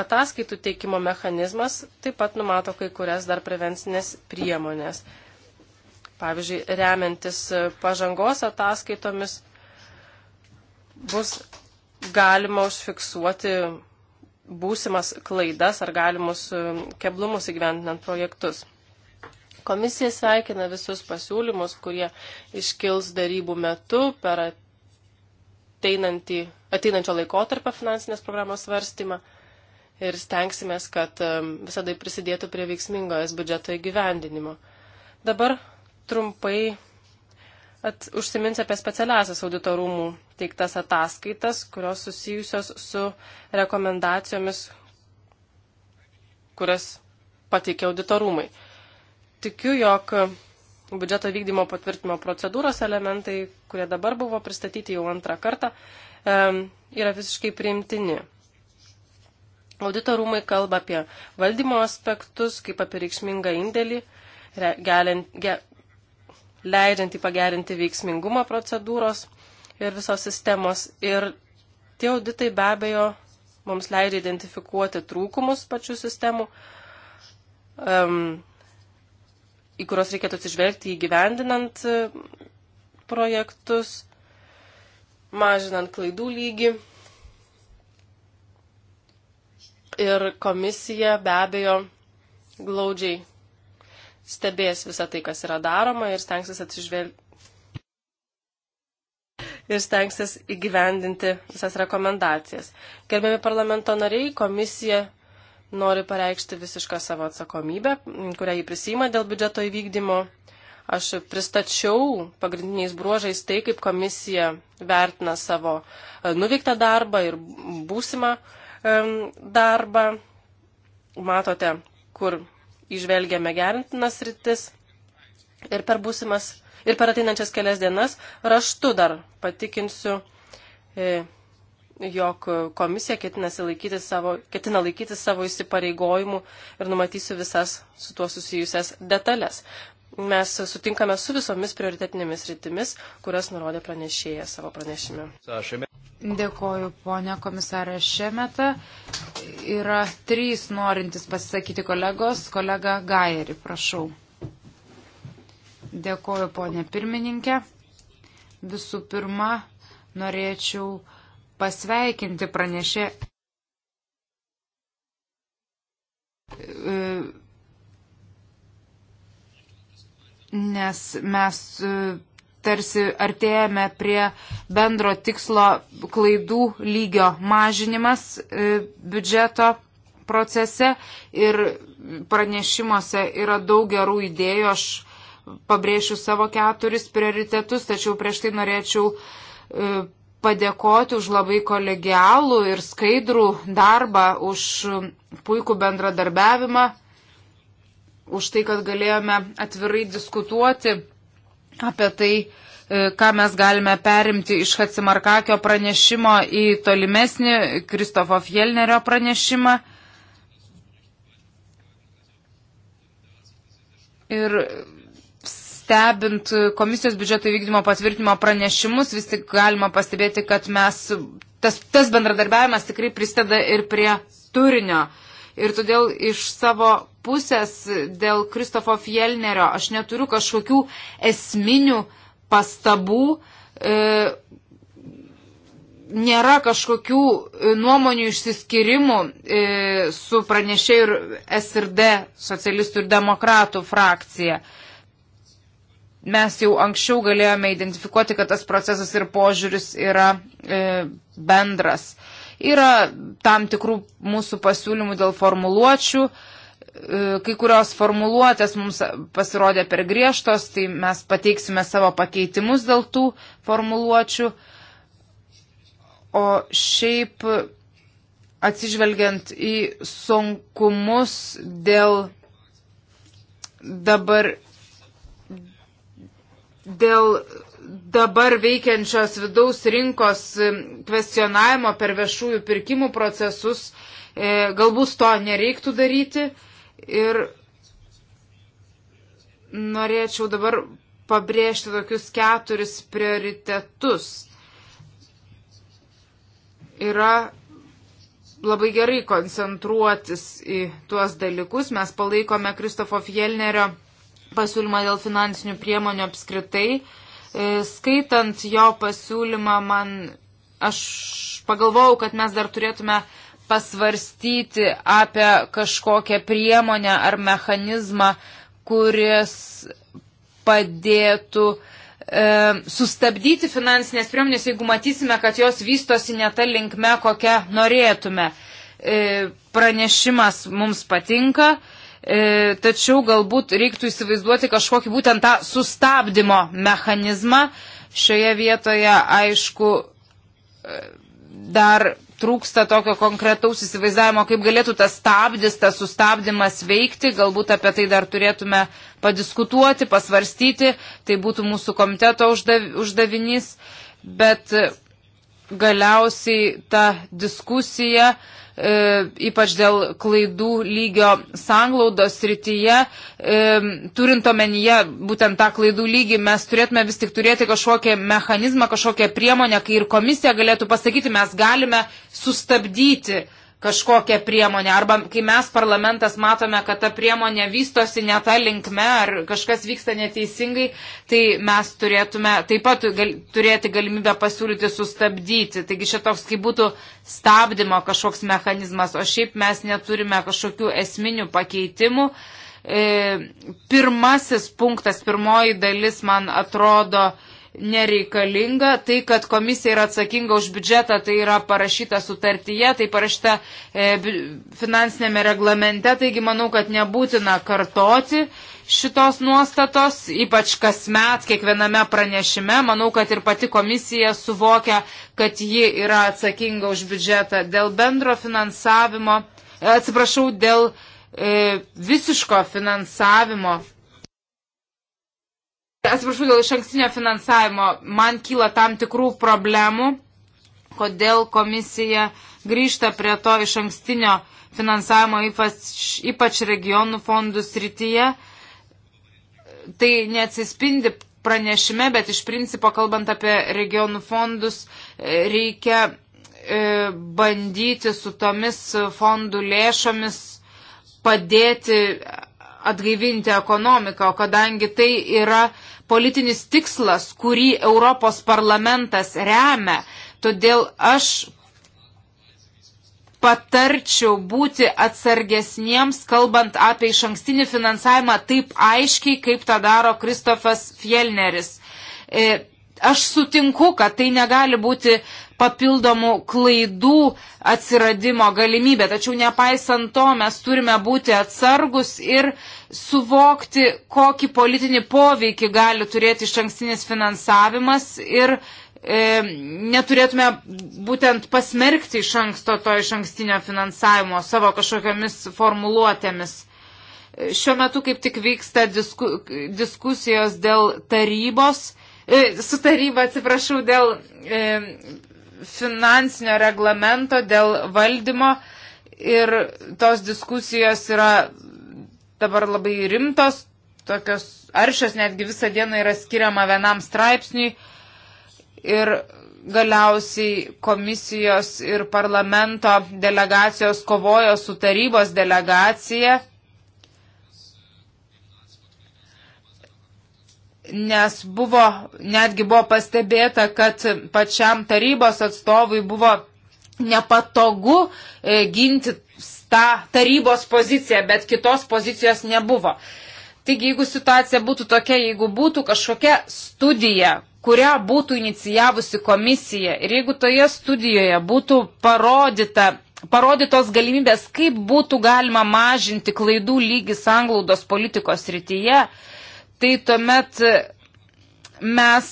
ataskaitų teikimo mechanizmas taip pat numato kai kurias dar prevencinės priemonės. Pavyzdžiui, remiantis pažangos ataskaitomis bus galima užfiksuoti būsimas klaidas ar galimus e, keblumus įgyvendinant projektus. Komisija sveikina visus pasiūlymus, kurie iškils darybų metu per ateinančio laikotarpio finansinės programos svarstymą ir stengsimės, kad e, visada tai prisidėtų prie veiksmingo es biudžeto įgyvendinimo. Dabar trumpai at, užsimins apie specialiasias auditorumų teiktas ataskaitas, kurios susijusios su rekomendacijomis, kurias pateikė auditorumai. Tikiu, jog biudžeto vykdymo patvirtimo procedūros elementai, kurie dabar buvo pristatyti jau antrą kartą, yra visiškai priimtini. Auditorumai kalba apie valdymo aspektus, kaip apie reikšmingą indėlį, geliant, ge, leidžianti pagerinti veiksmingumą procedūros ir visos sistemos. Ir tie auditai be abejo mums leidžia identifikuoti trūkumus pačių sistemų, um, į kuriuos reikėtų atsižvelgti įgyvendinant e, projektus, mažinant klaidų lygį. Ir komisija be abejo glaudžiai stebės visą tai, kas yra daroma ir stengsis atsižvelgti. Ir stengsis įgyvendinti visas rekomendacijas. Gerbiami parlamento nariai, komisija nori pareikšti visišką savo atsakomybę, kurią jį prisima dėl biudžeto įvykdymo. Aš pristačiau pagrindiniais bruožais tai, kaip komisija vertina savo e, nuveiktą darbą ir būsimą darbą. Matote, kur išvelgiame gerintinas rytis ir per būsimas ir per ateinančias kelias dienas raštu dar patikinsiu, e, jog komisija laikyti savo, ketina laikyti savo įsipareigojimų ir numatysiu visas su tuo susijusias detalės mes sutinkame su visomis prioritetinėmis rytimis, kurias nurodė pranešėja savo pranešime. Dėkoju, ponė komisarė Šemeta. Yra trys norintys pasisakyti kolegos. Kolega Gairi, prašau. Dėkoju, ponė pirmininkė. Visų pirma, norėčiau pasveikinti pranešė nes mes e, tarsi artėjame prie bendro tikslo klaidų lygio mažinimas e, biudžeto procese ir pranešimuose yra daug gerų idėjų. Aš pabrėšiu savo keturis prioritetus, tačiau prieš tai norėčiau e, padėkoti už labai kolegialų ir skaidrų darbą, už puikų bendradarbiavimą už tai, kad galėjome atvirai diskutuoti apie tai, e, ką mes galime perimti iš Hatsimarkakio pranešimo į tolimesnį Kristofo Fjellnerio pranešimą. Ir stebint komisijos biudžeto įvykdymo patvirtinimo pranešimus, vis tik galima pastebėti, kad mes, tas, tas bendradarbiavimas tikrai prisideda ir prie turinio. Uh, ir todėl iš savo pusės dėl Kristofo Fielnerio aš neturiu kažkokių esminių pastabų. E, Nėra kažkokių e, nuomonių išsiskirimų e, su pranešėjų ir SRD, socialistų ir demokratų frakcija. Mes jau anksčiau galėjome identifikuoti, kad tas procesas ir požiūris yra e, bendras. E, Yra tam tikrų mūsų pasiūlymų dėl formuluočių. E, kai kurios formuluotės mums pasirodė per griežtos, tai mes pateiksime savo pakeitimus dėl tų formuluočių. O šiaip atsižvelgiant į sunkumus dėl dabar dėl dabar veikiančios vidaus rinkos kvestionavimo per viešųjų pirkimų procesus, e, galbūt to nereiktų daryti. Ir norėčiau dabar pabrėžti tokius keturis prioritetus. Yra labai gerai koncentruotis į tuos dalykus. Mes palaikome Kristofo Fjellnerio pasiūlymą dėl finansinių priemonių apskritai. E, skaitant jo pasiūlymą, man aš pagalvojau, kad mes dar turėtume pasvarstyti apie kažkokią priemonę ar mechanizmą, kuris padėtų e, sustabdyti finansinės priemonės, jeigu matysime, kad jos vystosi ne ta linkme, kokią norėtume. E, pranešimas mums patinka, e, e, tačiau galbūt reiktų įsivaizduoti kažkokį būtent tą sustabdymo mechanizmą. Šioje vietoje, aišku, e, dar trūksta tokio konkretaus įsivaizdavimo, kaip galėtų tas stabdis, tas sustabdymas veikti, galbūt apie tai dar turėtume padiskutuoti, pasvarstyti, tai būtų mūsų komiteto uždavinys, bet galiausiai ta diskusija E, ypač dėl klaidų lygio sanglaudos srityje, e, turint omenyje būtent tą klaidų lygį, mes turėtume vis tik turėti kažkokią mechanizmą, kažkokią priemonę, kai ir komisija galėtų pasakyti, mes galime sustabdyti uh, kažkokią priemonę, arba kai mes parlamentas matome, kad ta priemonė vystosi ne tą linkme, ar kažkas vyksta neteisingai, tai mes turėtume taip pat gal, turėti galimybę pasiūlyti sustabdyti. Taigi šitoks, kai būtų stabdymo kažkoks mechanizmas, o šiaip mes neturime kažkokių esminių pakeitimų. E, pirmasis punktas, pirmoji dalis man atrodo, e, nereikalinga. Tai, kad komisija yra atsakinga už biudžetą, tai yra parašyta sutartyje, tai parašyta e, finansinėme reglamente, taigi manau, kad nebūtina kartoti šitos nuostatos, ypač kasmet, kiekviename pranešime. Manau, kad ir pati komisija suvokia, kad ji yra atsakinga už biudžetą dėl bendro finansavimo, e, atsiprašau, dėl e, visiško finansavimo atsiprašau, dėl iš ankstinio finansavimo man kyla tam tikrų problemų, kodėl komisija grįžta prie to iš ankstinio finansavimo, ypač, ypač regionų fondų srityje. Tai neatsispindi pranešime, bet iš principo, kalbant apie regionų fondus, reikia e, bandyti su tomis fondų lėšomis padėti atgaivinti ekonomiką, o kadangi tai yra politinis tikslas, kurį Europos parlamentas remia. Todėl aš patarčiau būti atsargesniems, kalbant apie iš ankstinį finansavimą taip aiškiai, kaip tą daro Kristofas Fielneris. E, aš sutinku, kad tai negali būti papildomų klaidų atsiradimo galimybė. Tačiau nepaisant to, mes turime būti atsargus ir suvokti, kokį politinį poveikį gali turėti iš ankstinis finansavimas ir e, neturėtume būtent pasmerkti iš anksto to iš ankstinio finansavimo savo kažkokiamis formuluotėmis. E, šiuo metu kaip tik vyksta disku, diskusijos dėl tarybos, e, su taryba atsiprašau, dėl e, finansinio reglamento, dėl valdymo ir tos diskusijos yra dabar labai rimtos, tokios aršios netgi visą dieną yra skiriama vienam straipsniui ir galiausiai komisijos ir parlamento delegacijos kovojo su tarybos delegacija nes buvo, netgi buvo pastebėta, kad pačiam tarybos atstovui buvo nepatogu e, ginti tą tarybos poziciją, bet kitos pozicijos nebuvo. Taigi, jeigu situacija būtų tokia, jeigu būtų kažkokia studija, kurią būtų inicijavusi komisija ir jeigu toje studijoje būtų parodyta, parodytos galimybės, kaip būtų galima mažinti klaidų lygį sanglaudos politikos rytyje, tai tuomet mes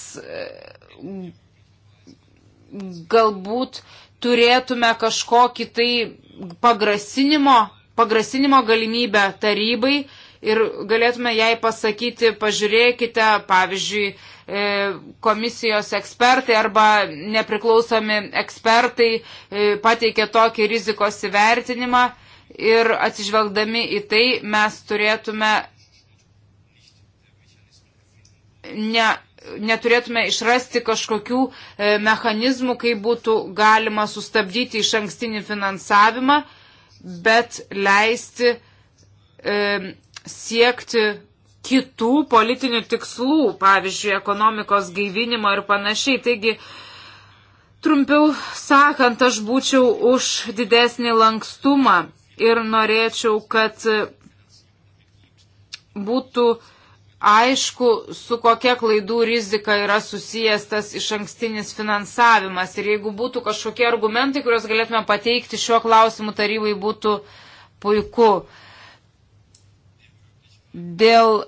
galbūt turėtume kažkokį tai pagrasinimo, pagrasinimo galimybę tarybai ir galėtume jai pasakyti, pažiūrėkite, pavyzdžiui, e, komisijos ekspertai arba nepriklausomi ekspertai e, pateikė tokį rizikos įvertinimą ir atsižvelgdami į tai mes turėtume ne, neturėtume išrasti kažkokių e, mechanizmų, kaip būtų galima sustabdyti iš ankstinį finansavimą, bet leisti e, siekti kitų politinių tikslų, pavyzdžiui, ekonomikos gaivinimo ir panašiai. Taigi, trumpiau sakant, aš būčiau už didesnį lankstumą ir norėčiau, kad būtų e, aišku, su kokia klaidų rizika yra susijęs tas iš ankstinis finansavimas. Ir jeigu būtų kažkokie argumentai, kuriuos galėtume pateikti šiuo klausimu tarybai, būtų puiku. Dėl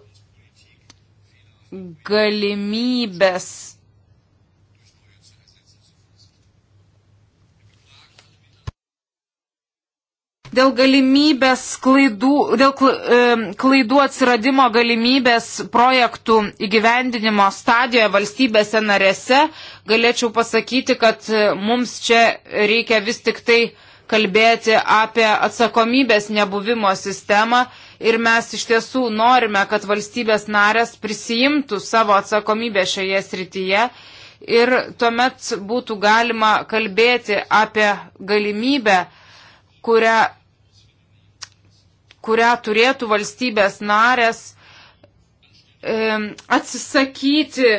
galimybės dėl galimybės klaidų, dėl e, klaidų atsiradimo galimybės projektų įgyvendinimo stadijoje valstybėse narėse, galėčiau pasakyti, kad e, mums čia reikia vis tik tai kalbėti apie atsakomybės nebuvimo sistemą ir mes iš tiesų norime, kad valstybės narės prisijimtų savo atsakomybę šioje srityje ir tuomet būtų galima kalbėti apie galimybę, kurią kurią turėtų valstybės narės e, atsisakyti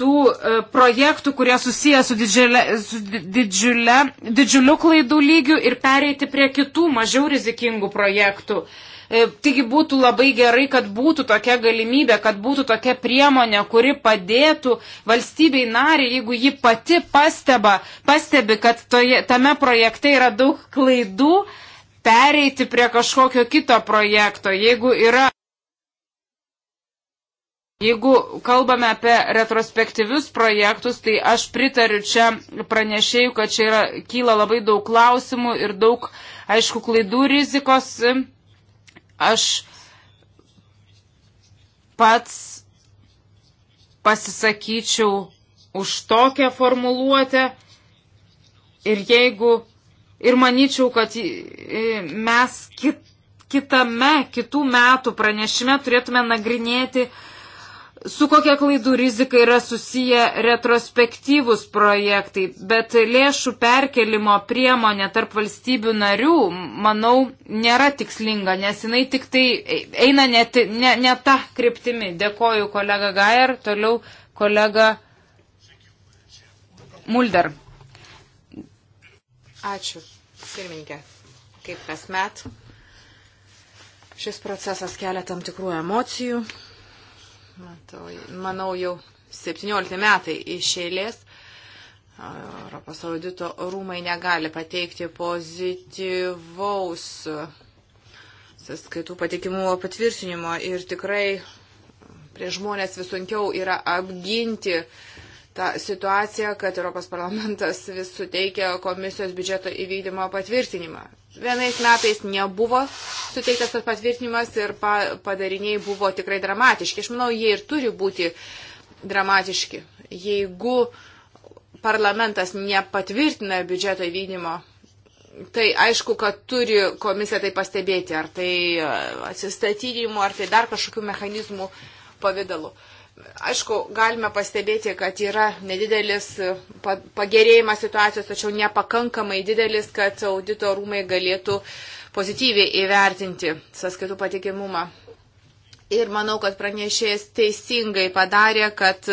tų e, projektų, kurie susiję su, didžiulė, su didžiulė, didžiuliu klaidų lygiu ir pereiti prie kitų mažiau rizikingų projektų. E, taigi būtų labai gerai, kad būtų tokia galimybė, kad būtų tokia priemonė, kuri padėtų valstybei nariai, jeigu ji pati pasteba, pastebi, kad toje, tame projekte yra daug klaidų, pereiti prie kažkokio kito projekto. Jeigu yra. Jeigu kalbame apie retrospektyvius projektus, tai aš pritariu čia pranešėjų, kad čia yra, kyla labai daug klausimų ir daug, aišku, klaidų rizikos. Aš pats pasisakyčiau už tokią formuluotę ir jeigu Ir manyčiau, kad mes kit, kitame, kitų metų pranešime turėtume nagrinėti, su kokia klaidų rizika yra susiję retrospektyvus projektai. Bet lėšų perkelimo priemonė tarp valstybių narių, manau, nėra tikslinga, nes jinai tik tai eina ne, ne, ne tą kryptimį. Dėkoju kolega Gajer, toliau kolega Mulder. Ačiū, pirmininkė. Kaip kasmet, šis procesas kelia tam tikrų emocijų. Matau, manau, jau 17 metai iš eilės. Europos audito rūmai negali pateikti pozityvaus sąskaitų patikimumo patvirtinimo ir tikrai prieš žmonės visunkiau yra apginti uh, tą situaciją, kad Europos parlamentas vis suteikia komisijos biudžeto įvykdymo patvirtinimą. Vienais metais nebuvo suteiktas tas patvirtinimas ir pa, padariniai buvo tikrai dramatiški. Aš manau, jie ir turi būti dramatiški. Jeigu parlamentas nepatvirtina biudžeto įvykdymo, tai aišku, kad turi komisija tai pastebėti, ar tai atsistatydinimo, ar tai dar kažkokių mechanizmų pavydalu. Uh, Aišku, galime pastebėti, kad yra nedidelis pagerėjimas situacijos, tačiau nepakankamai didelis, kad audito rūmai galėtų pozityviai įvertinti sąskaitų patikimumą. Ir manau, kad pranešėjas teisingai padarė, kad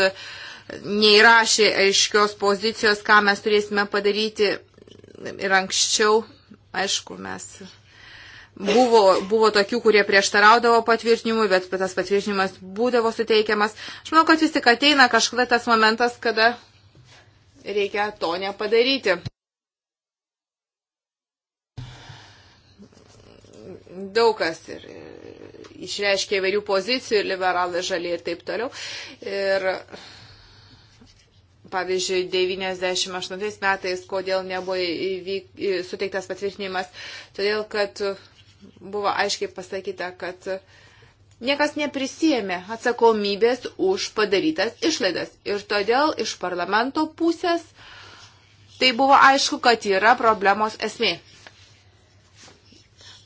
neįrašė aiškios pozicijos, ką mes turėsime padaryti ir anksčiau. Aišku, mes Buvo, buvo tokių, kurie prieštaraudavo patvirtinimui, bet tas patvirtinimas būdavo suteikiamas. Aš manau, kad vis tik ateina kažkada tas momentas, kada reikia to nepadaryti. Daug kas ir išreiškia įvairių pozicijų, liberalai žaliai ir taip toliau. Ir pavyzdžiui, 98 metais, kodėl nebuvo įvyk, suteiktas patvirtinimas, todėl kad buvo aiškiai pasakyta, kad niekas neprisėmė atsakomybės už padarytas išlaidas. Ir todėl iš parlamento pusės tai buvo aišku, kad yra problemos esmė.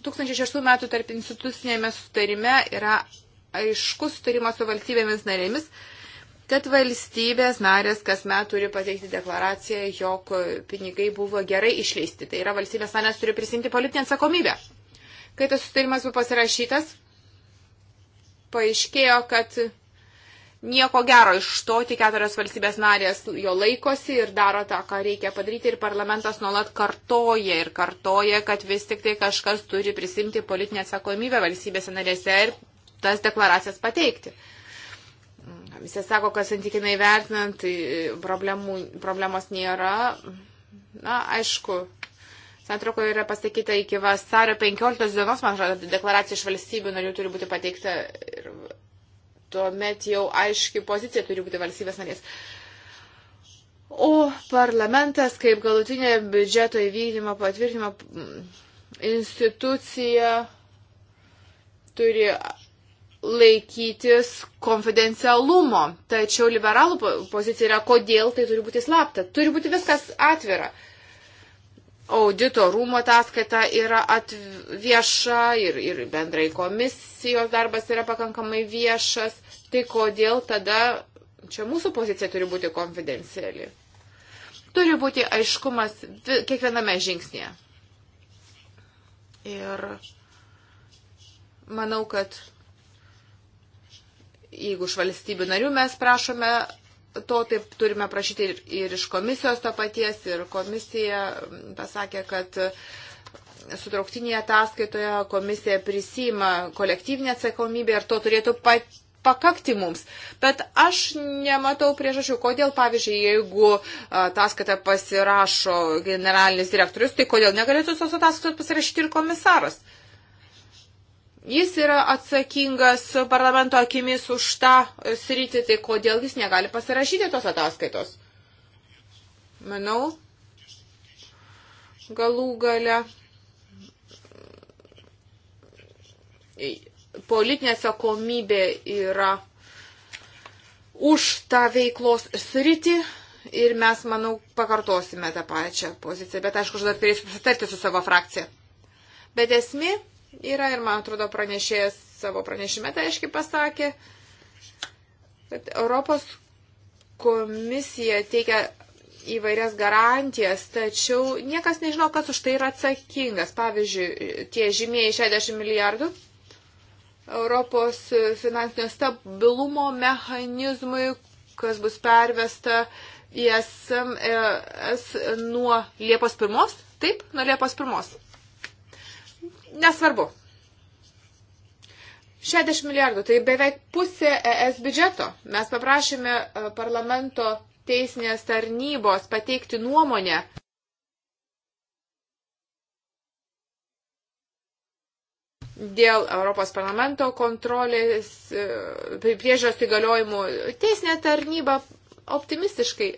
2006 metų tarp institucinėme sutarime yra aiškus sutarimas su valstybėmis narėmis, kad valstybės narės kasmet turi pateikti deklaraciją, jog pinigai buvo gerai išleisti. Tai yra valstybės narės turi prisimti politinę atsakomybę. Kai tas sutarimas buvo pasirašytas, paaiškėjo, kad nieko gero iš to, tik keturios valstybės narės jo laikosi ir daro tą, ką reikia padaryti ir parlamentas nuolat kartoja ir kartoja, kad vis tik tai kažkas turi prisimti politinę atsakomybę valstybėse narėse ir tas deklaracijas pateikti. Visi sako, kad santykinai vertinant, tai problemų, problemos nėra. Na, aišku, Santraukoje yra pasakyta iki vasario 15 dienos, man atrodo, deklaracija iš valstybių narių turi būti pateikta ir tuomet jau aiški pozicija turi būti valstybės narės. O parlamentas kaip galutinė biudžeto įvykdymo patvirtinimo institucija turi laikytis konfidencialumo. Tačiau liberalų pozicija yra, kodėl tai turi būti slapta. Turi būti viskas atvira. Uh, audito rūmo ataskaita yra vieša ir, ir bendrai komisijos darbas yra pakankamai viešas, tai kodėl tada čia mūsų pozicija turi būti konfidenciali? Turi būti aiškumas kiekviename žingsnėje. Ir manau, kad jeigu iš valstybių narių mes prašome to taip turime prašyti ir, ir iš komisijos to paties, ir komisija mm, pasakė, kad e, sutrauktinėje ataskaitoje komisija prisima kolektyvinę atsakomybę ir to turėtų pat pakakti mums. Bet aš nematau priežasčių, kodėl, pavyzdžiui, jeigu ataskaitą pasirašo generalinis direktorius, tai kodėl negalėtų tos ataskaitos pasirašyti ir komisaras. Uh, Jis yra atsakingas parlamento akimis už tą sritį, tai kodėl jis negali pasirašyti tos ataskaitos? Manau, galų gale politinė atsakomybė yra už tą veiklos sritį ir mes, manau, pakartosime tą pačią poziciją, bet aišku, aš dar turėsiu pasitarti su savo frakcija. Bet esmė yra ir, man atrodo, pranešėjas savo pranešime tai aiškiai pasakė, kad Europos komisija teikia įvairias garantijas, tačiau niekas nežino, kas už tai yra atsakingas. Pavyzdžiui, tie žymėjai 60 milijardų Europos finansinio stabilumo mechanizmui, kas bus pervesta į SM, ES nuo Liepos 1. Taip, nuo Liepos 1. Nesvarbu. 60 milijardų, tai beveik pusė ES biudžeto. Mes paprašėme e, parlamento teisinės tarnybos pateikti nuomonę. Dėl Europos parlamento kontrolės e, priežios įgaliojimų teisinė tarnyba optimistiškai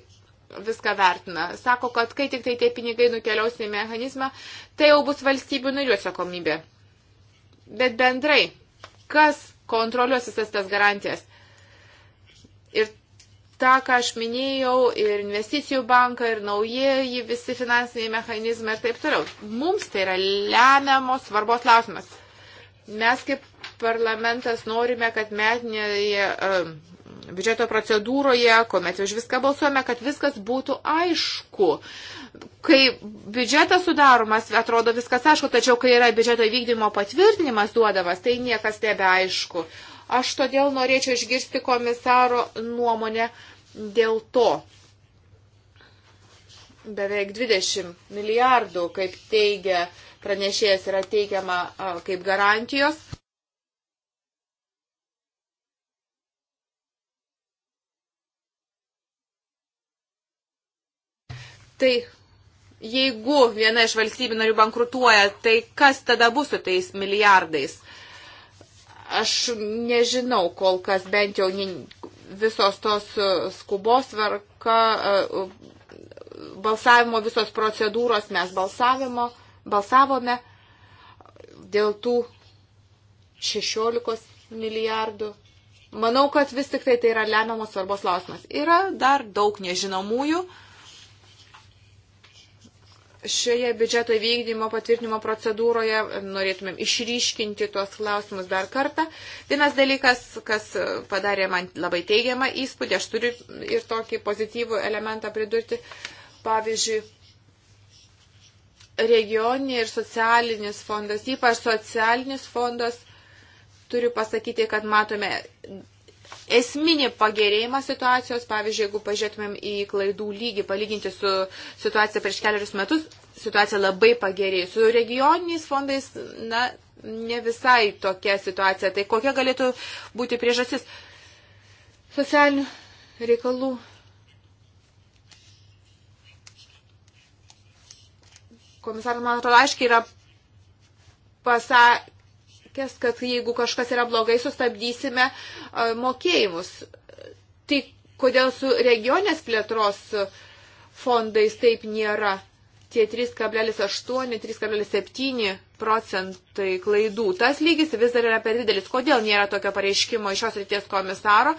viską vertina. Sako, kad kai tik tai tie pinigai nukeliaus į mechanizmą, tai jau bus valstybių narių atsakomybė. Bet bendrai, kas kontroliuos visas tas garantijas? Ir tą, ką aš minėjau, ir investicijų banką, ir naujieji visi finansiniai mechanizmai ir taip toliau. Mums tai yra lemiamos svarbos klausimas. Mes kaip parlamentas norime, kad metinėje biudžeto procedūroje, kuomet už viską balsuojame, kad viskas būtų aišku. Kai biudžetas sudaromas, atrodo viskas aišku, tačiau kai yra biudžeto įvykdymo patvirtinimas duodamas, tai niekas nebeaišku. Aš todėl norėčiau išgirsti komisaro nuomonę dėl to. Beveik 20 milijardų, kaip teigia pranešėjas, yra teikiama kaip garantijos. Tai jeigu viena iš valstybių narių bankrutuoja, tai kas tada bus su tais milijardais? Aš nežinau kol kas, bent jau visos tos e, skubos tvarka, e, balsavimo visos procedūros mes balsavimo, balsavome dėl tų 16 milijardų. Manau, kad vis tik tai tai yra lemiamos svarbos klausimas. Yra dar daug nežinomųjų. Uh, šioje biudžeto vykdymo patvirtinimo procedūroje norėtumėm išryškinti tuos klausimus dar kartą. Vienas dalykas, kas padarė man labai teigiamą įspūdį, aš turiu ir tokį pozityvų elementą pridurti, pavyzdžiui, regioninis ir socialinis fondas, ypač socialinis fondas, turiu pasakyti, kad matome esminį pagerėjimą situacijos. Pavyzdžiui, jeigu pažiūrėtumėm į klaidų lygį, palyginti su situacija prieš keliarius metus, situacija labai pagerėjo. Su regioniniais fondais, na, ne visai tokia situacija. Tai kokia galėtų būti priežastis socialinių reikalų? Komisaras, man atrodo, aiškiai yra pasa, sakęs, kad jeigu kažkas yra blogai, sustabdysime mokėjimus. Tai kodėl su regionės plėtros fondais taip nėra? Tie 3,8, 3,7 procentai klaidų. Tas lygis vis dar yra per didelis. Kodėl nėra tokio pareiškimo iš šios ryties komisaro,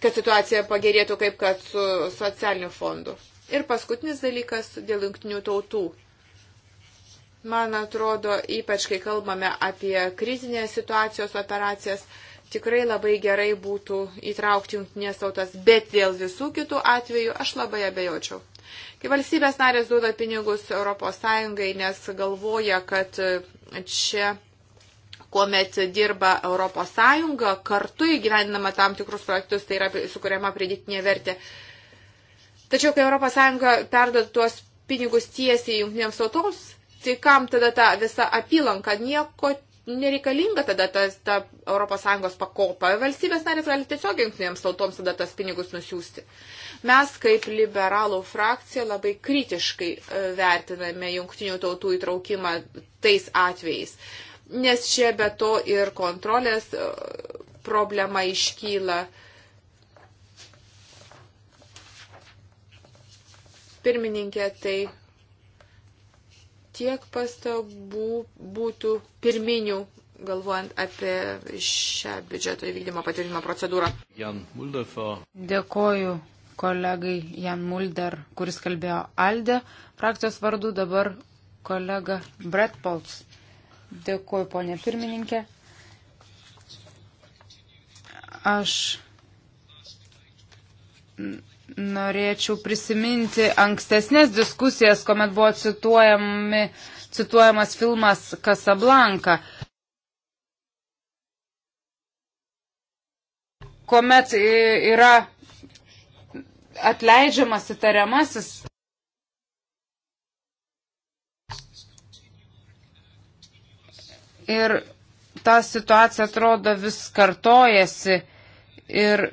kad situacija pagerėtų kaip kad su socialiniu fondu? Ir paskutinis dalykas dėl jungtinių tautų Man atrodo, ypač kai kalbame apie krizinės situacijos operacijas, tikrai labai gerai būtų įtraukti jungtinės tautas, bet dėl visų kitų atvejų aš labai abejočiau. Kai valstybės narės duoda pinigus ES, nes galvoja, kad čia kuomet dirba ES, kartu įgyvendinama tam tikrus projektus, tai yra sukuriama pridėtinė vertė. Tačiau, kai ES perduoda tuos pinigus tiesiai jungtinėms tautoms, tai kam tada ta visa apylanka nieko nereikalinga tada tas, ta ES pakopa. Valstybės narės gali tiesiog jungtinėms tautoms tada tas pinigus nusiųsti. Mes kaip liberalų frakcija labai kritiškai e, vertiname jungtinių tautų įtraukimą tais atvejais, nes čia be to ir kontrolės e, problema iškyla. Pirmininkė, tai tiek pastabų būtų pirminių, galvojant apie šią biudžeto įvykdymo patvirtinimo procedūrą. Dėkoju kolegai Jan Mulder, kuris kalbėjo Alde frakcijos vardu, dabar kolega Bretpolts. Dėkoju, ponė pirmininkė. Aš Norėčiau prisiminti ankstesnės diskusijas, kuomet buvo cituojamas filmas Casablanca. Kuomet yra atleidžiamas įtariamasis. Ir ta situacija atrodo vis kartojasi ir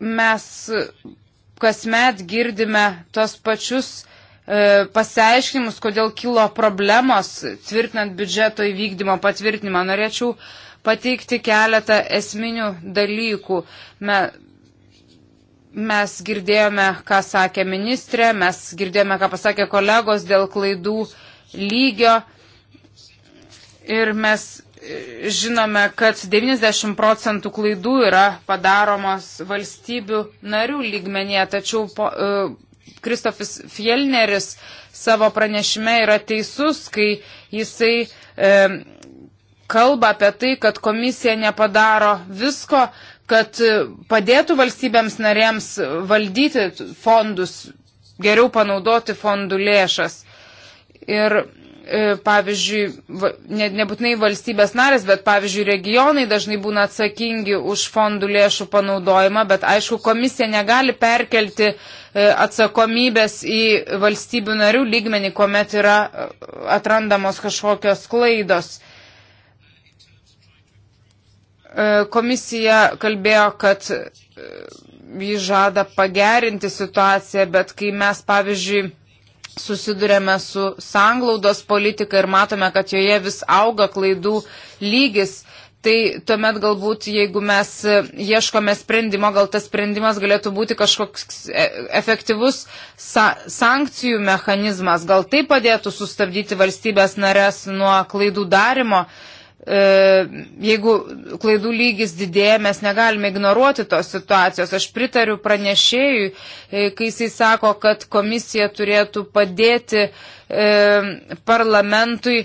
mes kasmet girdime tos pačius e, pasiaiškinimus, kodėl kilo problemos tvirtinant biudžeto įvykdymo patvirtinimą. Norėčiau pateikti keletą esminių dalykų. Me, mes girdėjome, ką sakė ministrė, mes girdėjome, ką pasakė kolegos dėl klaidų lygio ir mes žinome, kad 90 procentų klaidų yra padaromos valstybių narių lygmenyje, tačiau po, e, Kristofis Fielneris savo pranešime yra teisus, kai jisai e, kalba apie tai, kad komisija nepadaro visko, kad e, padėtų valstybėms narėms valdyti fondus, geriau panaudoti fondų lėšas. Ir E, pavyzdžiui, ne, nebūtinai valstybės narės, bet pavyzdžiui, regionai dažnai būna atsakingi už fondų lėšų panaudojimą, bet aišku, komisija negali perkelti e, atsakomybės į valstybių narių lygmenį, kuomet yra e, atrandamos kažkokios klaidos. Komisija kalbėjo, kad jį žada pagerinti situaciją, bet kai mes, pavyzdžiui, susidurėme su sanglaudos politika ir matome, kad joje vis auga klaidų lygis, tai tuomet galbūt, jeigu mes ieškome sprendimo, gal tas sprendimas galėtų būti kažkoks e, efektyvus sa sankcijų mechanizmas, gal tai padėtų sustabdyti valstybės narės nuo klaidų darimo. Uh, E, jeigu klaidų lygis didėja, mes negalime ignoruoti tos situacijos. Aš pritariu pranešėjui, e, kai jisai sako, kad komisija turėtų padėti e, parlamentui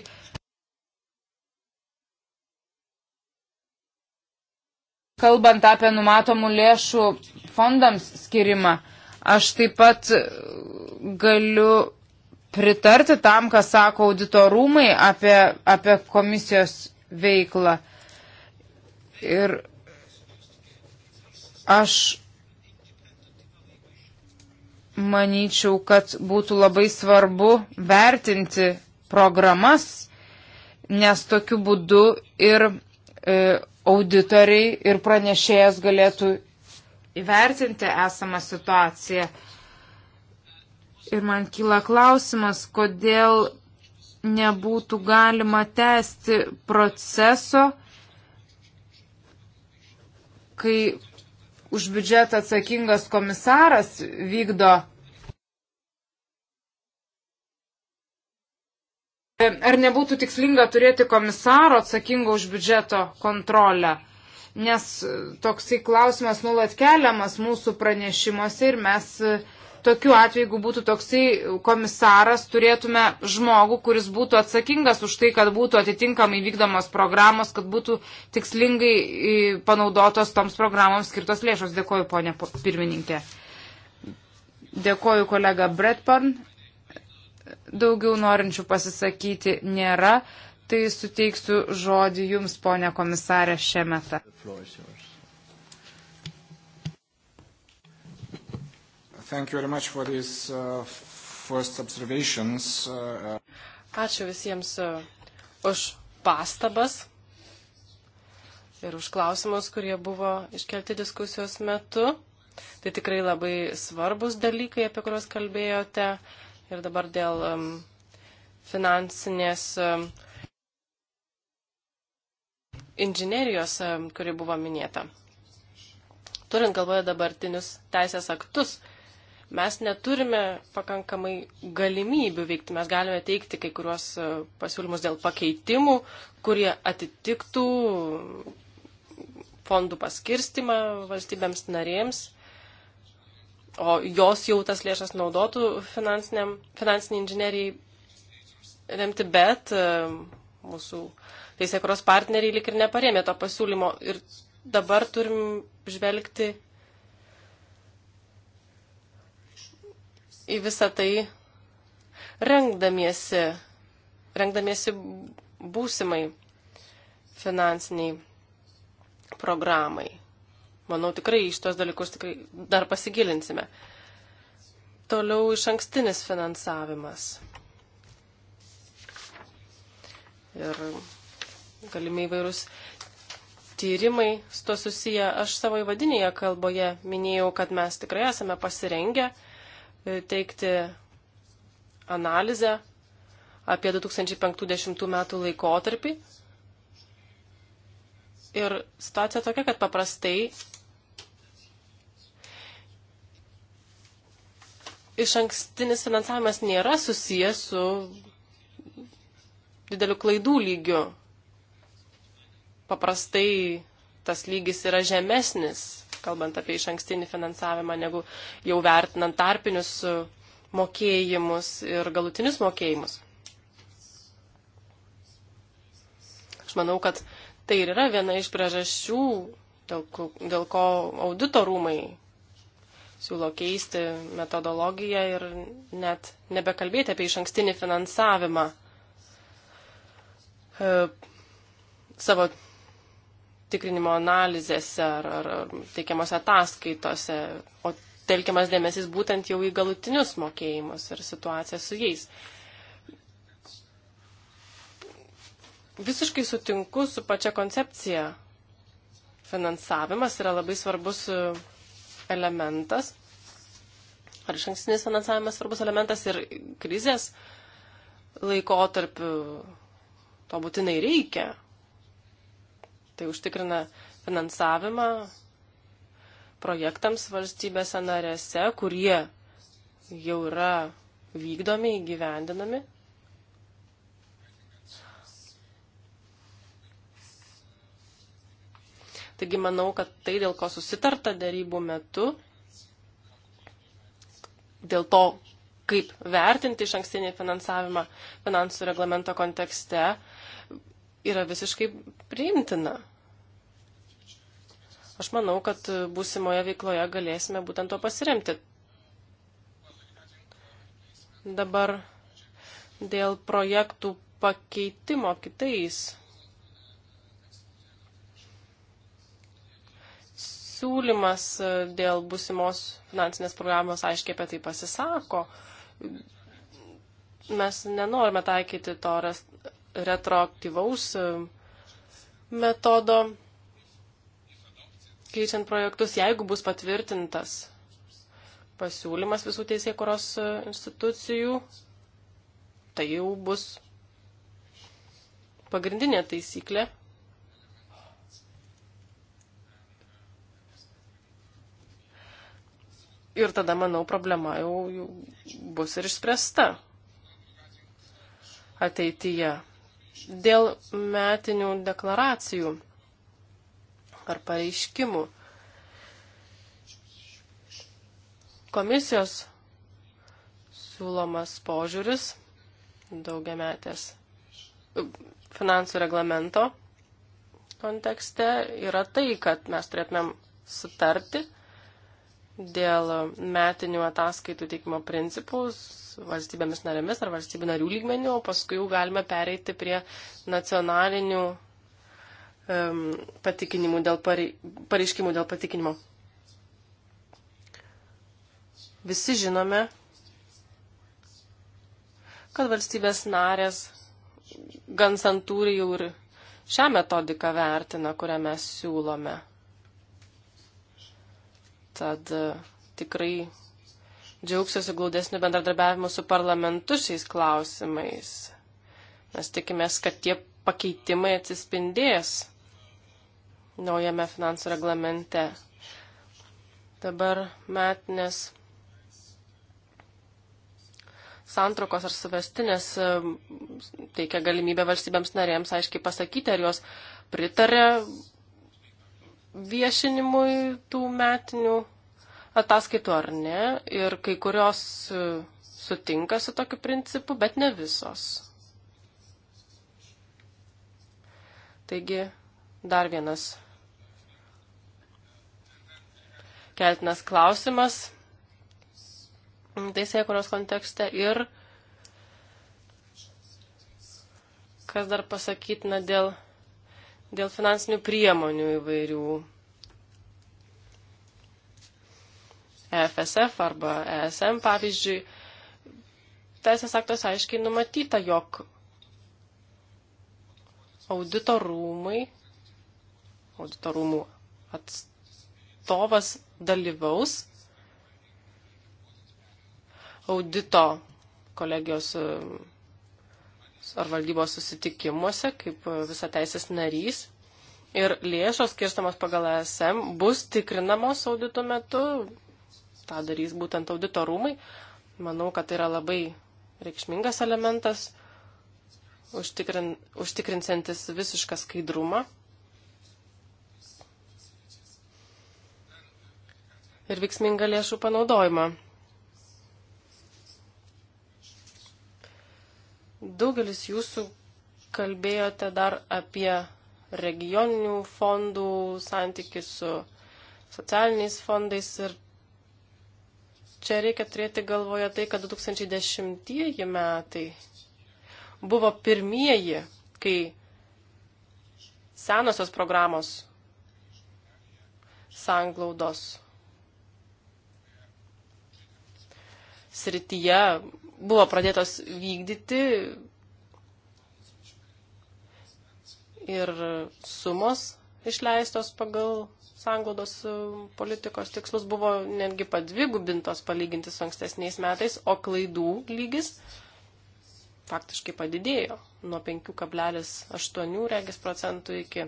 kalbant apie numatomų lėšų fondams skirimą, aš taip pat galiu pritarti tam, ką sako auditorumai apie, apie komisijos veiklą. Ir aš manyčiau, kad būtų labai svarbu vertinti programas, nes tokiu būdu ir e, auditoriai ir pranešėjas galėtų įvertinti esamą situaciją. Ir man kyla klausimas, kodėl nebūtų galima tęsti proceso, kai už biudžetą atsakingas komisaras vykdo. Ar nebūtų tikslinga turėti komisaro atsakingo už biudžeto kontrolę? Nes toksai klausimas nulat keliamas mūsų pranešimuose ir mes uh, tokiu atveju, jeigu būtų toksai komisaras, turėtume žmogų, kuris būtų atsakingas už tai, kad būtų atitinkamai vykdomos programos, kad būtų tikslingai e, panaudotos toms programoms skirtos lėšos. Dėkoju, ponė pirmininkė. Dėkoju, kolega Bretparn. Daugiau norinčių pasisakyti nėra. Tai suteiksiu žodį Jums, ponė komisarė, šiame metu. Thank you very much for these uh, first observations. Uh, uh, Ačiū visiems uh, už pastabas ir už klausimus, kurie buvo iškelti diskusijos metu. Tai tikrai labai svarbus dalykai, apie kuriuos kalbėjote. Ir dabar dėl um, finansinės um, inžinerijos, um, kuri buvo minėta. Turint galvoje dabartinius teisės aktus, mes neturime pakankamai galimybių veikti. Mes galime teikti kai kuriuos e, pasiūlymus dėl pakeitimų, kurie atitiktų fondų paskirstimą valstybėms narėms, o jos jau tas lėšas naudotų finansiniai inžinieriai remti, bet e, mūsų teisėkros partneriai lik ir neparėmė to pasiūlymo. Ir dabar turim žvelgti į visą tai rengdamiesi, rengdamiesi būsimai finansiniai programai. Manau, tikrai iš tos dalykus tikrai dar pasigilinsime. Toliau iš ankstinis finansavimas. Ir galimi įvairūs tyrimai su to susiję. Aš savo įvadinėje kalboje minėjau, kad mes tikrai esame pasirengę uh, E, teikti analizę apie 2050 metų laikotarpį. Ir situacija tokia, kad paprastai iš ankstinis finansavimas nėra susijęs su dideliu klaidų lygiu. Paprastai tas lygis yra žemesnis kalbant apie iš ankstinį finansavimą, negu jau vertinant tarpinius e, mokėjimus ir galutinius mokėjimus. Aš manau, kad tai ir yra viena iš priežasčių, dėl, dėl ko audito rūmai siūlo keisti metodologiją ir net nebekalbėti apie iš ankstinį finansavimą. E, savo tikrinimo analizėse ar, ar, ar teikiamose ataskaitose, o telkiamas dėmesys būtent jau į galutinius mokėjimus ir situaciją su jais. Visiškai sutinku su pačia koncepcija. Finansavimas yra labai svarbus e, elementas. Ar iš ankstinis finansavimas svarbus elementas ir krizės laikotarpiu to būtinai reikia, Tai užtikrina finansavimą projektams valstybėse narėse, kurie jau yra vykdomi, įgyvendinami. Taigi manau, kad tai, dėl ko susitarta darybų metu, dėl to, kaip vertinti iš ankstinį finansavimą finansų reglamento kontekste, yra visiškai priimtina. Aš manau, kad būsimoje veikloje galėsime būtent to pasiremti. Dabar dėl projektų pakeitimo kitais. Siūlymas dėl būsimos finansinės programos aiškiai apie tai pasisako. Mes nenorime taikyti to retroaktyvaus e, metodo keičiant projektus, jeigu bus patvirtintas pasiūlymas visų teisėkuros e, institucijų, tai jau bus pagrindinė taisyklė. Ir tada, manau, problema jau, jau bus ir išspręsta ateityje. Dėl metinių deklaracijų ar pareiškimų. Komisijos siūlomas požiūris daugiametės e, finansų reglamento kontekste yra tai, kad mes turėtumėm sutarti dėl metinių ataskaitų teikimo principus valstybėmis narėmis ar valstybių narių lygmenių, o paskui jau galime pereiti prie nacionalinių um, patikinimų dėl parei, pareiškimų dėl patikinimo. Visi žinome, kad valstybės narės gan santūriai jau ir šią metodiką vertina, kurią mes siūlome. Tad e, tikrai džiaugsiuosi glaudesniu bendradarbiavimu su parlamentu šiais klausimais. Mes tikimės, kad tie pakeitimai atsispindės naujame finansų reglamente. Dabar metinės santrukos ar suvestinės e, teikia galimybę valstybėms narėms aiškiai pasakyti, ar jos pritarė viešinimui tų metinių ataskaitų ar ne, ir kai kurios e, sutinka su tokiu principu, bet ne visos. Taigi, dar vienas keltinas klausimas teisėkuros kontekste ir kas dar pasakytina dėl, dėl finansinių priemonių įvairių EFSF arba ESM pavyzdžiui, teisės aktas aiškiai numatyta, jog auditorumai, auditorumų atstovas dalyvaus audito kolegijos e, ar valdybos susitikimuose kaip visa teisės narys. Ir lėšos skirstamos pagal ESM bus tikrinamos audito metu, tą darys būtent audito rūmai. Manau, kad tai yra labai reikšmingas elementas, užtikrin, užtikrinsantis visišką skaidrumą. Ir veiksmingą lėšų panaudojimą. Daugelis jūsų kalbėjote dar apie regioninių fondų santykį su socialiniais fondais ir Čia reikia turėti galvoje tai, kad 2010 metai buvo pirmieji, kai senosios programos sanglaudos srityje buvo pradėtos vykdyti ir sumos išleistos pagal sanglaudos e, politikos tikslus buvo netgi padvigubintos palyginti su ankstesniais metais, o klaidų lygis faktiškai padidėjo nuo 5,8 regis procentų iki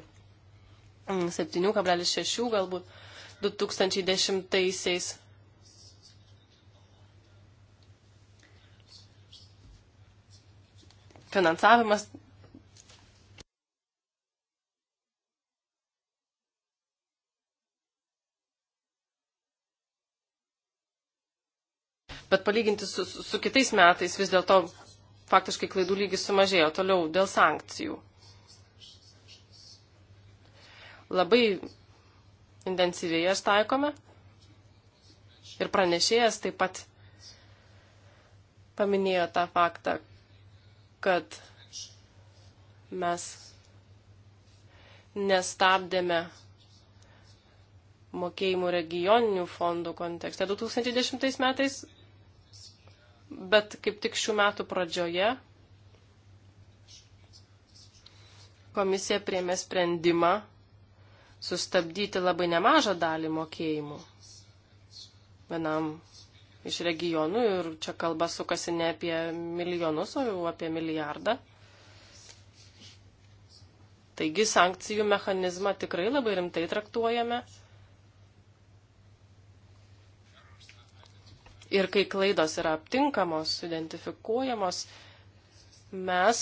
7,6 mm, galbūt 2010-aisiais. Finansavimas bet palyginti su, su kitais metais vis dėlto faktiškai klaidų lygis sumažėjo toliau dėl sankcijų. Labai intensyviai jas taikome ir pranešėjas taip pat paminėjo tą faktą, kad mes nestabdėme mokėjimų regioninių fondų kontekste. 2010 metais bet kaip tik šių metų pradžioje komisija priemė sprendimą sustabdyti labai nemažą dalį mokėjimų vienam iš regionų ir čia kalba sukasi ne apie milijonus, o jau apie milijardą. Taigi sankcijų mechanizmą tikrai labai rimtai traktuojame Ir kai klaidos yra aptinkamos, identifikuojamos, mes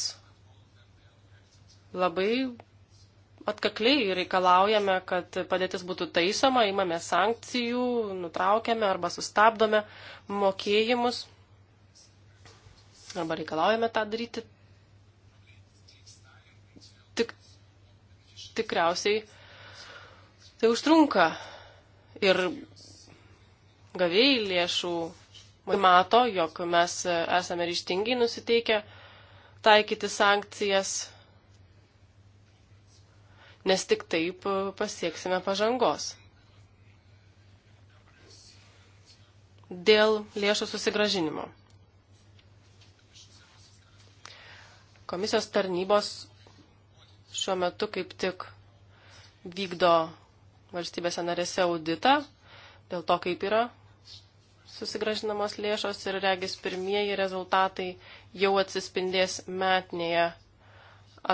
labai atkakliai reikalaujame, kad padėtis būtų taisoma, imame sankcijų, nutraukiame arba sustabdome mokėjimus, arba reikalaujame tą daryti. Tik, tikriausiai tai užtrunka. Ir gavėjai lėšų mato, jog mes esame ryštingai nusiteikę taikyti sankcijas, nes tik taip pasieksime pažangos. Dėl lėšų susigražinimo. Komisijos tarnybos šiuo metu kaip tik vykdo valstybėse narėse auditą dėl to, kaip yra susigražinamos lėšos ir regis pirmieji rezultatai jau atsispindės metinėje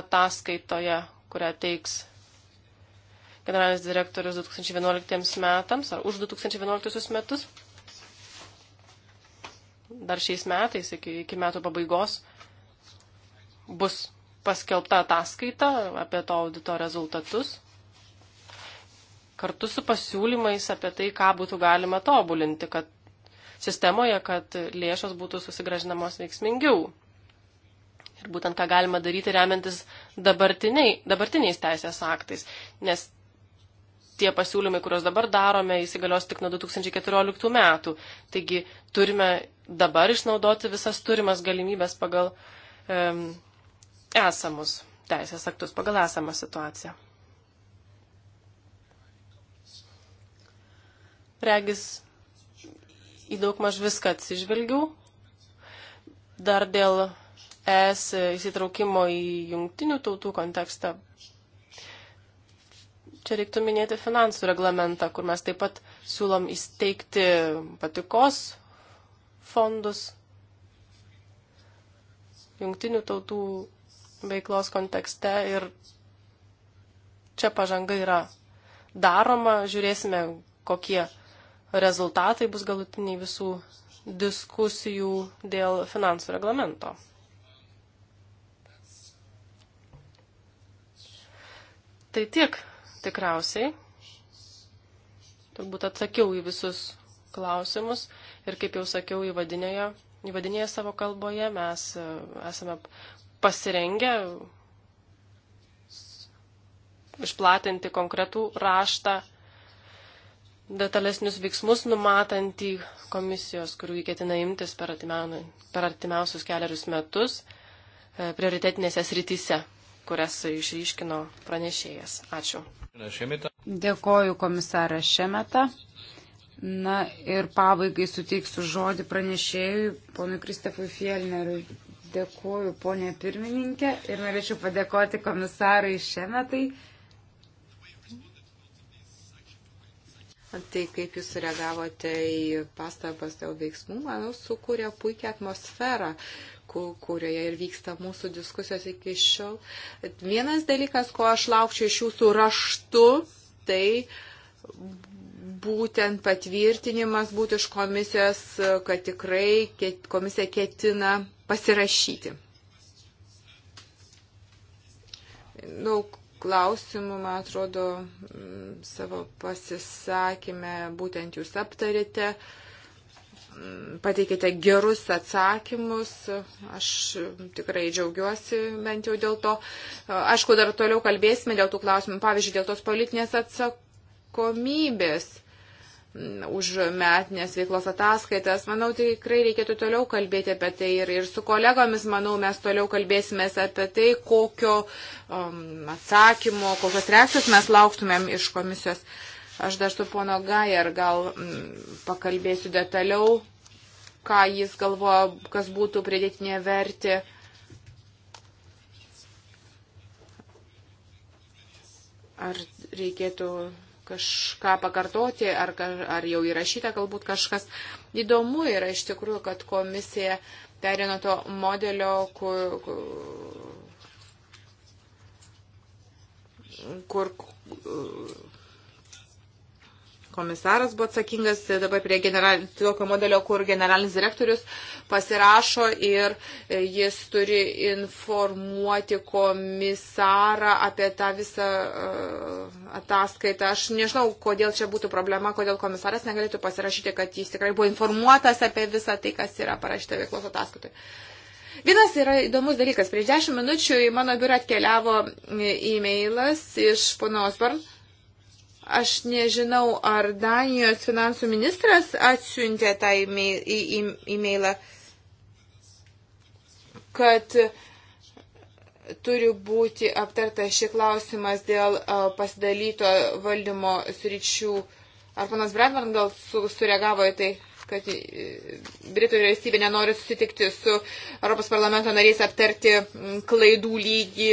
ataskaitoje, kurią teiks generalinis direktorius 2011 metams ar už 2011 metus. Dar šiais metais, iki, iki metų pabaigos, bus paskelbta ataskaita apie to audito rezultatus kartu su pasiūlymais apie tai, ką būtų galima tobulinti, kad sistemoje, kad lėšos būtų susigražinamos veiksmingiau. Ir būtent ką galima daryti remiantis dabartiniais teisės aktais, nes tie pasiūlymai, kuriuos dabar darome, įsigalios tik nuo 2014 metų. Taigi turime dabar išnaudoti visas turimas galimybės pagal um, esamus teisės aktus, pagal esamą situaciją. Regis į daug maž viską atsižvelgiau. Dar dėl ES įsitraukimo į jungtinių tautų kontekstą. Čia reiktų minėti finansų reglamentą, kur mes taip pat siūlom įsteigti patikos fondus jungtinių tautų veiklos kontekste ir čia pažanga yra daroma, žiūrėsime, kokie rezultatai bus galutiniai visų diskusijų dėl finansų reglamento. Tai tiek tikriausiai. Turbūt atsakiau į visus klausimus ir kaip jau sakiau įvadinėje, įvadinėje savo kalboje, mes e, esame pasirengę išplatinti konkretų raštą detalesnius veiksmus numatantį komisijos, kurių ketina imtis per, artimiau, per artimiausius keliarius metus e, prioritetinėse srityse, kurias išryškino pranešėjas. Ačiū. Dėkoju komisarą Šemetą. Na ir pabaigai suteiksiu žodį pranešėjui, ponui Kristofui Fielneriui. Dėkoju, ponė pirmininkė, ir norėčiau padėkoti komisarui Šemetai Tai kaip jūs reagavote į pastabas dėl veiksmų, manau, sukūrė puikią atmosferą, kurioje ir vyksta mūsų diskusijos iki šiol. Vienas dalykas, ko aš laukčiau iš jūsų raštu, tai būtent patvirtinimas būtų iš komisijos, kad tikrai komisija ketina pasirašyti. Daug nu, klausimų, man atrodo, mm, savo pasisakymę būtent jūs aptarėte, mm, pateikėte gerus atsakymus, aš tikrai džiaugiuosi bent jau dėl to. Aišku, dar toliau kalbėsime dėl tų klausimų, pavyzdžiui, dėl tos politinės atsakomybės už metinės veiklos ataskaitas. Manau, tai tikrai reikėtų toliau kalbėti apie tai ir, ir su kolegomis, manau, mes toliau kalbėsime apie tai, kokio um, atsakymo, kokios reakcijos mes lauktumėm iš komisijos. Aš dar su pono Gajer gal m, mm, pakalbėsiu detaliau, ką jis galvoja, kas būtų pridėtinė vertė. Ar reikėtų kažką pakartoti, ar, ar jau įrašyta galbūt kažkas. Įdomu yra iš tikrųjų, kad komisija perino to modelio, kur, kur komisaras buvo atsakingas, dabar prie general, tokio modelio, kur generalinis direktorius pasirašo ir jis turi informuoti komisarą apie tą visą uh, ataskaitą. Aš nežinau, kodėl čia būtų problema, kodėl komisaras negalėtų pasirašyti, kad jis tikrai buvo informuotas apie visą tai, kas yra parašyta veiklos ataskaitoje. Vienas yra įdomus dalykas. Prieš dešimt minučių į mano biurą atkeliavo e-mailas iš pono Osborn. Aš nežinau, ar Danijos finansų ministras atsiuntė tą e-mailą, kad uh, turi būti aptartas šį klausimas dėl pasidalyto valdymo sričių. Ar panas Bradman gal su, sureagavo į tai, kad e, Britų vyriausybė nenori susitikti su Europos parlamento nariais aptarti klaidų lygį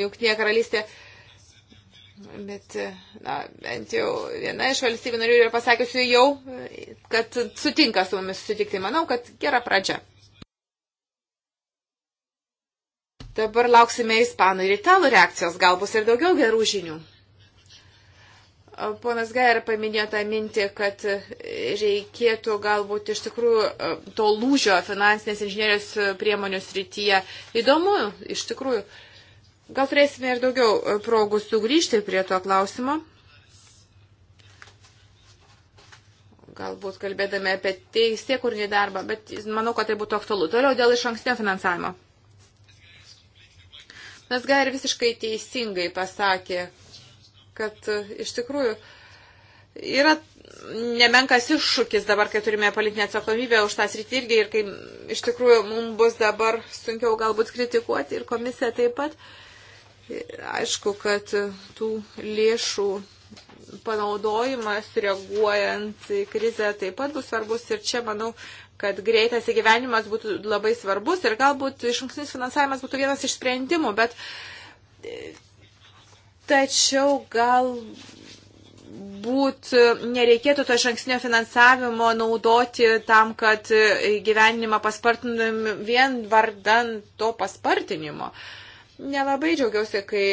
Junktinėje karalystėje? Bet, e, na, bent jau viena iš valstybių narių yra pasakiusi jau, e, kad sutinka su mumis susitikti. Manau, kad gera pradžia. Dabar lauksime ispanų ir italų reakcijos, gal bus ir daugiau gerų žinių. Ponas Gair paminėjo tą mintį, kad reikėtų galbūt iš tikrųjų to lūžio finansinės inžinierijos priemonių srityje. Įdomu, iš tikrųjų. Gal turėsime ir daugiau progų sugrįžti prie to klausimo. Galbūt kalbėdami apie teisėkurnį darbą, bet manau, kad tai būtų aktualu. Toliau dėl iš ankstinio finansavimo. Nes Gair visiškai teisingai pasakė, kad e, iš tikrųjų yra nemenkas iššūkis dabar, kai turime politinę atsakomybę už tą sritį irgi ir kai iš tikrųjų mums bus dabar sunkiau galbūt kritikuoti ir komisija taip pat. E, aišku, kad e, tų lėšų panaudojimas reaguojant į krizę taip pat bus svarbus ir čia, manau, kad greitas įgyvenimas būtų labai svarbus ir galbūt išankstinis finansavimas būtų vienas iš sprendimų, bet tačiau gal būt nereikėtų to išankstinio finansavimo naudoti tam, kad gyvenimą paspartinam vien vardan to paspartinimo. Uh, Nelabai džiaugiausi, kai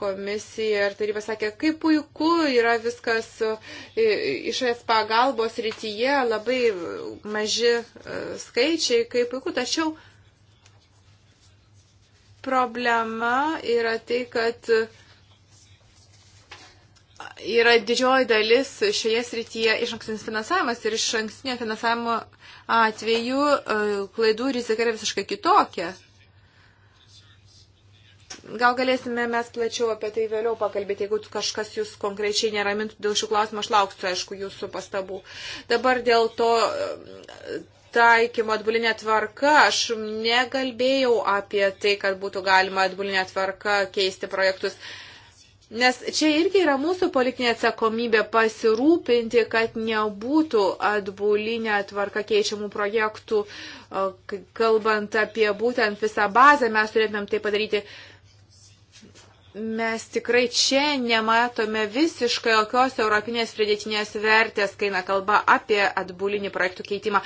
komisija ir taryba sakė, kaip puiku yra viskas išės pagalbos rytyje, labai maži skaičiai, kaip puiku, tačiau problema yra tai, kad yra didžioji dalis šioje srityje iš ankstinis finansavimas ir iš ankstinio finansavimo atveju klaidų rizika yra visiškai kitokia. Gal galėsime mes plačiau apie tai vėliau pakalbėti, jeigu kažkas jūs konkrečiai neramintų dėl šių klausimų, aš lauksiu, aišku, jūsų pastabų. Dabar dėl to e, taikymo atbulinė tvarka, aš negalbėjau apie tai, kad būtų galima atbulinė tvarka keisti projektus. Nes čia irgi yra mūsų politinė atsakomybė pasirūpinti, kad nebūtų atbulinė tvarka keičiamų projektų, kalbant apie būtent visą bazę, mes turėtumėm tai padaryti mes tikrai čia nematome visiškai jokios europinės pridėtinės vertės, kai na kalba apie atbulinį projektų keitimą.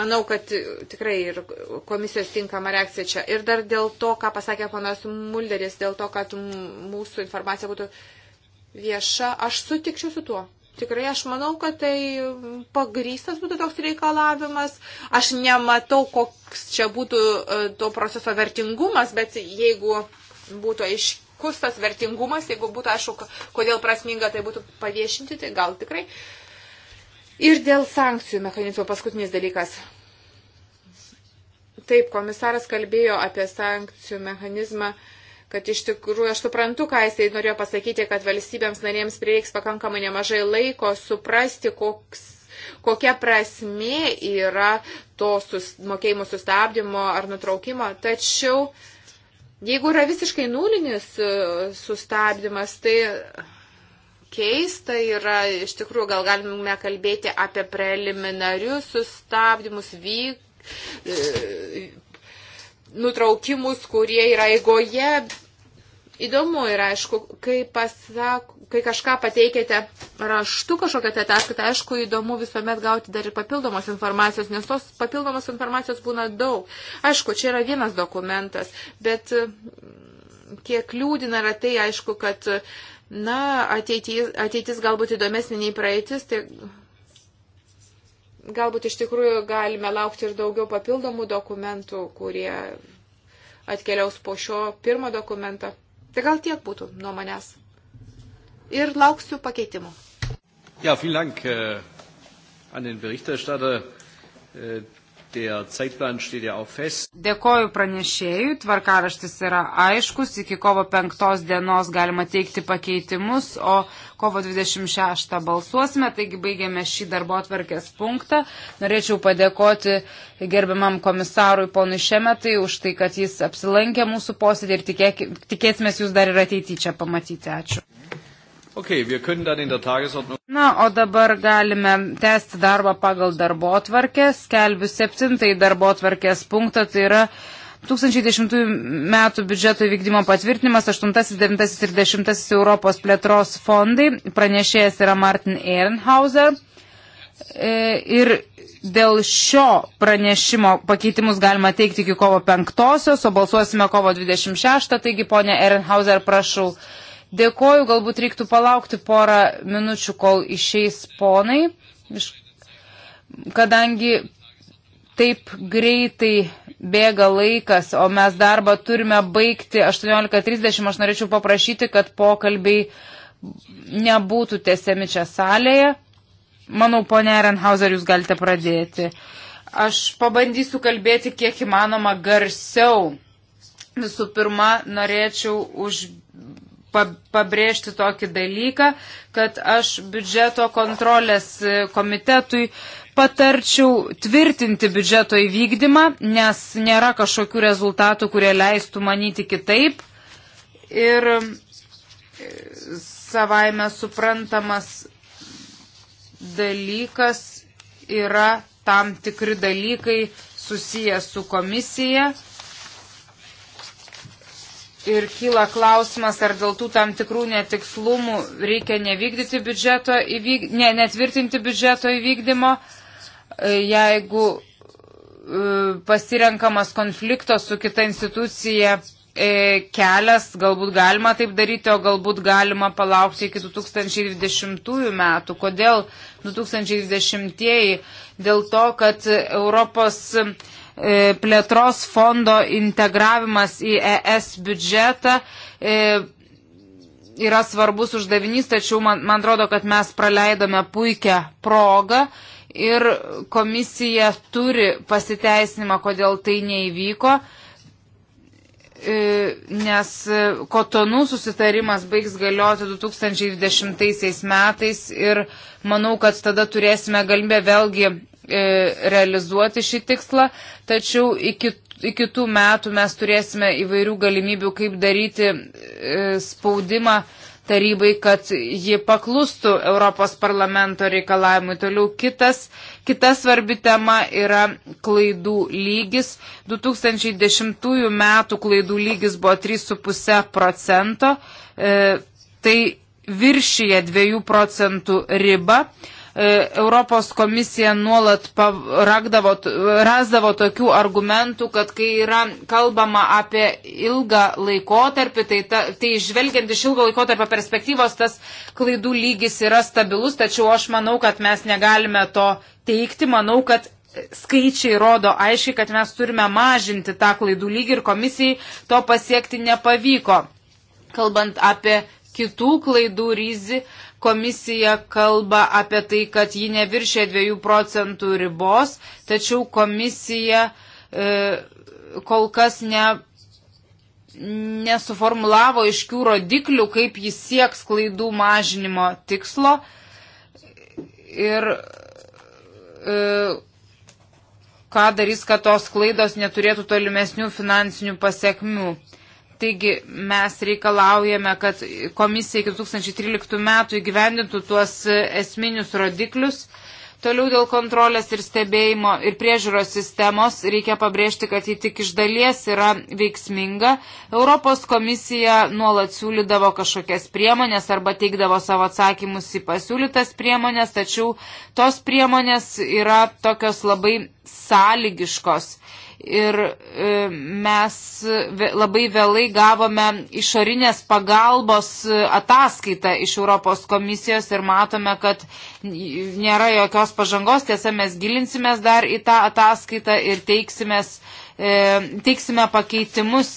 Manau, kad tikrai ir komisijos tinkama reakcija čia. Ir dar dėl to, ką pasakė ponas Mulderis, dėl to, kad mūsų informacija būtų vieša, aš sutikčiau su tuo. Tikrai aš manau, kad tai pagrystas būtų toks reikalavimas. Aš nematau, koks čia būtų e, to proceso vertingumas, bet jeigu būtų aiškus tas vertingumas, jeigu būtų aišku, kodėl prasminga tai būtų paviešinti, tai gal tikrai. Ir dėl sankcijų mechanizmo paskutinis dalykas. Taip, komisaras kalbėjo apie sankcijų mechanizmą, kad iš tikrųjų aš suprantu, ką jisai norėjo pasakyti, kad valstybėms narėms prireiks pakankamai nemažai laiko suprasti, koks kokia prasme yra to sus, mokėjimų sustabdymo ar nutraukimo. Tačiau uh, Jeigu yra visiškai nulinis e, sustabdymas, tai keista yra, iš tikrųjų gal galime kalbėti apie preliminarius sustabdymus, vyk, e, nutraukimus, kurie yra eigoje, Įdomu ir aišku, kai, pasak, kai kažką pateikėte raštu kažkokią tai ataskaitą, aišku, įdomu visuomet gauti dar ir papildomos informacijos, nes tos papildomos informacijos būna daug. Aišku, čia yra vienas dokumentas, bet mm, kiek liūdina yra tai, aišku, kad, na, ateitis, ateitis galbūt įdomesnė nei praeitis, tai galbūt iš tikrųjų galime laukti ir daugiau papildomų dokumentų, kurie atkeliaus po šio pirmo dokumento. Tai gal tiek būtų nuo manęs. Ir lauksiu pakeitimų. Ja, vielen Dank äh, an den Berichterstatter. Äh, Dėkoju pranešėjui, tvarkaraštis yra aiškus, iki kovo 5 dienos galima teikti pakeitimus, o kovo 26 balsuosime, taigi baigėme šį darbo atvarkės punktą. Norėčiau padėkoti gerbiamam komisarui ponui Šemetai už tai, kad jis apsilankė mūsų posėdį ir tikėk, tikėsime jūs dar ir ateityje čia pamatyti. Ačiū. Okay, Na, o dabar galime tęsti darbą pagal darbo atvarkę. Skelbiu septintai darbo atvarkės punktą, tai yra 2010 metų biudžeto įvykdymo patvirtinimas, 8, 9 ir 10 Europos plėtros fondai. Pranešėjas yra Martin Ehrenhauser. E, ir dėl šio pranešimo pakeitimus galima teikti iki kovo 5, o balsuosime kovo 26, taigi ponė Ehrenhauser, prašau Dėkoju, galbūt reiktų palaukti porą minučių, kol išeis ponai, kadangi taip greitai bėga laikas, o mes darbą turime baigti 18.30. Aš norėčiau paprašyti, kad pokalbiai nebūtų tesiami čia salėje. Manau, ponia Erenhauser, jūs galite pradėti. Aš pabandysiu kalbėti kiek įmanoma garsiau. Visų pirma, norėčiau už, pabrėžti tokį dalyką, kad aš biudžeto kontrolės e, komitetui patarčiau tvirtinti biudžeto įvykdymą, nes nėra kažkokių rezultatų, kurie leistų manyti kitaip. Ir e, savaime suprantamas dalykas yra tam tikri dalykai susijęs su komisija ir kyla klausimas, ar dėl tų tam tikrų netikslumų reikia nevykdyti biudžeto, įvyk, ne, netvirtinti biudžeto įvykdymo, e, jeigu e, pasirenkamas konflikto su kita institucija e, kelias, galbūt galima taip daryti, o galbūt galima palaukti iki 2020 metų. Kodėl 2020? -tieji? Dėl to, kad Europos E, plėtros fondo integravimas į ES biudžetą e, yra svarbus uždavinys, tačiau man, man atrodo, kad mes praleidome puikią progą ir komisija turi pasiteisinimą, kodėl tai neįvyko, e, nes kotonų susitarimas baigs galioti 2010 metais ir manau, kad tada turėsime galimybę vėlgi E, realizuoti šį tikslą, tačiau iki, iki tų metų mes turėsime įvairių galimybių, kaip daryti e, spaudimą tarybai, kad ji paklustų Europos parlamento reikalavimui. Toliau kitas, kita svarbi tema yra klaidų lygis. 2010 metų klaidų lygis buvo 3,5 procento. E, tai viršyje 2 procentų ribą. E, Europos komisija nuolat ragdavo, rasdavo tokių argumentų, kad kai yra kalbama apie ilgą laikotarpį, tai, ta, tai žvelgiant iš ilgo laikotarpio perspektyvos, tas klaidų lygis yra stabilus, tačiau aš manau, kad mes negalime to teikti. Manau, kad skaičiai rodo aiškiai, kad mes turime mažinti tą klaidų lygį ir komisijai to pasiekti nepavyko. Kalbant apie kitų klaidų riziką, komisija kalba apie tai, kad ji neviršė 2 procentų ribos, tačiau komisija e, kol kas ne, nesuformulavo iškių rodiklių, kaip jis sieks klaidų mažinimo tikslo. Ir e, ką darys, kad tos klaidos neturėtų tolimesnių finansinių pasiekmių. E, Taigi mes reikalaujame, kad komisija iki 2013 metų įgyvendintų tuos esminius rodiklius. Toliau dėl kontrolės ir stebėjimo ir priežiūros sistemos reikia pabrėžti, kad ji tik iš dalies yra veiksminga. Europos komisija nuolat siūlydavo kažkokias priemonės arba teikdavo savo atsakymus į pasiūlytas priemonės, tačiau tos priemonės yra tokios labai sąlygiškos ir e, mes labai vėlai gavome išorinės pagalbos e, ataskaitą iš Europos komisijos ir matome, kad nėra jokios pažangos. Tiesa, mes gilinsimės dar į tą ataskaitą ir teiksimės, e, teiksime pakeitimus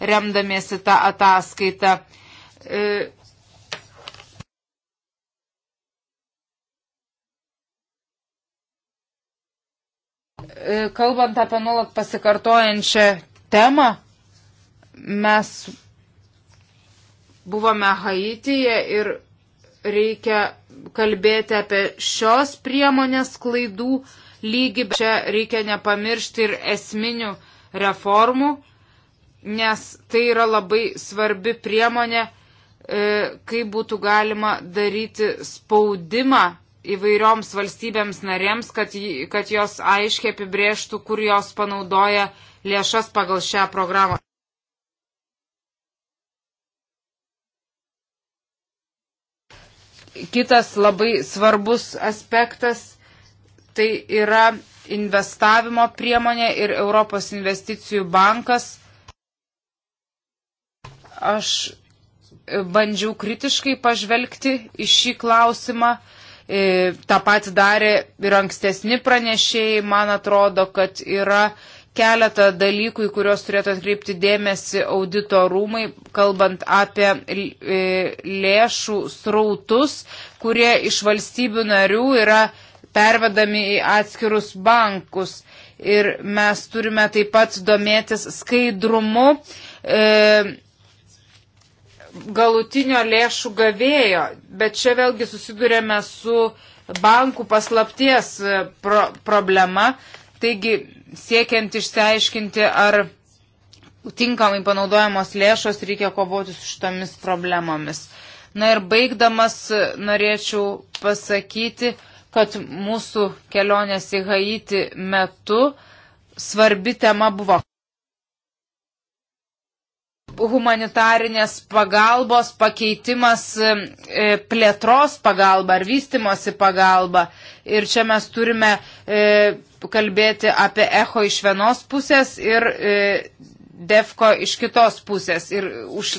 remdamiesi tą ataskaitą. E, kalbant apie nuolat pasikartojančią temą, mes buvome Haityje ir reikia kalbėti apie šios priemonės klaidų lygį, bet čia reikia nepamiršti ir esminių reformų, nes tai yra labai svarbi priemonė, e, kaip būtų galima daryti spaudimą įvairioms valstybėms narėms, kad, kad jos aiškiai apibrėžtų, kur jos panaudoja lėšas pagal šią programą. Kitas labai svarbus aspektas tai yra investavimo priemonė ir Europos investicijų bankas. Aš bandžiau kritiškai pažvelgti į šį klausimą E, tą patį darė ir ankstesni pranešėjai, man atrodo, kad yra keletą dalykų, į kuriuos turėtų atkreipti dėmesį audito rūmai, kalbant apie e, lėšų srautus, kurie iš valstybių narių yra pervedami į atskirus bankus. Ir mes turime taip pat domėtis skaidrumu. E, galutinio lėšų gavėjo, bet čia vėlgi susidurėme su bankų paslapties e, pro problema, taigi siekiant išsiaiškinti, ar tinkamai panaudojamos lėšos reikia kovoti su šitomis problemomis. Na ir baigdamas e, norėčiau pasakyti, kad mūsų kelionės į Haiti metu svarbi tema buvo humanitarinės pagalbos pakeitimas e, e, plėtros pagalba ar vystimosi pagalba. Ir čia mes turime e, kalbėti apie echo iš vienos pusės ir defko iš kitos pusės. Ir už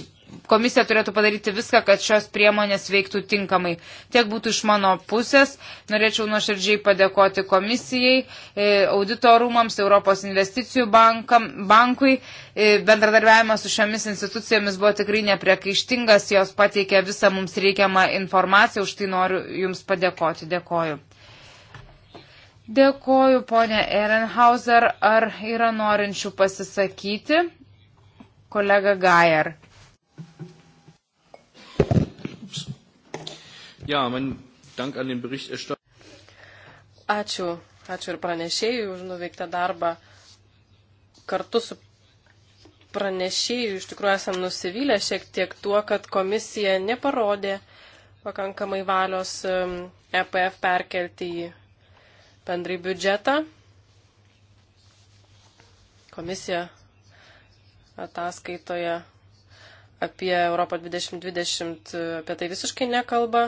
komisija turėtų padaryti viską, kad šios priemonės veiktų tinkamai. Tiek būtų iš mano pusės. Norėčiau nuoširdžiai padėkoti komisijai, e, auditorumams, Europos investicijų bankam, bankui. E, bendradarbiavimas su šiomis institucijomis buvo tikrai nepriekaištingas, jos pateikė visą mums reikiamą informaciją, už tai noriu Jums padėkoti. Dėkoju. Dėkoju, ponė Ehrenhauser. Ar yra norinčių pasisakyti? Kolega Gajer. Ja, man dank an den Berichterstatter. Ačiū, ačiū ir pranešėjui už nuveiktą darbą. Kartu su pranešėjų iš tikrųjų esam nusivylę šiek tiek tuo, kad komisija neparodė pakankamai valios um, EPF perkelti į bendrai biudžetą. Komisija ataskaitoje apie Europą 2020 apie tai visiškai nekalba,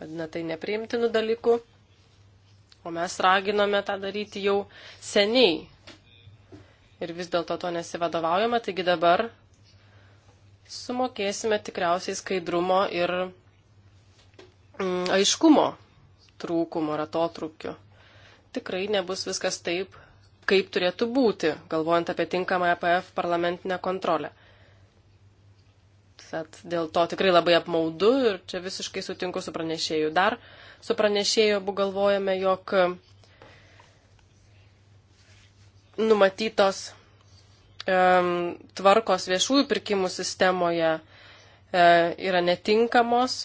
vadina tai nepriimtinų dalykų, o mes raginome tą daryti jau seniai. Ir vis dėlto to nesivadovaujama, taigi dabar sumokėsime tikriausiai skaidrumo ir mm, aiškumo trūkumo ar atotrūkių. Tikrai nebus viskas taip, kaip turėtų būti, galvojant apie tinkamą EPF parlamentinę kontrolę. Tad dėl to tikrai labai apmaudu ir čia visiškai sutinku su pranešėju. Dar su pranešėju abu galvojame, jog numatytos um, tvarkos viešųjų pirkimų sistemoje e, yra netinkamos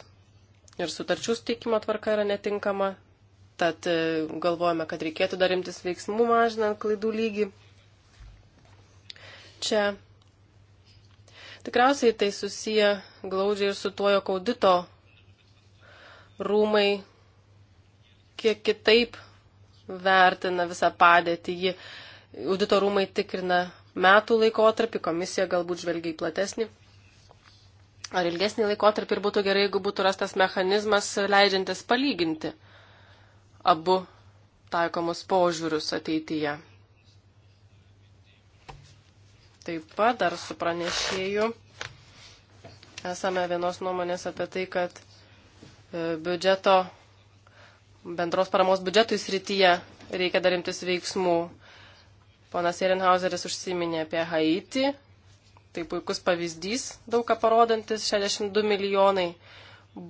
ir sutarčių steikimo tvarka yra netinkama. Tad e, galvojame, kad reikėtų dar imtis veiksmų mažinant klaidų lygį. Čia Tikriausiai tai susiję glaudžiai ir su tuo, jog audito rūmai kiek kitaip vertina visą padėtį. Ji, audito rūmai tikrina metų laikotarpį, komisija galbūt žvelgia į platesnį ar ilgesnį laikotarpį ir būtų gerai, jeigu būtų rastas mechanizmas leidžiantis palyginti abu taikomus požiūrius ateityje. Taip pat dar su pranešėju esame vienos nuomonės apie tai, kad e, biudžeto, bendros paramos biudžetui srityje reikia dar imtis veiksmų. Ponas Ehrenhauseris užsiminė apie Haiti. Tai puikus pavyzdys, daug ką parodantis, 62 milijonai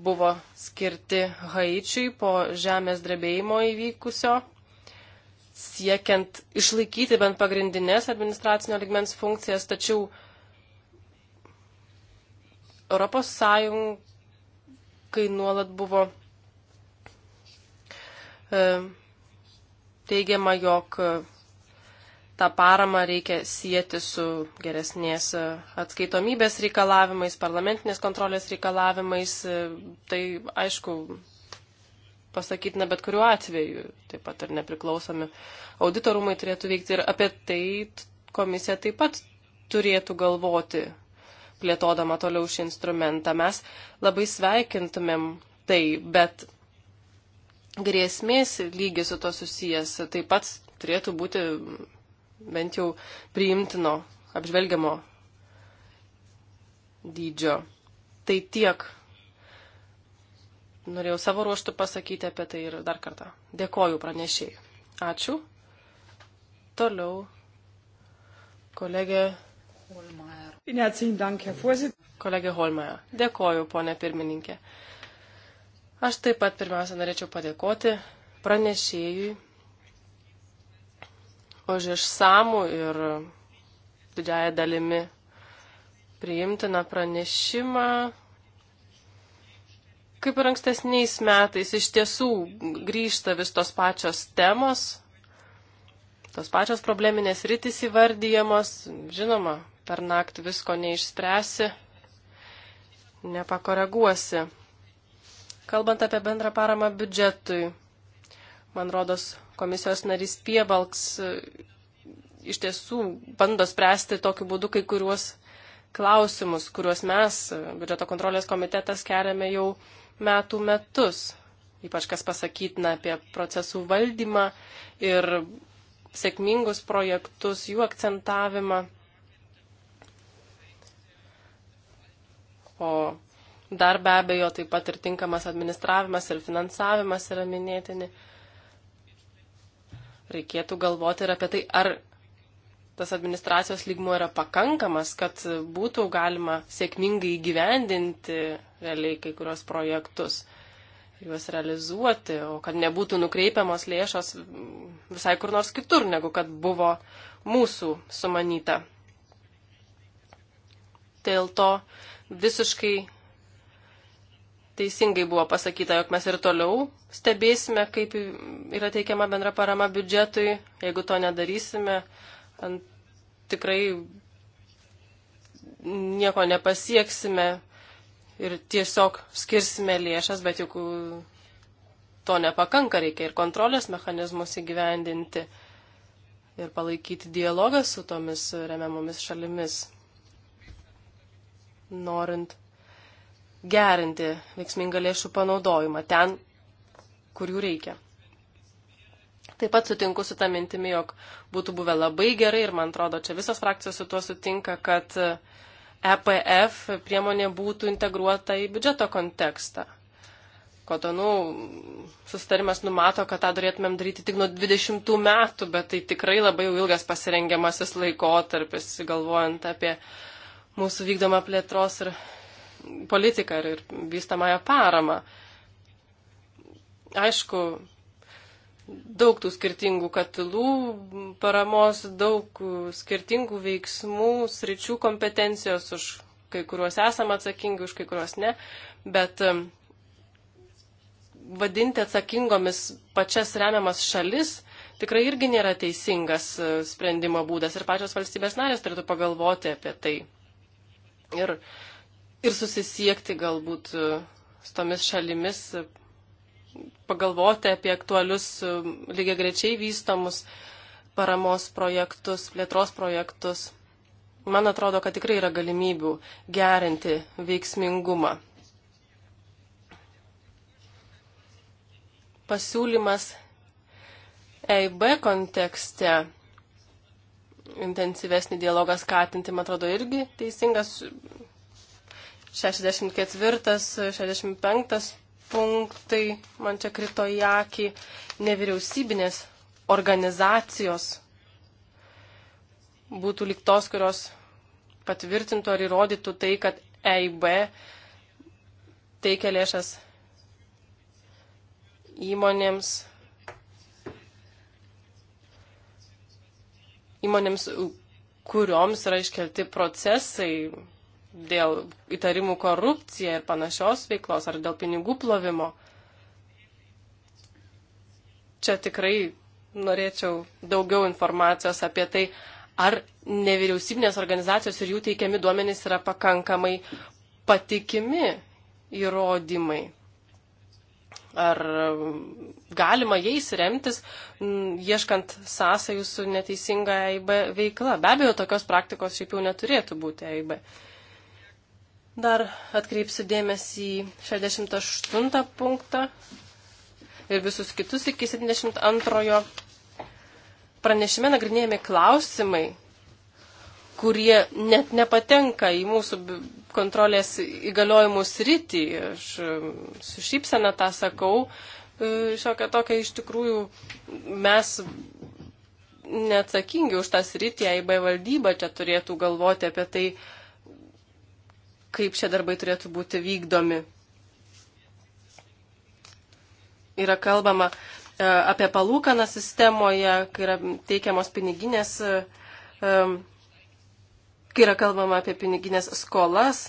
buvo skirti Haičiui po žemės drebėjimo įvykusio siekiant išlaikyti bent pagrindinės administracinio ligmens funkcijas, tačiau Europos Sąjungai nuolat buvo e, teigiama, jog e, tą paramą reikia sieti su geresnės e, atskaitomybės reikalavimais, parlamentinės kontrolės reikalavimais. Tai aišku, pasakytina bet kuriuo atveju. Taip pat ir nepriklausomi auditorumai turėtų veikti ir apie tai komisija taip pat turėtų galvoti, plėtodama toliau šį instrumentą. Mes labai sveikintumėm tai, bet grėsmės lygis su to susijęs taip pat turėtų būti bent jau priimtino, apžvelgiamo dydžio. Tai tiek norėjau savo ruoštų pasakyti apie tai ir dar kartą. Dėkoju pranešėjai. Ačiū. Toliau kolegė Holmeier. Kolegė Holmeier. Dėkoju, ponė pirmininkė. Aš taip pat pirmiausia norėčiau padėkoti pranešėjui už išsamų ir didžiąją dalimi priimtiną pranešimą Kaip ir ankstesniais metais, iš tiesų grįžta vis tos pačios temos, tos pačios probleminės rytis įvardyjamos. Žinoma, per naktį visko neišspręsi, nepakoreguosi. Kalbant apie bendrą paramą biudžetui, man rodos, komisijos narys Piebalks e, iš tiesų bando spręsti tokiu būdu kai kuriuos klausimus, kuriuos mes, e, biudžeto kontrolės komitetas, keliame jau metų metus, ypač kas pasakytina apie procesų valdymą ir sėkmingus projektus, jų akcentavimą. O dar be abejo taip pat ir tinkamas administravimas ir finansavimas yra minėtini. Reikėtų galvoti ir apie tai, ar tas administracijos lygmuo yra pakankamas, kad būtų galima sėkmingai įgyvendinti realiai kai kurios projektus juos realizuoti, o kad nebūtų nukreipiamos lėšos visai kur nors kitur, negu kad buvo mūsų sumanyta. Dėl to visiškai teisingai buvo pasakyta, jog mes ir toliau stebėsime, kaip yra teikiama bendra parama biudžetui. Jeigu to nedarysime, ant tikrai nieko nepasieksime ir tiesiog skirsime lėšas, bet juk to nepakanka, reikia ir kontrolės mechanizmus įgyvendinti ir palaikyti dialogą su tomis remiamomis šalimis, norint gerinti veiksmingą lėšų panaudojimą ten, kur jų reikia. Taip pat sutinku su tą mintimi, jog būtų buvę labai gerai ir man atrodo, čia visos frakcijos su tuo sutinka, kad uh, EPF priemonė būtų integruota į biudžeto kontekstą. Kotonų sustarimas numato, kad tą turėtumėm daryti tik nuo 20 metų, bet tai tikrai labai jau ilgas pasirengiamasis laikotarpis, galvojant apie mūsų vykdomą plėtros ir politiką ir, ir vystamąją paramą. Aišku, daug tų skirtingų katilų, paramos daug skirtingų veiksmų, sričių kompetencijos, už kai kuriuos esame atsakingi, už kai kuriuos ne, bet vadinti atsakingomis pačias remiamas šalis tikrai irgi nėra teisingas e, sprendimo būdas ir pačios valstybės narės turėtų pagalvoti apie tai ir, ir susisiekti galbūt e, su tomis šalimis pagalvoti apie aktualius um, lygiai grečiai vystomus paramos projektus, plėtros projektus. Man atrodo, kad tikrai yra galimybių gerinti veiksmingumą. Pasiūlymas EIB kontekste intensyvesnį dialogą skatinti, man atrodo, irgi teisingas 64, 65 punktai, man čia krito į akį, nevyriausybinės organizacijos būtų liktos, kurios patvirtintų ar įrodytų tai, kad EIB teikia lėšas įmonėms, įmonėms, kurioms yra iškelti procesai dėl įtarimų korupciją ir panašios veiklos ar dėl pinigų plovimo. Čia tikrai norėčiau daugiau informacijos apie tai, ar nevyriausybinės organizacijos ir jų teikiami duomenys yra pakankamai patikimi įrodymai. Ar galima jais remtis, ieškant sąsajų su neteisinga AIB veikla? Be abejo, tokios praktikos šiaip jau neturėtų būti AIB. Uh, Dar atkreipsiu dėmesį į 68 punktą ir visus kitus iki 72 pranešime nagrinėjami klausimai, kurie net nepatenka į mūsų kontrolės įgaliojimų sritį. Aš um, su šypsena tą sakau. E, Šiokia tokia iš tikrųjų mes neatsakingi už tą sritį, AIB valdyba čia turėtų galvoti apie tai, kaip šie darbai turėtų būti vykdomi. Yra kalbama e, apie palūkaną sistemoje, kai yra teikiamos piniginės, e, e, kai yra kalbama apie piniginės skolas.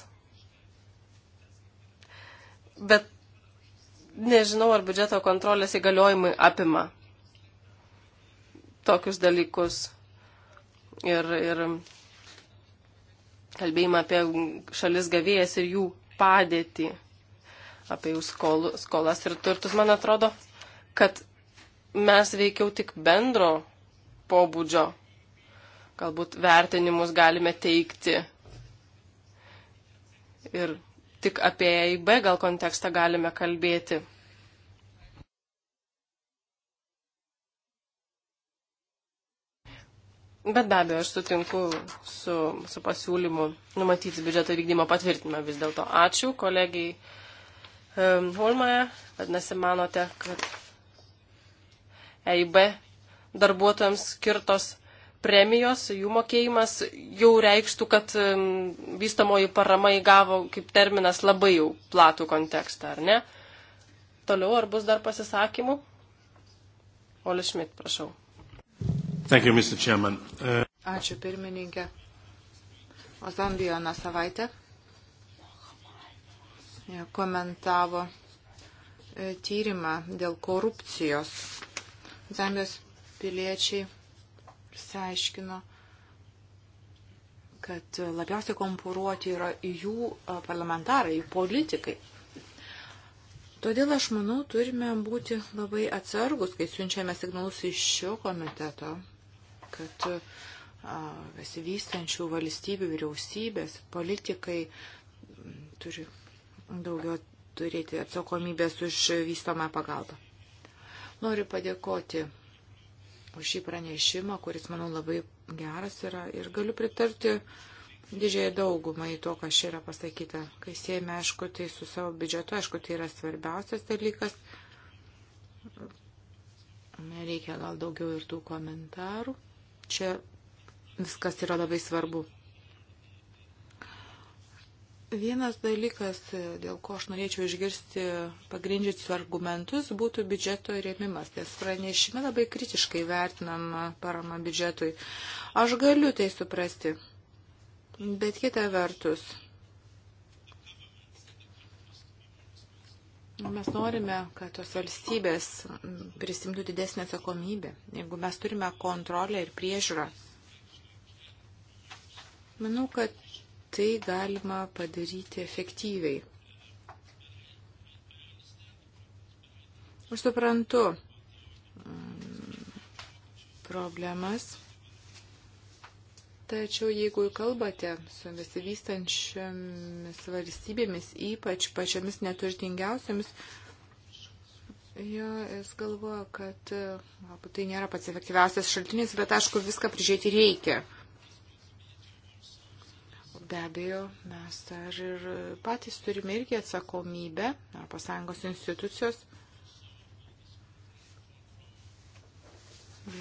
Bet nežinau, ar biudžeto kontrolės įgaliojimai apima tokius dalykus. Ir, ir kalbėjimą apie šalis gavėjas ir jų padėtį, apie jų skolų, skolas ir turtus, man atrodo, kad mes veikiau tik bendro pobūdžio, galbūt vertinimus galime teikti ir tik apie EIB gal kontekstą galime kalbėti. Bet be abejo, aš sutinku su, su pasiūlymu numatyti biudžeto vykdymo patvirtinimą vis dėlto. Ačiū kolegijai um, Holmaje. Vadinasi, manote, kad EIB darbuotojams skirtos premijos, jų mokėjimas jau reikštų, kad um, vystamoji parama įgavo kaip terminas labai jau platų kontekstą, ar ne? Toliau, ar bus dar pasisakymų? Oli Šmit, prašau. Thank you, Mr. Chairman. Uh... Ačiū pirmininkė. O Zambijoje na savaitę e, komentavo e, tyrimą dėl korupcijos. Zambijos piliečiai išsiaiškino, kad labiausiai konkuruoti yra jų e, parlamentarai, politikai. Todėl aš manau, turime būti labai atsargus, kai siunčiame signalus iš šio komiteto kad besivystančių valstybių vyriausybės, politikai turi daugiau turėti atsakomybės už vystomą pagalbą. Noriu padėkoti už šį pranešimą, kuris, manau, labai geras yra ir galiu pritarti didžiai daugumai to, kas čia yra pasakyta. Kai siejame, aišku, tai su savo biudžetu, aišku, tai yra svarbiausias dalykas. Reikia gal daugiau ir tų komentarų čia viskas yra labai svarbu. Vienas dalykas, dėl ko aš norėčiau išgirsti pagrindžius argumentus, būtų biudžeto rėmimas, nes pranešime labai kritiškai vertinam paramą biudžetui. Aš galiu tai suprasti, bet kita vertus, Mes norime, kad tos valstybės prisimtų didesnį atsakomybę, jeigu mes turime kontrolę ir priežiūrą. Manau, kad tai galima padaryti efektyviai. Aš suprantu mm, problemas Tačiau jeigu kalbate su besivystančiomis valstybėmis, ypač pačiomis neturtingiausiamis, jo, jis galvoja, kad e, galbūt tai nėra pats efektyviausias šaltinis, bet aišku, viską prižiūrėti reikia. Be abejo, mes dar ir patys turime irgi atsakomybę, Europos Sąjungos institucijos.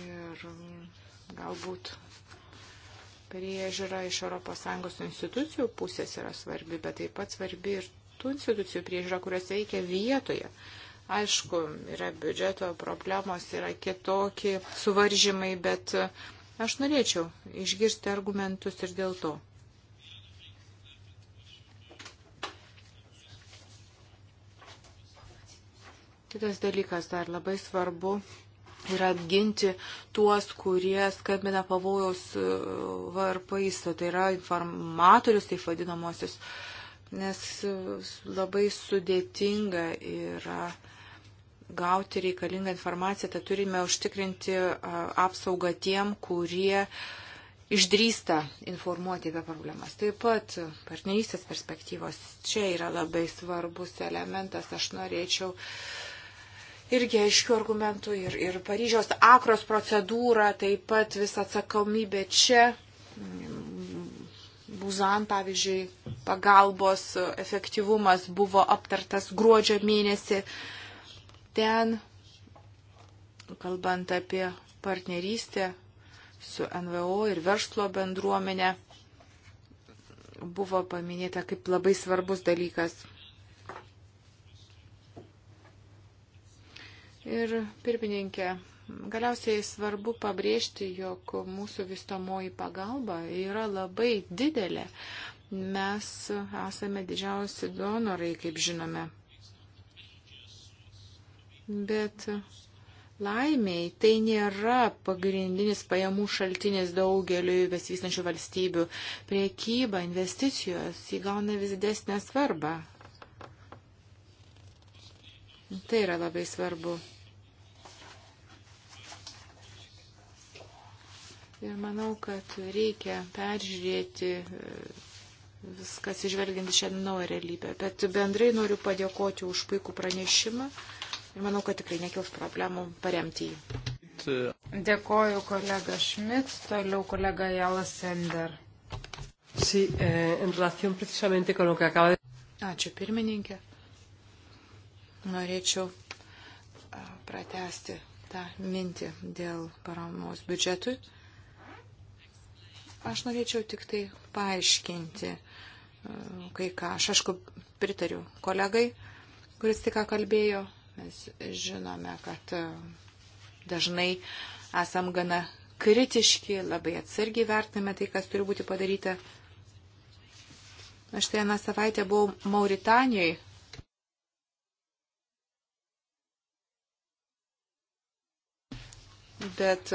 Ir mm, galbūt priežiūra iš ES institucijų pusės yra svarbi, bet taip pat svarbi ir tų institucijų priežiūra, kurios veikia vietoje. Aišku, yra biudžeto problemos, yra kitokie suvaržymai, bet aš norėčiau išgirsti argumentus ir dėl to. Kitas dalykas dar labai svarbu ir apginti tuos, kurie skambina pavojaus e, varpais, tai yra informatorius, taip vadinamosius, nes e, labai sudėtinga yra gauti reikalingą informaciją, tai turime užtikrinti e, apsaugą tiem, kurie išdrįsta informuoti apie problemas. Taip pat partnerystės perspektyvos čia yra labai svarbus elementas. Aš norėčiau uh, irgi aiškių argumentų ir, ir Paryžiaus akros procedūra, taip pat visa atsakomybė čia. Buzan, pavyzdžiui, pagalbos efektyvumas buvo aptartas gruodžio mėnesį. Ten, kalbant apie partnerystę su NVO ir verslo bendruomenė, buvo paminėta kaip labai svarbus dalykas. Ir pirmininkė, galiausiai svarbu pabrėžti, jog mūsų vystomoji pagalba yra labai didelė. Mes esame didžiausi donorai, kaip žinome. Bet laimiai tai nėra pagrindinis pajamų šaltinis daugeliu besivystančių valstybių. Priekyba, investicijos įgauna vis didesnę svarbą. Tai yra labai svarbu. Ir manau, kad reikia peržiūrėti e, viskas išvelgiant šią naują realybę. Bet bendrai noriu padėkoti už puikų pranešimą ir manau, kad tikrai nekils problemų paremti jį. Dėkoju kolega Šmit, toliau kolega Jalas Sender. Sí, eh, en relación precisamente con lo que acaba de... Ačiū pirmininkė. Norėčiau pratesti tą mintį dėl paramos biudžetui. Aš norėčiau tik tai paaiškinti e, kai ką. Aš, aišku, pritariu kolegai, kuris tik ką kalbėjo. Mes žinome, kad e, dažnai esam gana kritiški, labai atsargiai vertiname tai, kas turi būti padaryta. Aš tai vieną savaitę buvau Mauritanijoje. Bet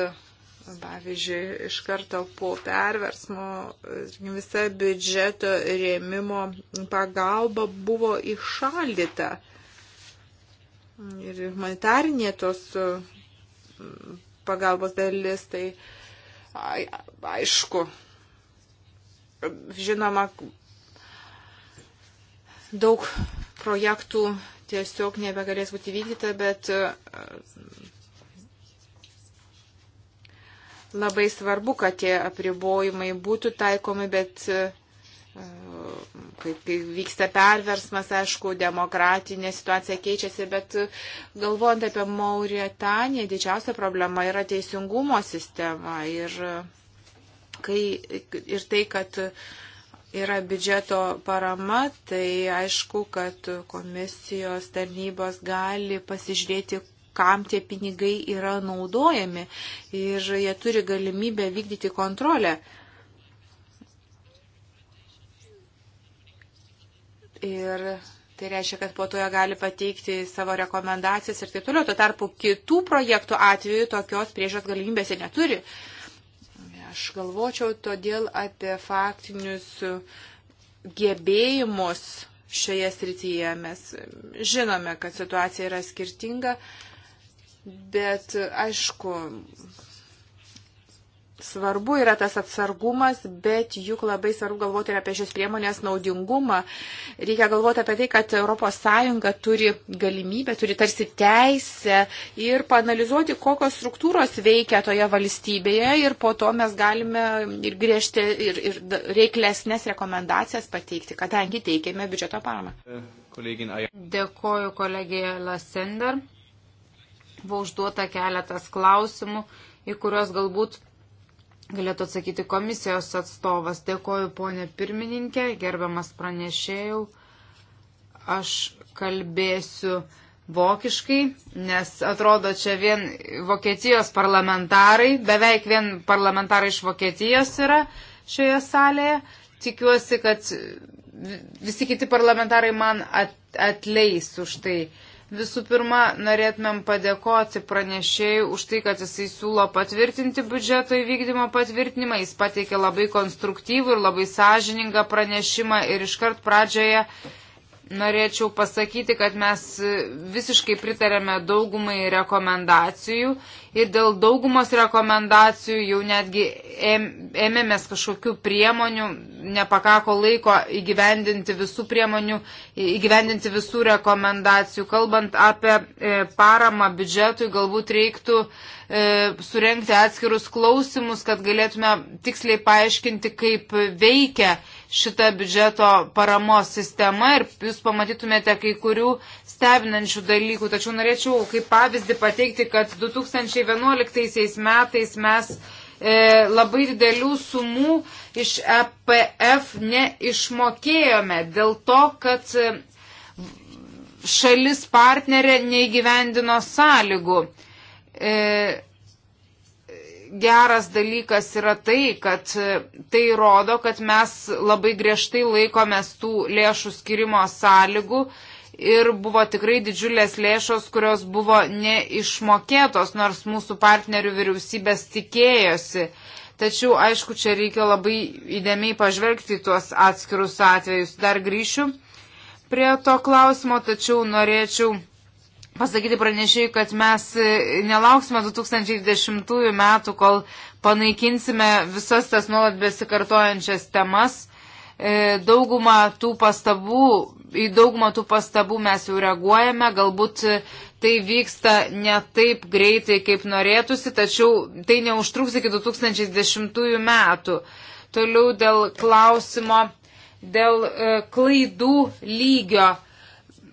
Pavyzdžiui, iš karto po perversmo e, visa biudžeto rėmimo pagalba buvo išaldyta. Ir humanitarinė tos e, pagalbos dalis, tai aišku, žinoma, daug projektų tiesiog nebegalės būti vykdyta, bet e, Labai svarbu, kad tie apribojimai būtų taikomi, bet e, kaip vyksta perversmas, aišku, demokratinė situacija keičiasi, bet e, galvojant apie Mauritaniją, didžiausia problema yra teisingumo sistema ir, e, kai, ir tai, kad yra biudžeto parama, tai aišku, kad komisijos tarnybos gali pasižiūrėti, kam tie pinigai yra naudojami ir jie turi galimybę vykdyti kontrolę. Ir Tai reiškia, kad po to jie gali pateikti savo rekomendacijas ir taip toliau. Tuo tarpu kitų projektų atveju tokios priežos galimybės jie neturi. Aš galvočiau todėl apie faktinius gebėjimus šioje srityje. Mes žinome, kad situacija yra skirtinga. Uh, Bet aišku, svarbu yra tas atsargumas, bet juk labai svarbu galvoti ir apie šios priemonės naudingumą. Reikia galvoti apie tai, kad ES turi galimybę, turi tarsi teisę ir panalizuoti, kokios struktūros veikia toje valstybėje ir po to mes galime ir griežti ir, ir reiklesnės rekomendacijas pateikti, kadangi teikėme biudžeto paramą. Dėkoju kolegijai Lasender. Buvo užduota keletas klausimų, į kuriuos galbūt galėtų atsakyti komisijos atstovas. Dėkoju, ponė pirmininkė, gerbiamas pranešėjau. Aš kalbėsiu vokiškai, nes atrodo čia vien Vokietijos parlamentarai, beveik vien parlamentarai iš Vokietijos yra šioje salėje. Tikiuosi, kad visi kiti parlamentarai man atleis už tai. Uh, Visų pirma, norėtumėm padėkoti pranešėjui už tai, kad jisai siūlo patvirtinti biudžeto įvykdymo patvirtinimą. Jis pateikė labai konstruktyvų ir labai sąžiningą pranešimą ir iškart pradžioje norėčiau pasakyti, kad mes visiškai pritarėme daugumai rekomendacijų ir dėl daugumos rekomendacijų jau netgi ėmėmės kažkokių priemonių, nepakako laiko įgyvendinti visų priemonių, įgyvendinti visų rekomendacijų. Kalbant apie e, paramą biudžetui, galbūt reiktų e, surenkti atskirus klausimus, kad galėtume tiksliai paaiškinti, kaip veikia šita biudžeto paramos sistema ir jūs pamatytumėte kai kurių stebinančių dalykų. Tačiau norėčiau kaip pavyzdį pateikti, kad 2011 metais mes e, labai didelių sumų iš EPF neišmokėjome dėl to, kad e, šalis partnerė neįgyvendino sąlygų. E, geras dalykas yra tai, kad tai rodo, kad mes labai griežtai laikomės tų lėšų skirimo sąlygų ir buvo tikrai didžiulės lėšos, kurios buvo neišmokėtos, nors mūsų partnerių vyriausybės tikėjosi. Tačiau, aišku, čia reikia labai įdėmiai pažvelgti tuos atskirus atvejus. Dar grįšiu prie to klausimo, tačiau norėčiau pasakyti pranešėjai, kad mes e, nelauksime 2010 metų, kol panaikinsime visas tas nuolat besikartojančias temas. E, daugumą tų pastabų, į daugumą tų pastabų mes jau reaguojame, galbūt e, tai vyksta ne taip greitai, kaip norėtųsi, tačiau tai neužtruks iki 2010 metų. Toliau dėl klausimo, dėl klaidų lygio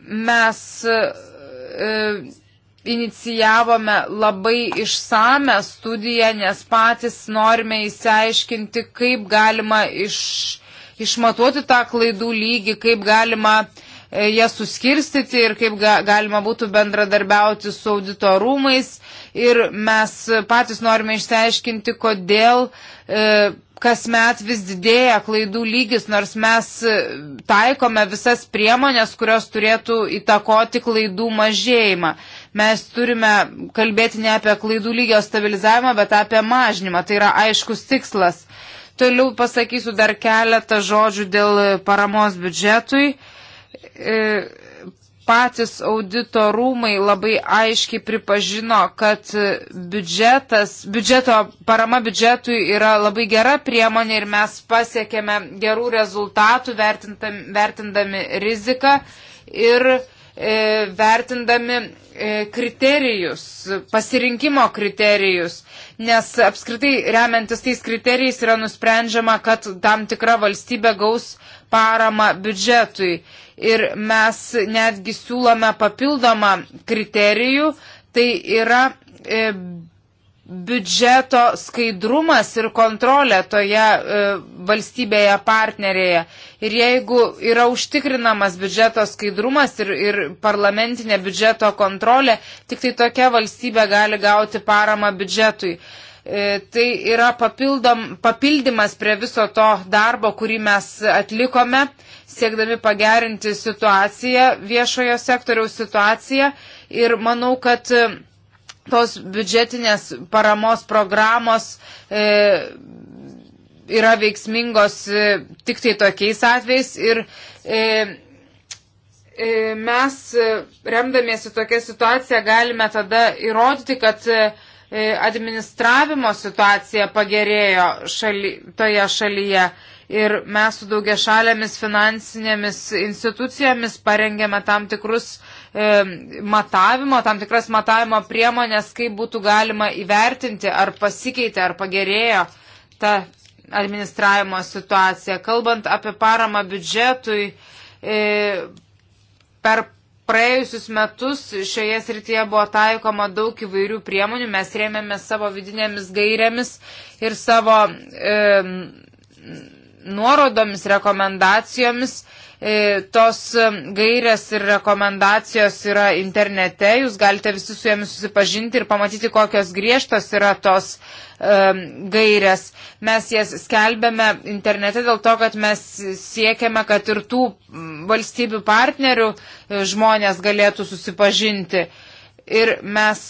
mes E, inicijavome labai išsame studiją, nes patys norime įsiaiškinti, kaip galima iš, išmatuoti tą klaidų lygį, kaip galima e, jas suskirstyti ir kaip ga, galima būtų bendradarbiauti su auditorumais. Ir mes patys norime išsiaiškinti, kodėl e, kasmet vis didėja klaidų lygis, nors mes e, taikome visas priemonės, kurios turėtų įtakoti klaidų mažėjimą. Mes turime kalbėti ne apie klaidų lygio stabilizavimą, bet apie mažinimą. Tai yra aiškus tikslas. Toliau pasakysiu dar keletą žodžių dėl paramos biudžetui. E, patys audito rūmai labai aiškiai pripažino, kad biudžetas, biudžeto, parama biudžetui yra labai gera priemonė ir mes pasiekėme gerų rezultatų vertindami riziką ir e, vertindami e, kriterijus, pasirinkimo kriterijus, nes apskritai remiantis tais kriterijais yra nusprendžiama, kad tam tikra valstybė gaus parama biudžetui ir mes netgi siūlome papildomą kriterijų, tai yra e, biudžeto skaidrumas ir kontrolė toje e, valstybėje partnerėje. Ir jeigu yra užtikrinamas biudžeto skaidrumas ir, ir parlamentinė biudžeto kontrolė, tik tai tokia valstybė gali gauti paramą biudžetui. E, E, tai yra papildom, papildymas prie viso to darbo, kurį mes atlikome, siekdami pagerinti situaciją, viešojo sektoriaus situaciją. Ir manau, kad e, tos biudžetinės paramos programos e, yra veiksmingos e, tik tai tokiais atvejais. Ir, e, e Mes, remdamiesi tokią situaciją, galime tada įrodyti, kad E, administravimo situacija pagerėjo šaly, toje šalyje ir mes su daugia šalėmis finansinėmis institucijomis parengėme tam tikrus e, matavimo, tam tikras matavimo priemonės, kaip būtų galima įvertinti, ar pasikeitė, ar pagerėjo ta administravimo situacija. Kalbant apie paramą biudžetui, e, per praėjusius metus šioje srityje buvo taikoma daug įvairių priemonių, mes rėmėme savo vidinėmis gairėmis ir savo e, nuorodomis, rekomendacijomis. E, tos e, gairės ir rekomendacijos yra internete, jūs galite visi su jomis susipažinti ir pamatyti, kokios griežtos yra tos um, gairės. Mes jas skelbėme internete dėl to, kad mes siekiame, kad ir tų valstybių partnerių žmonės galėtų susipažinti. Ir mes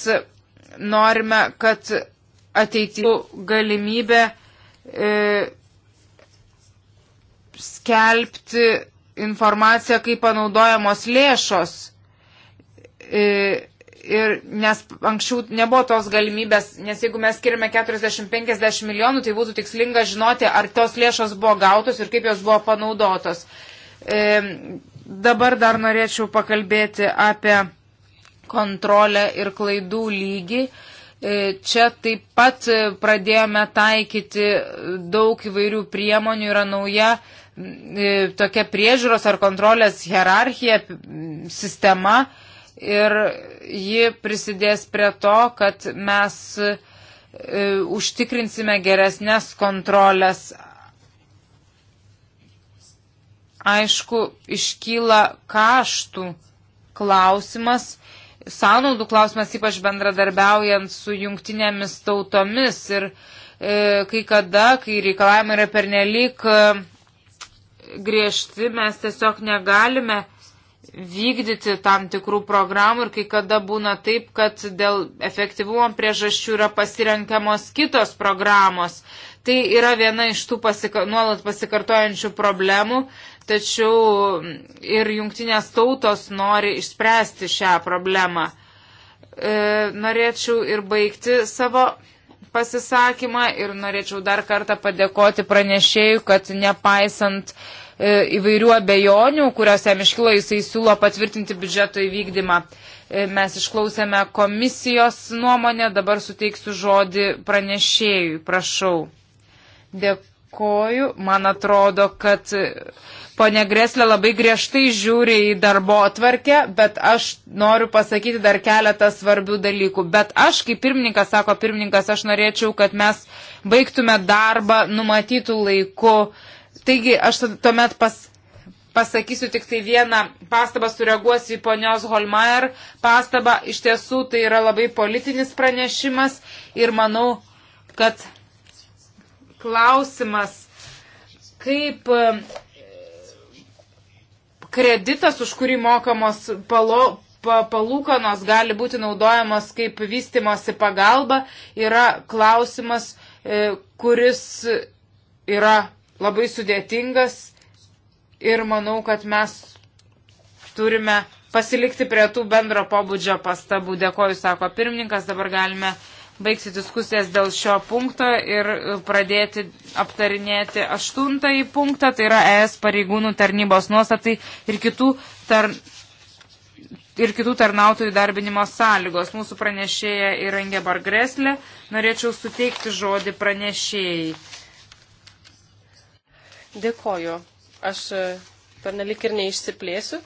norime, kad ateityje galimybė. E, skelbti informaciją, kaip panaudojamos lėšos. E, ir nes anksčiau nebuvo tos galimybės, nes jeigu mes skirime 40-50 milijonų, tai būtų tikslinga žinoti, ar tos lėšos buvo gautos ir kaip jos buvo panaudotos. E, dabar dar norėčiau pakalbėti apie kontrolę ir klaidų lygį. E, čia taip pat pradėjome taikyti daug įvairių priemonių, yra nauja uh, E, tokia priežiūros ar kontrolės hierarchija, sistema ir ji prisidės prie to, kad mes e, užtikrinsime geresnės kontrolės. Aišku, iškyla kaštų klausimas, sąnaudų klausimas ypač bendradarbiaujant su jungtinėmis tautomis ir e, kai kada, kai reikalavimai yra pernelyg e, griežti, mes tiesiog negalime vykdyti tam tikrų programų ir kai kada būna taip, kad dėl efektyvumo priežasčių yra pasirenkamos kitos programos. Tai yra viena iš tų pasika nuolat pasikartojančių problemų, tačiau ir jungtinės tautos nori išspręsti šią problemą. E, norėčiau ir baigti savo pasisakymą ir norėčiau dar kartą padėkoti pranešėjų, kad nepaisant uh, E, įvairių abejonių, kurios jam iškilo, jisai siūlo patvirtinti biudžeto įvykdymą. E, mes išklausėme komisijos nuomonę, dabar suteiksiu žodį pranešėjui, prašau. Dėkoju, man atrodo, kad ponė Greslė labai griežtai žiūri į darbo atvarkę, bet aš noriu pasakyti dar keletą svarbių dalykų. Bet aš, kaip pirmininkas, sako pirmininkas, aš norėčiau, kad mes baigtume darbą numatytų laiku Taigi, aš tuomet pas, pasakysiu tik tai vieną pastabą, sureaguosiu į ponios Holmeier pastabą. Iš tiesų, tai yra labai politinis pranešimas ir manau, kad klausimas, kaip e, kreditas, už kurį mokamos palo, pa, palūkanos gali būti naudojamos kaip vystimosi pagalba, yra klausimas, e, kuris yra labai sudėtingas ir manau, kad mes turime pasilikti prie tų bendro pobūdžio pastabų. Dėkoju, sako pirmininkas, dabar galime baigsi diskusijas dėl šio punkto ir e, pradėti aptarinėti aštuntąjį punktą, tai yra ES pareigūnų tarnybos nuostatai ir kitų, tar... ir kitų tarnautojų darbinimo sąlygos. Mūsų pranešėja yra Ingebar Greslė, norėčiau suteikti žodį pranešėjai. Dėkoju. Aš e, per nelik ir neišsiplėsiu.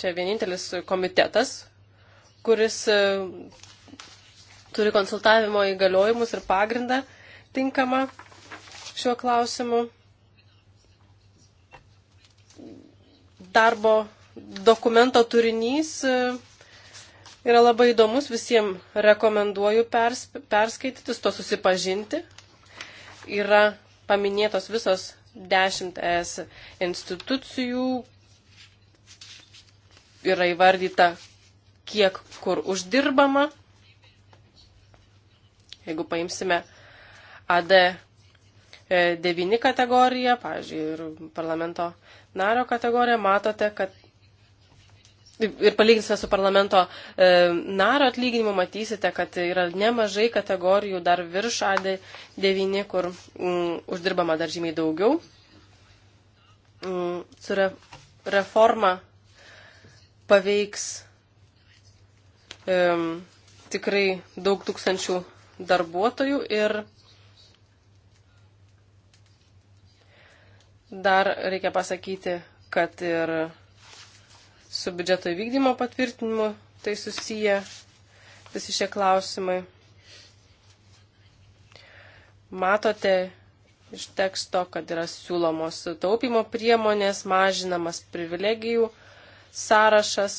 Čia vienintelis komitetas, kuris e, turi konsultavimo įgaliojimus ir pagrindą tinkamą šiuo klausimu. Darbo dokumento turinys e, yra labai įdomus, visiems rekomenduoju pers, perskaityti, su to susipažinti. Yra paminėtos visos 10 es institucijų, yra įvardyta, kiek kur uždirbama. Jeigu paimsime AD9 kategoriją, pavyzdžiui, ir parlamento nario kategoriją, matote, kad ir palyginsime su parlamento e, naro atlyginimu, matysite, kad yra nemažai kategorijų dar virš AD9, kur mm, uždirbama dar žymiai daugiau. Mm, su re, reforma paveiks e, tikrai daug tūkstančių darbuotojų ir dar reikia pasakyti, kad ir su biudžeto įvykdymo patvirtinimu tai susiję visi šie klausimai. Matote iš teksto, kad yra siūlomos taupimo priemonės, mažinamas privilegijų sąrašas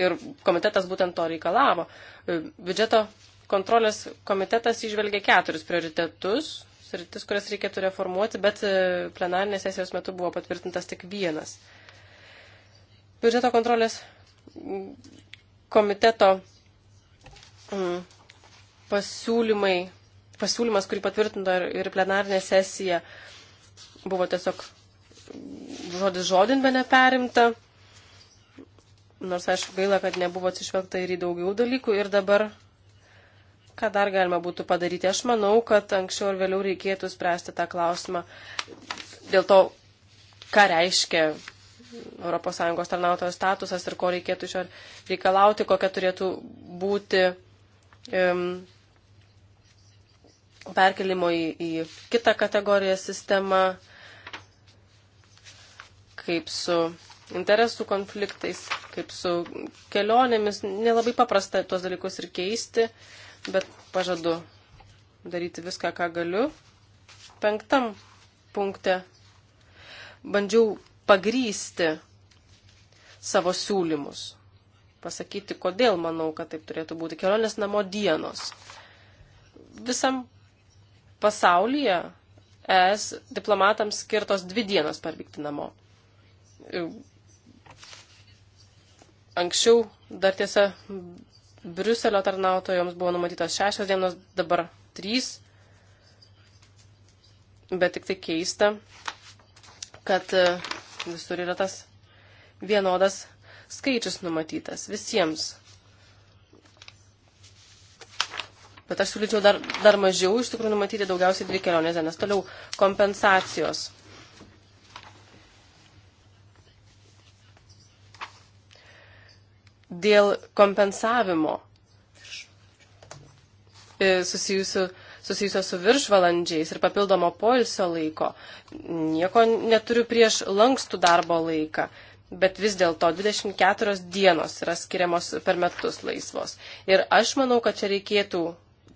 ir komitetas būtent to reikalavo. Biudžeto kontrolės komitetas išvelgia keturis prioritetus, sritis, kurias reikėtų reformuoti, bet plenarinės sesijos metu buvo patvirtintas tik vienas biudžeto kontrolės komiteto mm, pasiūlymai, pasiūlymas, kurį patvirtino ir, ir plenarinė sesija, buvo tiesiog žodis žodin be neperimta. Nors aišku gaila, kad nebuvo atsižvelgta ir į daugiau dalykų. Ir dabar, ką dar galima būtų padaryti, aš manau, kad anksčiau ar vėliau reikėtų spręsti tą klausimą dėl to, ką reiškia ES tarnautojo statusas ir ko reikėtų iš jo reikalauti, kokia turėtų būti um, perkelimo į, į kitą kategoriją sistema, kaip su interesų konfliktais, kaip su kelionėmis. Nelabai paprasta tuos dalykus ir keisti, bet pažadu daryti viską, ką galiu. Penktam punkte bandžiau pagrysti savo siūlymus, pasakyti, kodėl manau, kad taip turėtų būti kelionės namo dienos. Visam pasaulyje es diplomatams skirtos dvi dienos parvykti namo. Anksčiau dar tiesa Briuselio tarnautojams buvo numatytos šešios dienos, dabar trys. Bet tik tai keista, kad visur yra tas vienodas skaičius numatytas visiems. Bet aš siūlyčiau dar, dar mažiau, iš tikrųjų, numatyti daugiausiai dvi kelionės dienas. Toliau kompensacijos. Dėl kompensavimo e, susijusiu susijusios su viršvalandžiais ir papildomo poilsio laiko. Nieko neturiu prieš lankstų darbo laiką, bet vis dėlto 24 dienos yra skiriamos per metus laisvos. Ir aš manau, kad čia reikėtų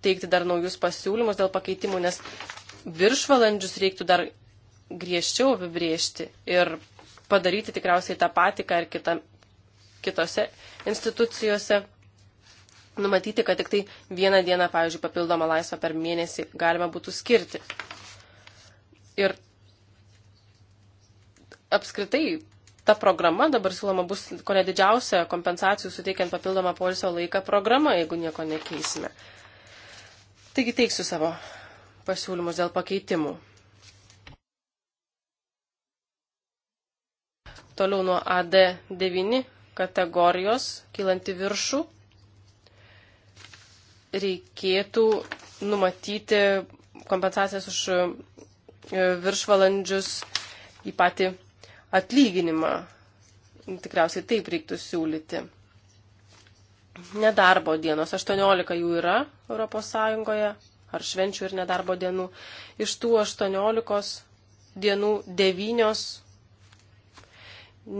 teikti dar naujus pasiūlymus dėl pakeitimų, nes viršvalandžius reiktų dar griežčiau apibriežti ir padaryti tikriausiai tą patį, ką ir kita, kitose institucijose numatyti, kad tik tai vieną dieną, pavyzdžiui, papildomą laisvą per mėnesį galima būtų skirti. Ir apskritai ta programa dabar siūloma bus, ko ne didžiausia kompensacijų suteikiant papildomą polisio laiką programa, jeigu nieko nekeisime. Taigi teiksiu savo pasiūlymus dėl pakeitimų. Toliau nuo AD9 kategorijos, kilanti viršų, reikėtų numatyti kompensacijas už e, viršvalandžius į patį atlyginimą. Tikriausiai taip reiktų siūlyti. Nedarbo dienos, 18 jų yra ES, ar švenčių ir nedarbo dienų. Iš tų 18 dienų 9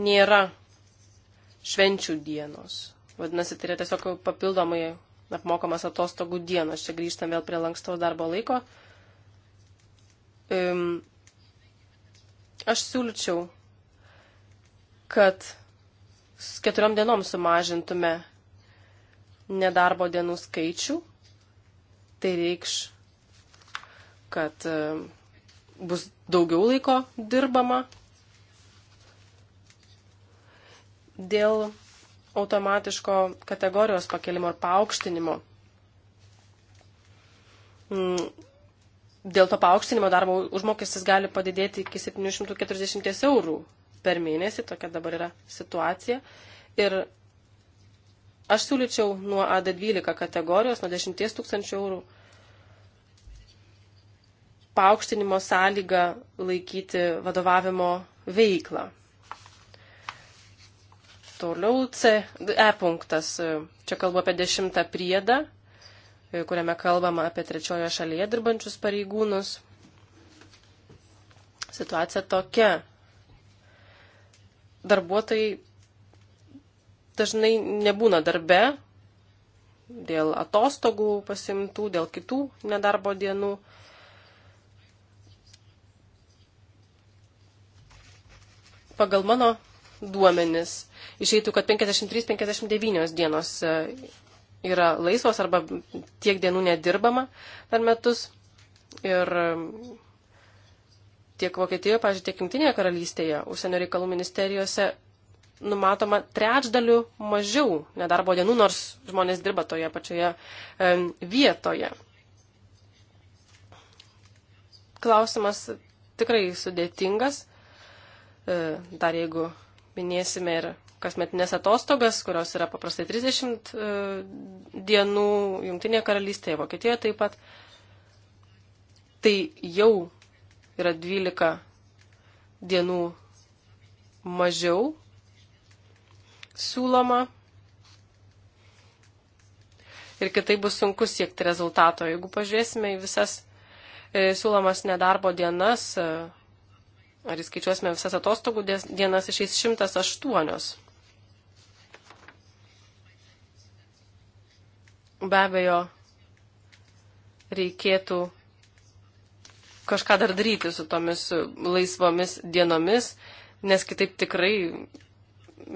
nėra švenčių dienos. Vadinasi, tai yra tiesiog papildomai apmokamas atostogų dienos. Čia grįžtam vėl prie lankstaus darbo laiko. Aš siūlyčiau, kad keturiom dienom sumažintume nedarbo dienų skaičių. Tai reikš, kad bus daugiau laiko dirbama dėl automatiško kategorijos pakelimo ir paaukštinimo. Mm, dėl to paaukštinimo darbo užmokestis gali padidėti iki 740 eurų per mėnesį, tokia dabar yra situacija. Ir aš siūlyčiau nuo AD12 kategorijos, nuo 10 tūkstančių eurų paaukštinimo sąlygą laikyti vadovavimo veiklą. Toliau C, E punktas. Čia kalbu apie dešimtą priedą, kuriame kalbama apie trečiojo šalyje dirbančius pareigūnus. Situacija tokia. Darbuotojai dažnai nebūna darbe dėl atostogų pasimtų, dėl kitų nedarbo dienų. Pagal mano duomenis. Išeitų, kad 53-59 dienos e, yra laisvos arba tiek dienų nedirbama per metus. Ir e, tiek Vokietijoje, pažiūrėjau, tiek Junktinėje karalystėje, užsienio reikalų ministerijose numatoma trečdalių mažiau nedarbo dienų, nors žmonės dirba toje pačioje e, vietoje. Klausimas tikrai sudėtingas, dar jeigu minėsime ir kasmetinės atostogas, kurios yra paprastai 30 e, dienų Junktinėje karalystėje, Vokietijoje taip pat. Tai jau yra 12 dienų mažiau siūloma. Ir kitai bus sunku siekti rezultato. Jeigu pažiūrėsime į visas e, siūlomas nedarbo dienas, e, Ar įskaičiuosime visas atostogų dienas išeis 108. Be abejo, reikėtų kažką dar daryti su tomis laisvomis dienomis, nes kitaip tikrai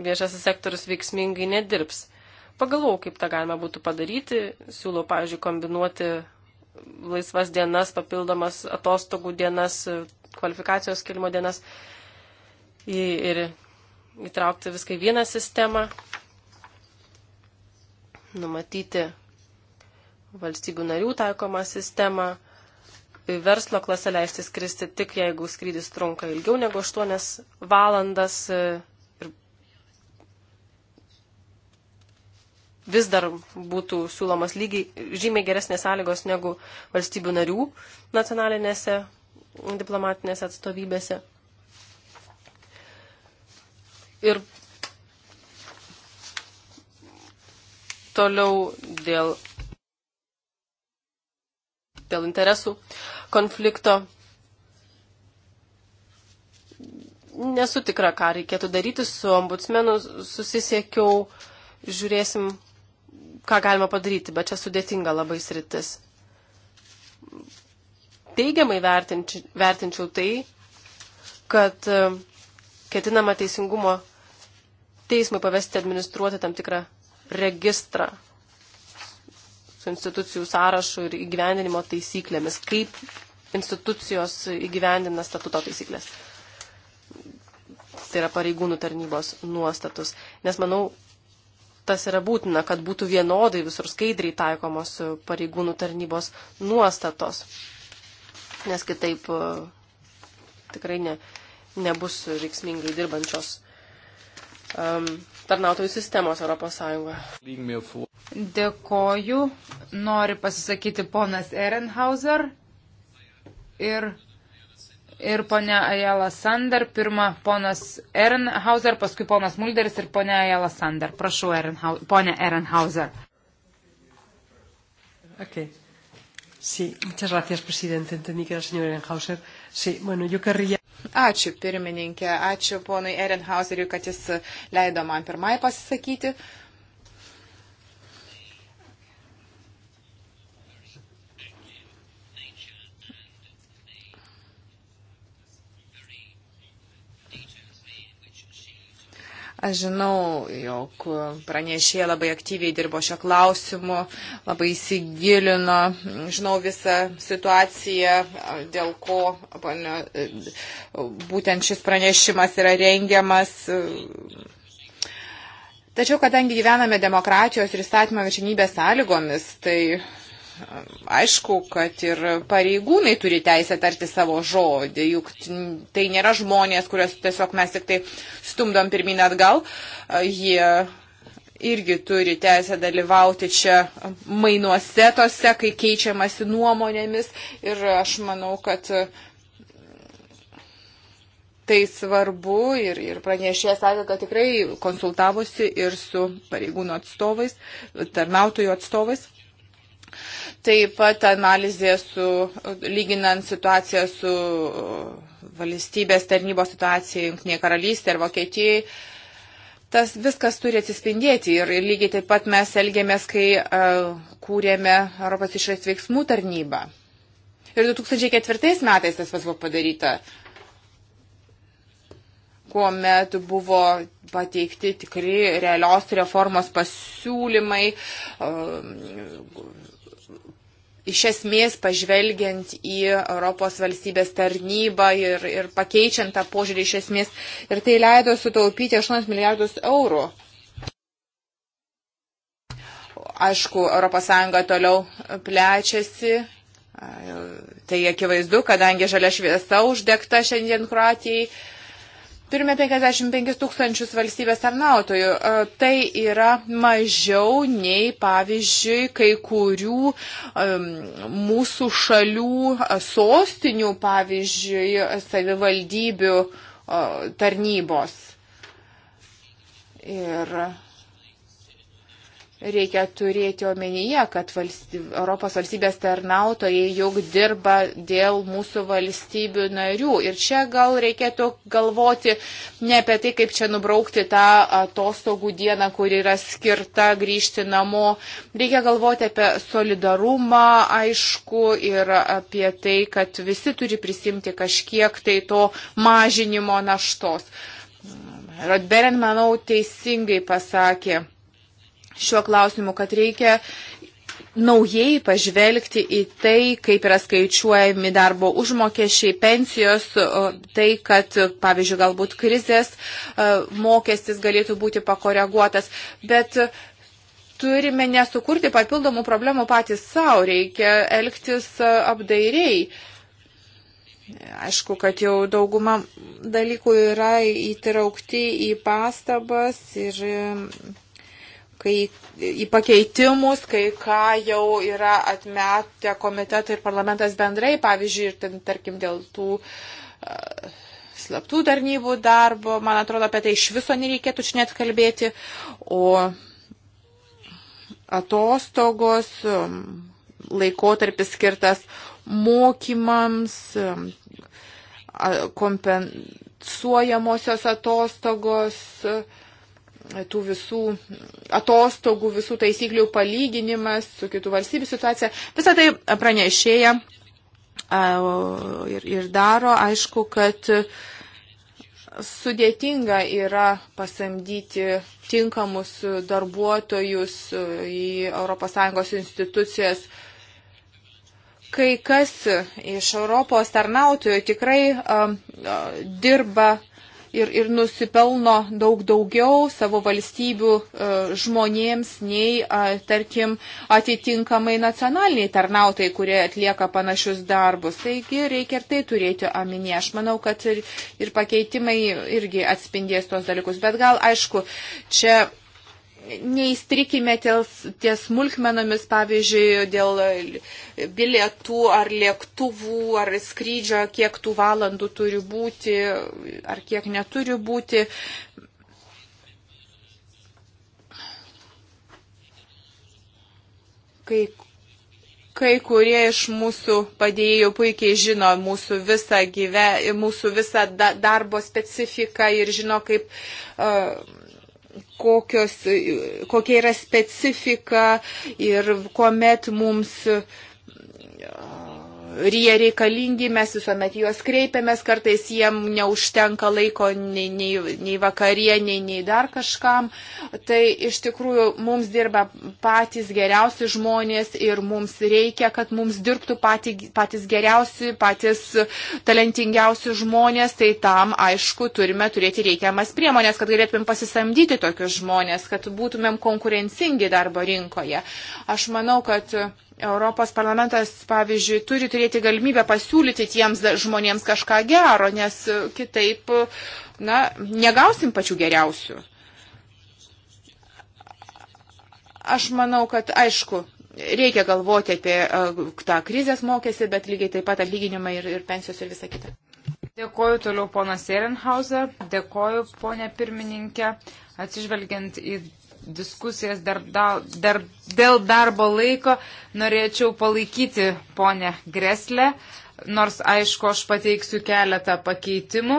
viešasis sektorius veiksmingai nedirbs. Pagalvojau, kaip tą galima būtų padaryti. Siūlau, pavyzdžiui, kombinuoti laisvas dienas, papildomas atostogų dienas kvalifikacijos kelimo dienas ir įtraukti viską į vieną sistemą, numatyti valstybių narių taikomą sistemą, verslo klasę leisti skristi tik jeigu skrydis trunka ilgiau negu 8 valandas e, ir vis dar būtų siūlomas lygiai žymiai geresnės sąlygos negu valstybių narių nacionalinėse diplomatinėse atstovybėse. Ir toliau dėl, dėl interesų konflikto. Nesu tikra, ką reikėtų daryti su ombudsmenu, susisiekiau, žiūrėsim, ką galima padaryti, bet čia sudėtinga labai sritis teigiamai vertinčiau tai, kad e, ketinama teisingumo teismui pavesti administruoti tam tikrą registrą su institucijų sąrašu ir įgyvendinimo taisyklėmis, kaip institucijos įgyvendina statuto taisyklės. Tai yra pareigūnų tarnybos nuostatus. Nes manau, tas yra būtina, kad būtų vienodai visur skaidriai taikomos pareigūnų tarnybos nuostatos nes kitaip e, tikrai ne, nebus veiksmingai dirbančios um, tarnautojų sistemos Europos Sąjungoje. Dėkoju. Nori pasisakyti ponas Ehrenhauser ir, ir ponia Ajala Sander. Pirma ponas Ehrenhauser, paskui ponas Mulderis ir ponia Ajala Sander. Prašau, Ehrenhau, ponia Ehrenhauser. Okay. Sí, muchas gracias, presidente. Entendí que era el señor Ehrenhauser. Sí, bueno, yo querría. Ačiū pirmininkė, ačiū ponui Ehrenhauseriui, kad jis leido man pirmai pasisakyti. Uh, Aš žinau, jog pranešėjai labai aktyviai dirbo šio klausimu, labai įsigilino, žinau visą situaciją, dėl ko pana, būtent šis pranešimas yra rengiamas. Tačiau, kadangi gyvename demokratijos ir įstatymo viršinybės sąlygomis, tai aišku, kad ir pareigūnai turi teisę tarti savo žodį, juk tai nėra žmonės, kuriuos tiesiog mes tik tai stumdom pirmin atgal, jie irgi turi teisę dalyvauti čia mainuose tose, kai keičiamasi nuomonėmis ir aš manau, kad tai svarbu ir, ir pranešėjas sakė, kad tikrai konsultavosi ir su pareigūnų atstovais, tarnautojų atstovais. Taip pat analizė su, lyginant situaciją su uh, valstybės tarnybos situacija Junktinėje karalystėje ir Vokietijoje, tas viskas turi atsispindėti ir lygiai taip pat mes elgėmės, kai uh, kūrėme Europos išorės veiksmų tarnybą. Ir 2004 metais tas pats buvo padaryta, kuomet buvo pateikti tikri realios reformos pasiūlymai. Uh, iš esmės pažvelgiant į Europos valstybės tarnybą ir, ir pakeičiant tą požiūrį iš esmės. Ir tai leido sutaupyti 8 milijardus eurų. Aišku, ES toliau plečiasi. Tai akivaizdu, kadangi žalia šviesa uždegta šiandien Kroatijai Turime 55 tūkstančius valstybės tarnautojų. E, tai yra mažiau nei, pavyzdžiui, kai kurių um, mūsų šalių e, sostinių, pavyzdžiui, savivaldybių uh, tarnybos. Ir Reikia turėti omenyje, kad valstyb, Europos valstybės tarnautojai juk dirba dėl mūsų valstybių narių. Ir čia gal reikėtų galvoti ne apie tai, kaip čia nubraukti tą atostogų dieną, kur yra skirta grįžti namo. Reikia galvoti apie solidarumą, aišku, ir apie tai, kad visi turi prisimti kažkiek tai to mažinimo naštos. Rodberen, manau, teisingai pasakė šiuo klausimu, kad reikia naujai pažvelgti į tai, kaip yra skaičiuojami darbo užmokesčiai, pensijos, tai, kad, pavyzdžiui, galbūt krizės e, mokestis galėtų būti pakoreguotas, bet turime nesukurti papildomų problemų patys savo, reikia elgtis e, apdairiai. Aišku, kad jau dauguma dalykų yra įtraukti į pastabas ir e, kai į pakeitimus, kai ką jau yra atmetę komitetai ir parlamentas bendrai, pavyzdžiui, ir ten, tarkim, dėl tų uh, slaptų tarnybų darbo, man atrodo, apie tai iš viso nereikėtų čia net kalbėti, o atostogos, e, laikotarpis skirtas mokymams, e, kompensuojamosios atostogos, uh, tų visų atostogų, visų taisyklių palyginimas su kitų valstybių situacija. Visą tai pranešėja ir, ir daro. Aišku, kad sudėtinga yra pasamdyti tinkamus darbuotojus į ES institucijas. Kai kas iš Europos tarnautojų tikrai a, a, dirba a, ir, ir nusipelno daug daugiau savo valstybių e, žmonėms nei, tarkim, atitinkamai nacionaliniai tarnautojai, kurie atlieka panašius darbus. Taigi reikia ir tai turėti omenyje. Aš manau, kad ir, ir pakeitimai irgi atspindės tos dalykus. Bet gal, aišku, čia neįstrikime ties smulkmenomis, pavyzdžiui, dėl bilietų ar lėktuvų ar skrydžio, kiek tų valandų turi būti ar kiek neturi būti. Kai kai kurie iš mūsų padėjėjų puikiai žino mūsų visą, gyve, mūsų visą da, darbo specifiką ir žino, kaip uh, kokios, kokia yra specifika ir kuomet mums ir jie reikalingi, mes visuomet juos kreipiamės, kartais jiem neužtenka laiko nei, nei, nei vakarieniai, nei dar kažkam. Tai iš tikrųjų mums dirba patys geriausi žmonės ir mums reikia, kad mums dirbtų pati, patys geriausi, patys talentingiausi žmonės. Tai tam, aišku, turime turėti reikiamas priemonės, kad galėtumėm pasisamdyti tokius žmonės, kad būtumėm konkurencingi darbo rinkoje. Aš manau, kad Europos parlamentas, pavyzdžiui, turi turėti galimybę pasiūlyti tiems žmonėms kažką gero, nes e, kitaip, e, na, negausim pačių geriausių. Aš manau, kad, aišku, reikia galvoti apie e, tą krizės mokėsi, bet lygiai taip pat atlyginimai ir, ir pensijos ir visa kita. Dėkoju toliau ponas Ehrenhauser, dėkoju ponė pirmininkė, atsižvelgiant į diskusijas darb, darb, dėl darbo laiko, norėčiau palaikyti ponę Greslę, nors aišku, aš pateiksiu keletą pakeitimų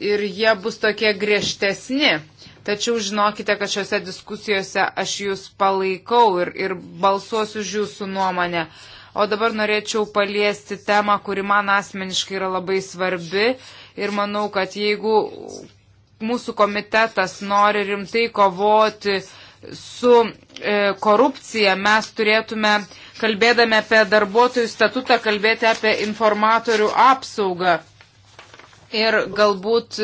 ir jie bus tokie griežtesni. Tačiau žinokite, kad šiuose diskusijose aš jūs palaikau ir, ir balsuosiu už jūsų nuomonę. O dabar norėčiau paliesti temą, kuri man asmeniškai yra labai svarbi ir manau, kad jeigu mūsų komitetas nori rimtai kovoti su e, korupcija, mes turėtume, kalbėdami apie darbuotojų statutą, kalbėti apie informatorių apsaugą. Ir galbūt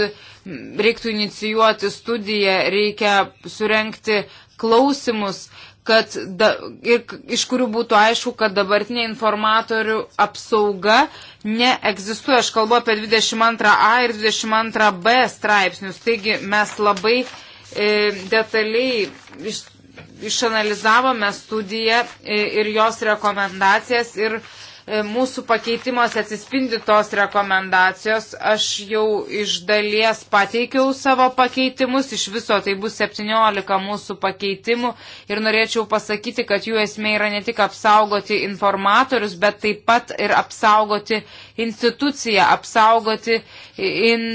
reiktų inicijuoti studiją, reikia surenkti klausimus, kad da, ir, iš kurių būtų aišku, kad dabartinė informatorių apsauga neegzistuoja. Aš kalbu apie 22a ir 22b straipsnius. Taigi mes labai e, detaliai iš, išanalizavome studiją e, ir jos rekomendacijas ir e, E, mūsų pakeitimuose atsispindi tos rekomendacijos. Aš jau iš dalies pateikiau savo pakeitimus, iš viso tai bus 17 mūsų pakeitimų ir norėčiau pasakyti, kad jų esmė yra ne tik apsaugoti informatorius, bet taip pat ir apsaugoti instituciją, apsaugoti in,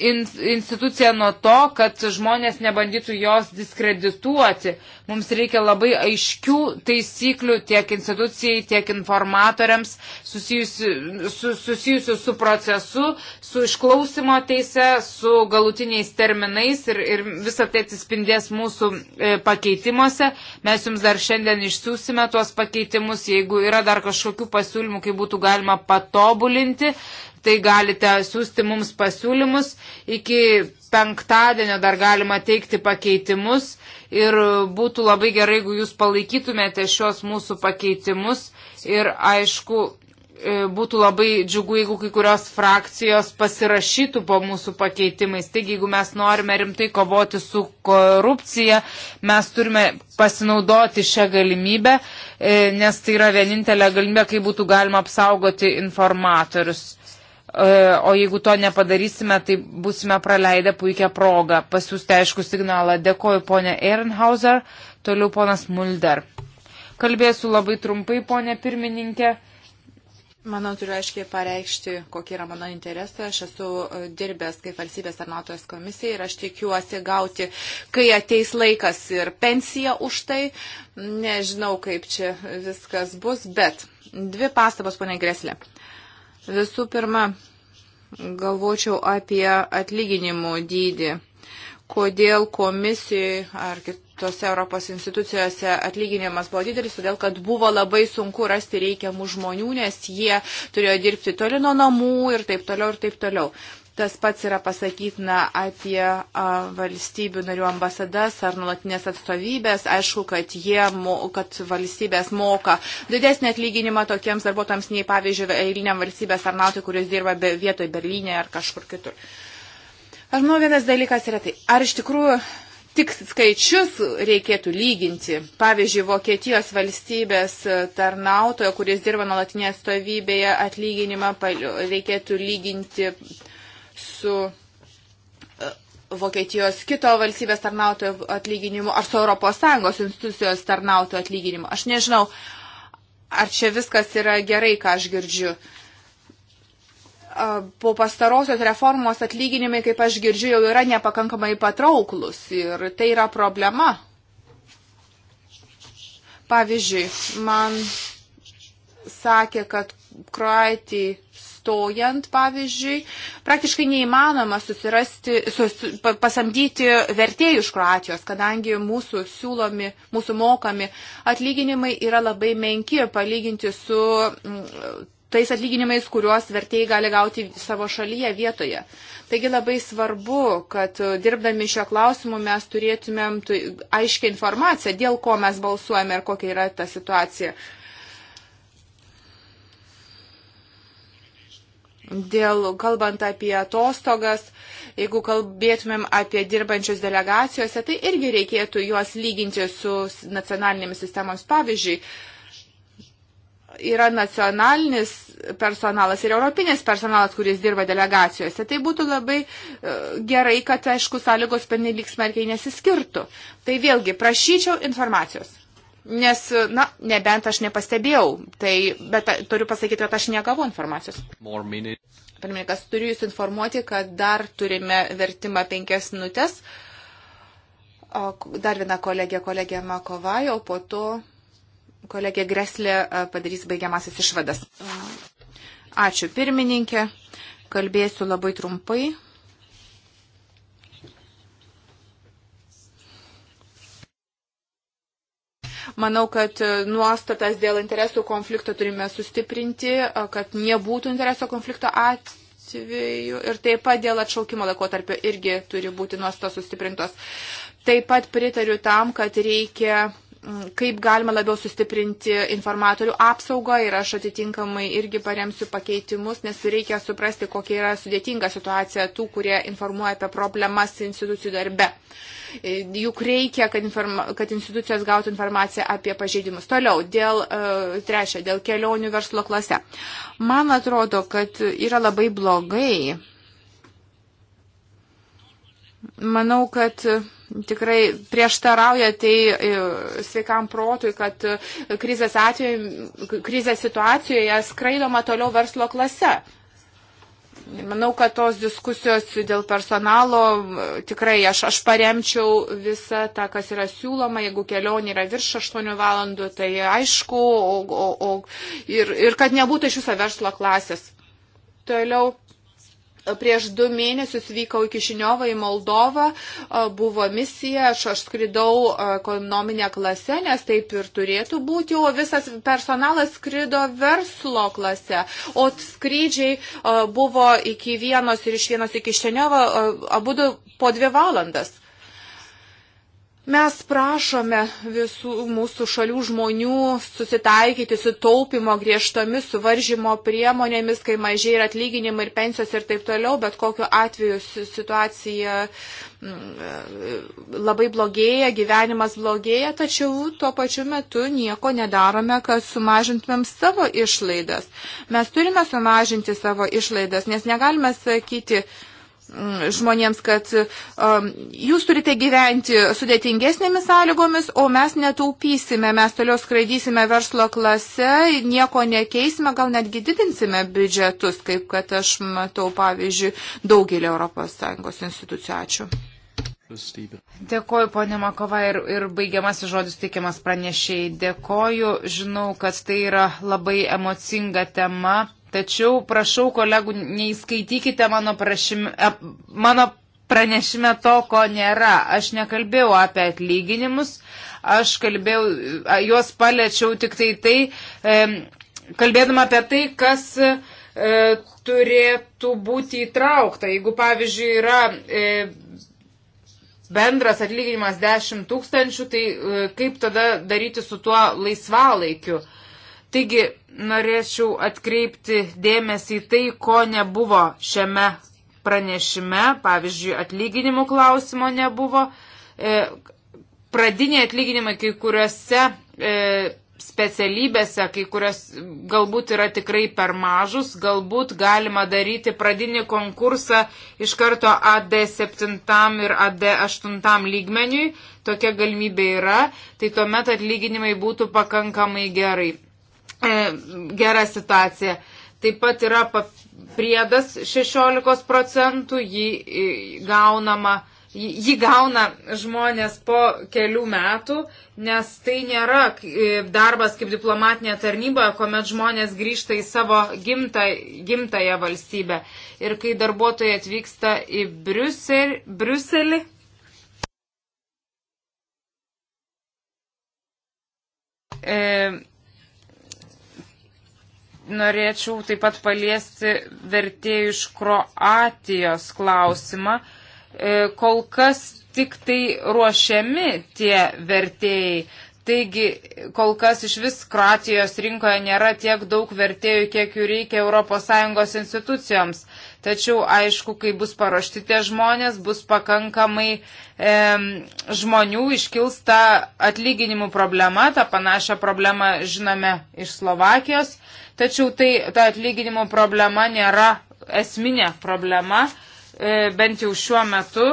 in, instituciją nuo to, kad žmonės nebandytų jos diskredituoti. Mums reikia labai aiškių taisyklių tiek institucijai, tiek informatoriams susijusių su, susijusiu su procesu, su išklausimo teise, su galutiniais terminais ir, ir visą tai atsispindės mūsų e, pakeitimuose. Mes jums dar šiandien išsiųsime tuos pakeitimus, jeigu yra dar kažkokių pasiūlymų, kaip būtų galima patobulinti. E, tai galite siūsti mums pasiūlymus. Iki penktadienio dar galima teikti pakeitimus ir būtų labai gerai, jeigu jūs palaikytumėte šios mūsų pakeitimus. Ir aišku, e, būtų labai džiugu, jeigu kai kurios frakcijos pasirašytų po mūsų pakeitimais. Taigi, jeigu mes norime rimtai kovoti su korupcija, mes turime pasinaudoti šią galimybę, e, nes tai yra vienintelė galimybė, kai būtų galima apsaugoti informatorius. E, o jeigu to nepadarysime, tai būsime praleidę puikią progą pasiūsti aišku signalą. Dėkoju ponė Ehrenhauser, toliau ponas Mulder. Kalbėsiu labai trumpai, ponė pirmininkė. Manau, turiu aiškiai pareikšti, kokie yra mano interesai. Aš esu dirbęs kaip valstybės tarnautojas komisijai ir aš tikiuosi gauti, kai ateis laikas ir pensiją už tai. Nežinau, kaip čia viskas bus, bet dvi pastabos, ponė Greslė. Uh, Visų pirma, galvočiau apie atlyginimų dydį. Kodėl komisijoje ar kitose Europos institucijose atlyginimas buvo didelis, todėl kad buvo labai sunku rasti reikiamų žmonių, nes jie turėjo dirbti toli nuo namų ir taip toliau ir taip toliau. Tas pats yra pasakytina apie a, valstybių narių ambasadas ar nulatinės atstovybės. Aišku, kad, jie, mo, kad valstybės moka didesnį atlyginimą tokiems darbuotojams nei, pavyzdžiui, eiliniam valstybės tarnauti, kuris dirba be, vietoj Berlyne ar kažkur kitur. Aš manau, vienas dalykas yra tai, ar iš tikrųjų tik skaičius reikėtų lyginti. Pavyzdžiui, Vokietijos valstybės e, tarnautojo, kuris dirba nuolatinėje stovybėje, atlyginimą reikėtų lyginti su e, Vokietijos kito valstybės tarnautojo atlyginimu ar su ES institucijos tarnautojo atlyginimu. Aš nežinau, ar čia viskas yra gerai, ką aš girdžiu. E, po pastarosios reformos atlyginimai, kaip aš girdžiu, jau yra nepakankamai patrauklus ir tai yra problema. Pavyzdžiui, man sakė, kad Kroatijai stojant, pavyzdžiui, praktiškai neįmanoma susirasti, sus, pasamdyti vertėjų iš Kroatijos, kadangi mūsų siūlomi, mūsų mokami atlyginimai yra labai menki palyginti su mm, tais atlyginimais, kuriuos vertėjai gali gauti savo šalyje vietoje. Taigi labai svarbu, kad dirbdami šio klausimu mes turėtumėm aiškę informaciją, dėl ko mes balsuojame ir kokia yra ta situacija. Dėl, kalbant apie atostogas, jeigu kalbėtumėm apie dirbančius delegacijose, tai irgi reikėtų juos lyginti su nacionalinėmis sistemoms. Pavyzdžiui, yra nacionalinis personalas ir europinis personalas, kuris dirba delegacijose. Tai būtų labai e, gerai, kad, aišku, sąlygos pernelyg smarkiai nesiskirtų. Tai vėlgi, prašyčiau informacijos. Nes, na, nebent aš nepastebėjau, tai, bet turiu pasakyti, kad aš negavau informacijos. Pirmininkas, turiu Jūs informuoti, kad dar turime vertimą penkias minutės. Dar viena kolegė, kolegė Makovai, o po to kolegė Greslė padarys baigiamasis išvadas. Ačiū pirmininkė, kalbėsiu labai trumpai. Manau, kad e, nuostatas dėl interesų konflikto turime sustiprinti, e, kad nebūtų intereso konflikto atveju ir taip pat dėl atšaukimo laikotarpio irgi turi būti nuostatos sustiprintos. Taip pat pritariu tam, kad reikia kaip galima labiau sustiprinti informatorių apsaugą ir aš atitinkamai irgi paremsiu pakeitimus, nes reikia suprasti, kokia yra sudėtinga situacija tų, kurie informuoja apie problemas institucijų darbe. E, juk reikia, kad, informa, kad institucijos gautų informaciją apie pažeidimus. Toliau, dėl e, trečia, dėl kelionių verslo klase. Man atrodo, kad yra labai blogai Manau, kad tikrai prieštarauja tai e, sveikam protui, kad krizės, atveju, krizės situacijoje skraidoma toliau verslo klase. Manau, kad tos diskusijos dėl personalo e, tikrai aš, aš paremčiau visą tą, kas yra siūloma. Jeigu kelionė yra virš 8 valandų, tai aišku, o, o, o, ir, ir kad nebūtų iš viso verslo klasės. Toliau Prieš du mėnesius vykau į Kišiniovą, į Moldovą, buvo misija, aš, aš skridau ekonominę klasę, nes taip ir turėtų būti, o visas personalas skrido verslo klasę, o skrydžiai buvo iki vienos ir iš vienos iki Kišiniovo, abu po dvi valandas. Mes prašome visų mūsų šalių žmonių susitaikyti su taupimo griežtomis suvaržymo priemonėmis, kai mažiai yra atlyginimai ir pensijos ir taip toliau, bet kokiu atveju situacija mm, labai blogėja, gyvenimas blogėja, tačiau tuo pačiu metu nieko nedarome, kad sumažintumėm savo išlaidas. Mes turime sumažinti savo išlaidas, nes negalime sakyti, žmonėms, kad um, jūs turite gyventi sudėtingesnėmis sąlygomis, o mes netaupysime, mes toliau skraidysime verslo klase, nieko nekeisime, gal netgi didinsime biudžetus, kaip kad aš matau, pavyzdžiui, daugelį ES institucijų. Ačiū. Dėkoju, ponė Makova, ir, ir baigiamasis žodis teikiamas pranešiai. Dėkoju, žinau, kad tai yra labai emocinga tema Tačiau prašau kolegų, neįskaitykite mano, prašym, mano pranešime to, ko nėra. Aš nekalbėjau apie atlyginimus, aš kalbėjau, juos paliečiau tik tai tai, e, kalbėdama apie tai, kas e, turėtų būti įtraukta. Jeigu, pavyzdžiui, yra. E, Bendras atlyginimas 10 tūkstančių, tai e, kaip tada daryti su tuo laisvalaikiu? Uh, Taigi norėčiau atkreipti dėmesį į tai, ko nebuvo šiame pranešime, pavyzdžiui, atlyginimų klausimo nebuvo. E, pradiniai atlyginimai kai kuriuose e, specialybėse, kai kurios galbūt yra tikrai per mažus, galbūt galima daryti pradinį konkursą iš karto AD7 ir AD8 lygmeniui, tokia galimybė yra, tai tuomet atlyginimai būtų pakankamai gerai. E, gera situacija. Taip pat yra priedas 16 procentų, jį gaunama jį gauna žmonės po kelių metų, nes tai nėra darbas kaip diplomatinė tarnyba, kuomet žmonės grįžta į savo gimtą, gimtąją valstybę. Ir kai darbuotojai atvyksta į Briuselį, Briuselį e, norėčiau taip pat paliesti vertėjų iš Kroatijos klausimą. E, kol kas tik tai ruošiami tie vertėjai. Taigi, kol kas iš vis Kroatijos rinkoje nėra tiek daug vertėjų, kiek jų reikia ES institucijoms. Tačiau, aišku, kai bus paruošti tie žmonės, bus pakankamai e, žmonių iškils ta atlyginimų problema, tą panašią problemą žinome iš Slovakijos tačiau tai, ta atlyginimo problema nėra esminė problema, e, bent jau šiuo metu.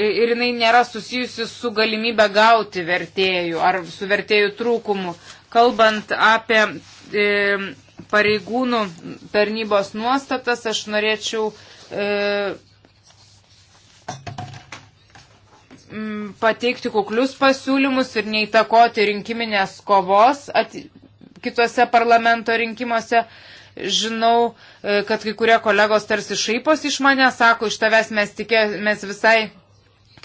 Ir jinai nėra susijusi su galimybė gauti vertėjų ar su vertėjų trūkumu. Kalbant apie e, pareigūnų tarnybos nuostatas, aš norėčiau e, pateikti kuklius pasiūlymus ir neįtakoti rinkiminės kovos. At, kitose parlamento rinkimuose. Žinau, e, kad kai kurie kolegos tarsi šaipos iš mane, sako, iš tavęs mes tikėjomės visai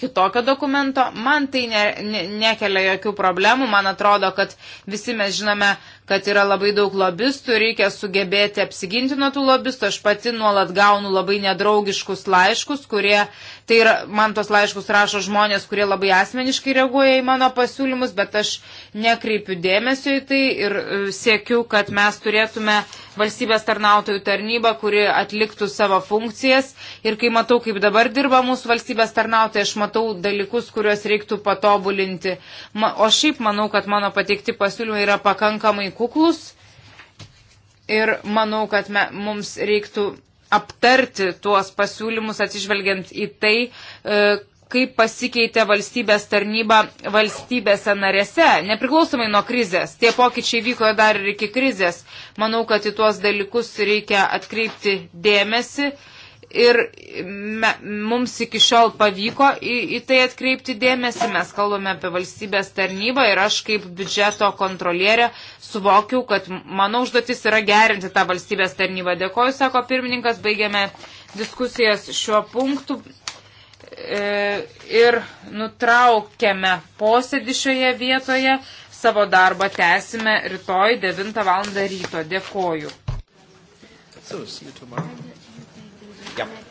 kitokio dokumento. Man tai ne, ne, nekelia jokių problemų, man atrodo, kad visi mes žinome, kad yra labai daug lobistų, reikia sugebėti apsiginti nuo tų lobistų. Aš pati nuolat gaunu labai nedraugiškus laiškus, kurie, tai yra, man tos laiškus rašo žmonės, kurie labai asmeniškai reaguoja į mano pasiūlymus, bet aš nekreipiu dėmesio į tai ir e, siekiu, kad mes turėtume valstybės tarnautojų tarnybą, kuri atliktų savo funkcijas. Ir kai matau, kaip dabar dirba mūsų valstybės tarnautojai, aš matau dalykus, kuriuos reiktų patobulinti. O šiaip manau, kad mano pateikti pasiūlymai yra pakankamai kuklus ir manau, kad me, mums reiktų aptarti tuos pasiūlymus atsižvelgiant į tai, e, kaip pasikeitė valstybės tarnyba valstybėse narėse, nepriklausomai nuo krizės. Tie pokyčiai vyko dar ir iki krizės. Manau, kad į tuos dalykus reikia atkreipti dėmesį. E, Ir me, mums iki šiol pavyko į, į tai atkreipti dėmesį, mes kalbame apie valstybės tarnybą ir aš kaip biudžeto kontrolierė suvokiau, kad mano užduotis yra gerinti tą valstybės tarnybą. Dėkoju, sako pirmininkas, baigėme diskusijas šiuo punktu e, ir nutraukėme posėdį šioje vietoje. Savo darbą tęsime rytoj 9 val. ryto. Dėkoju. So, see you tomorrow. やっぱ。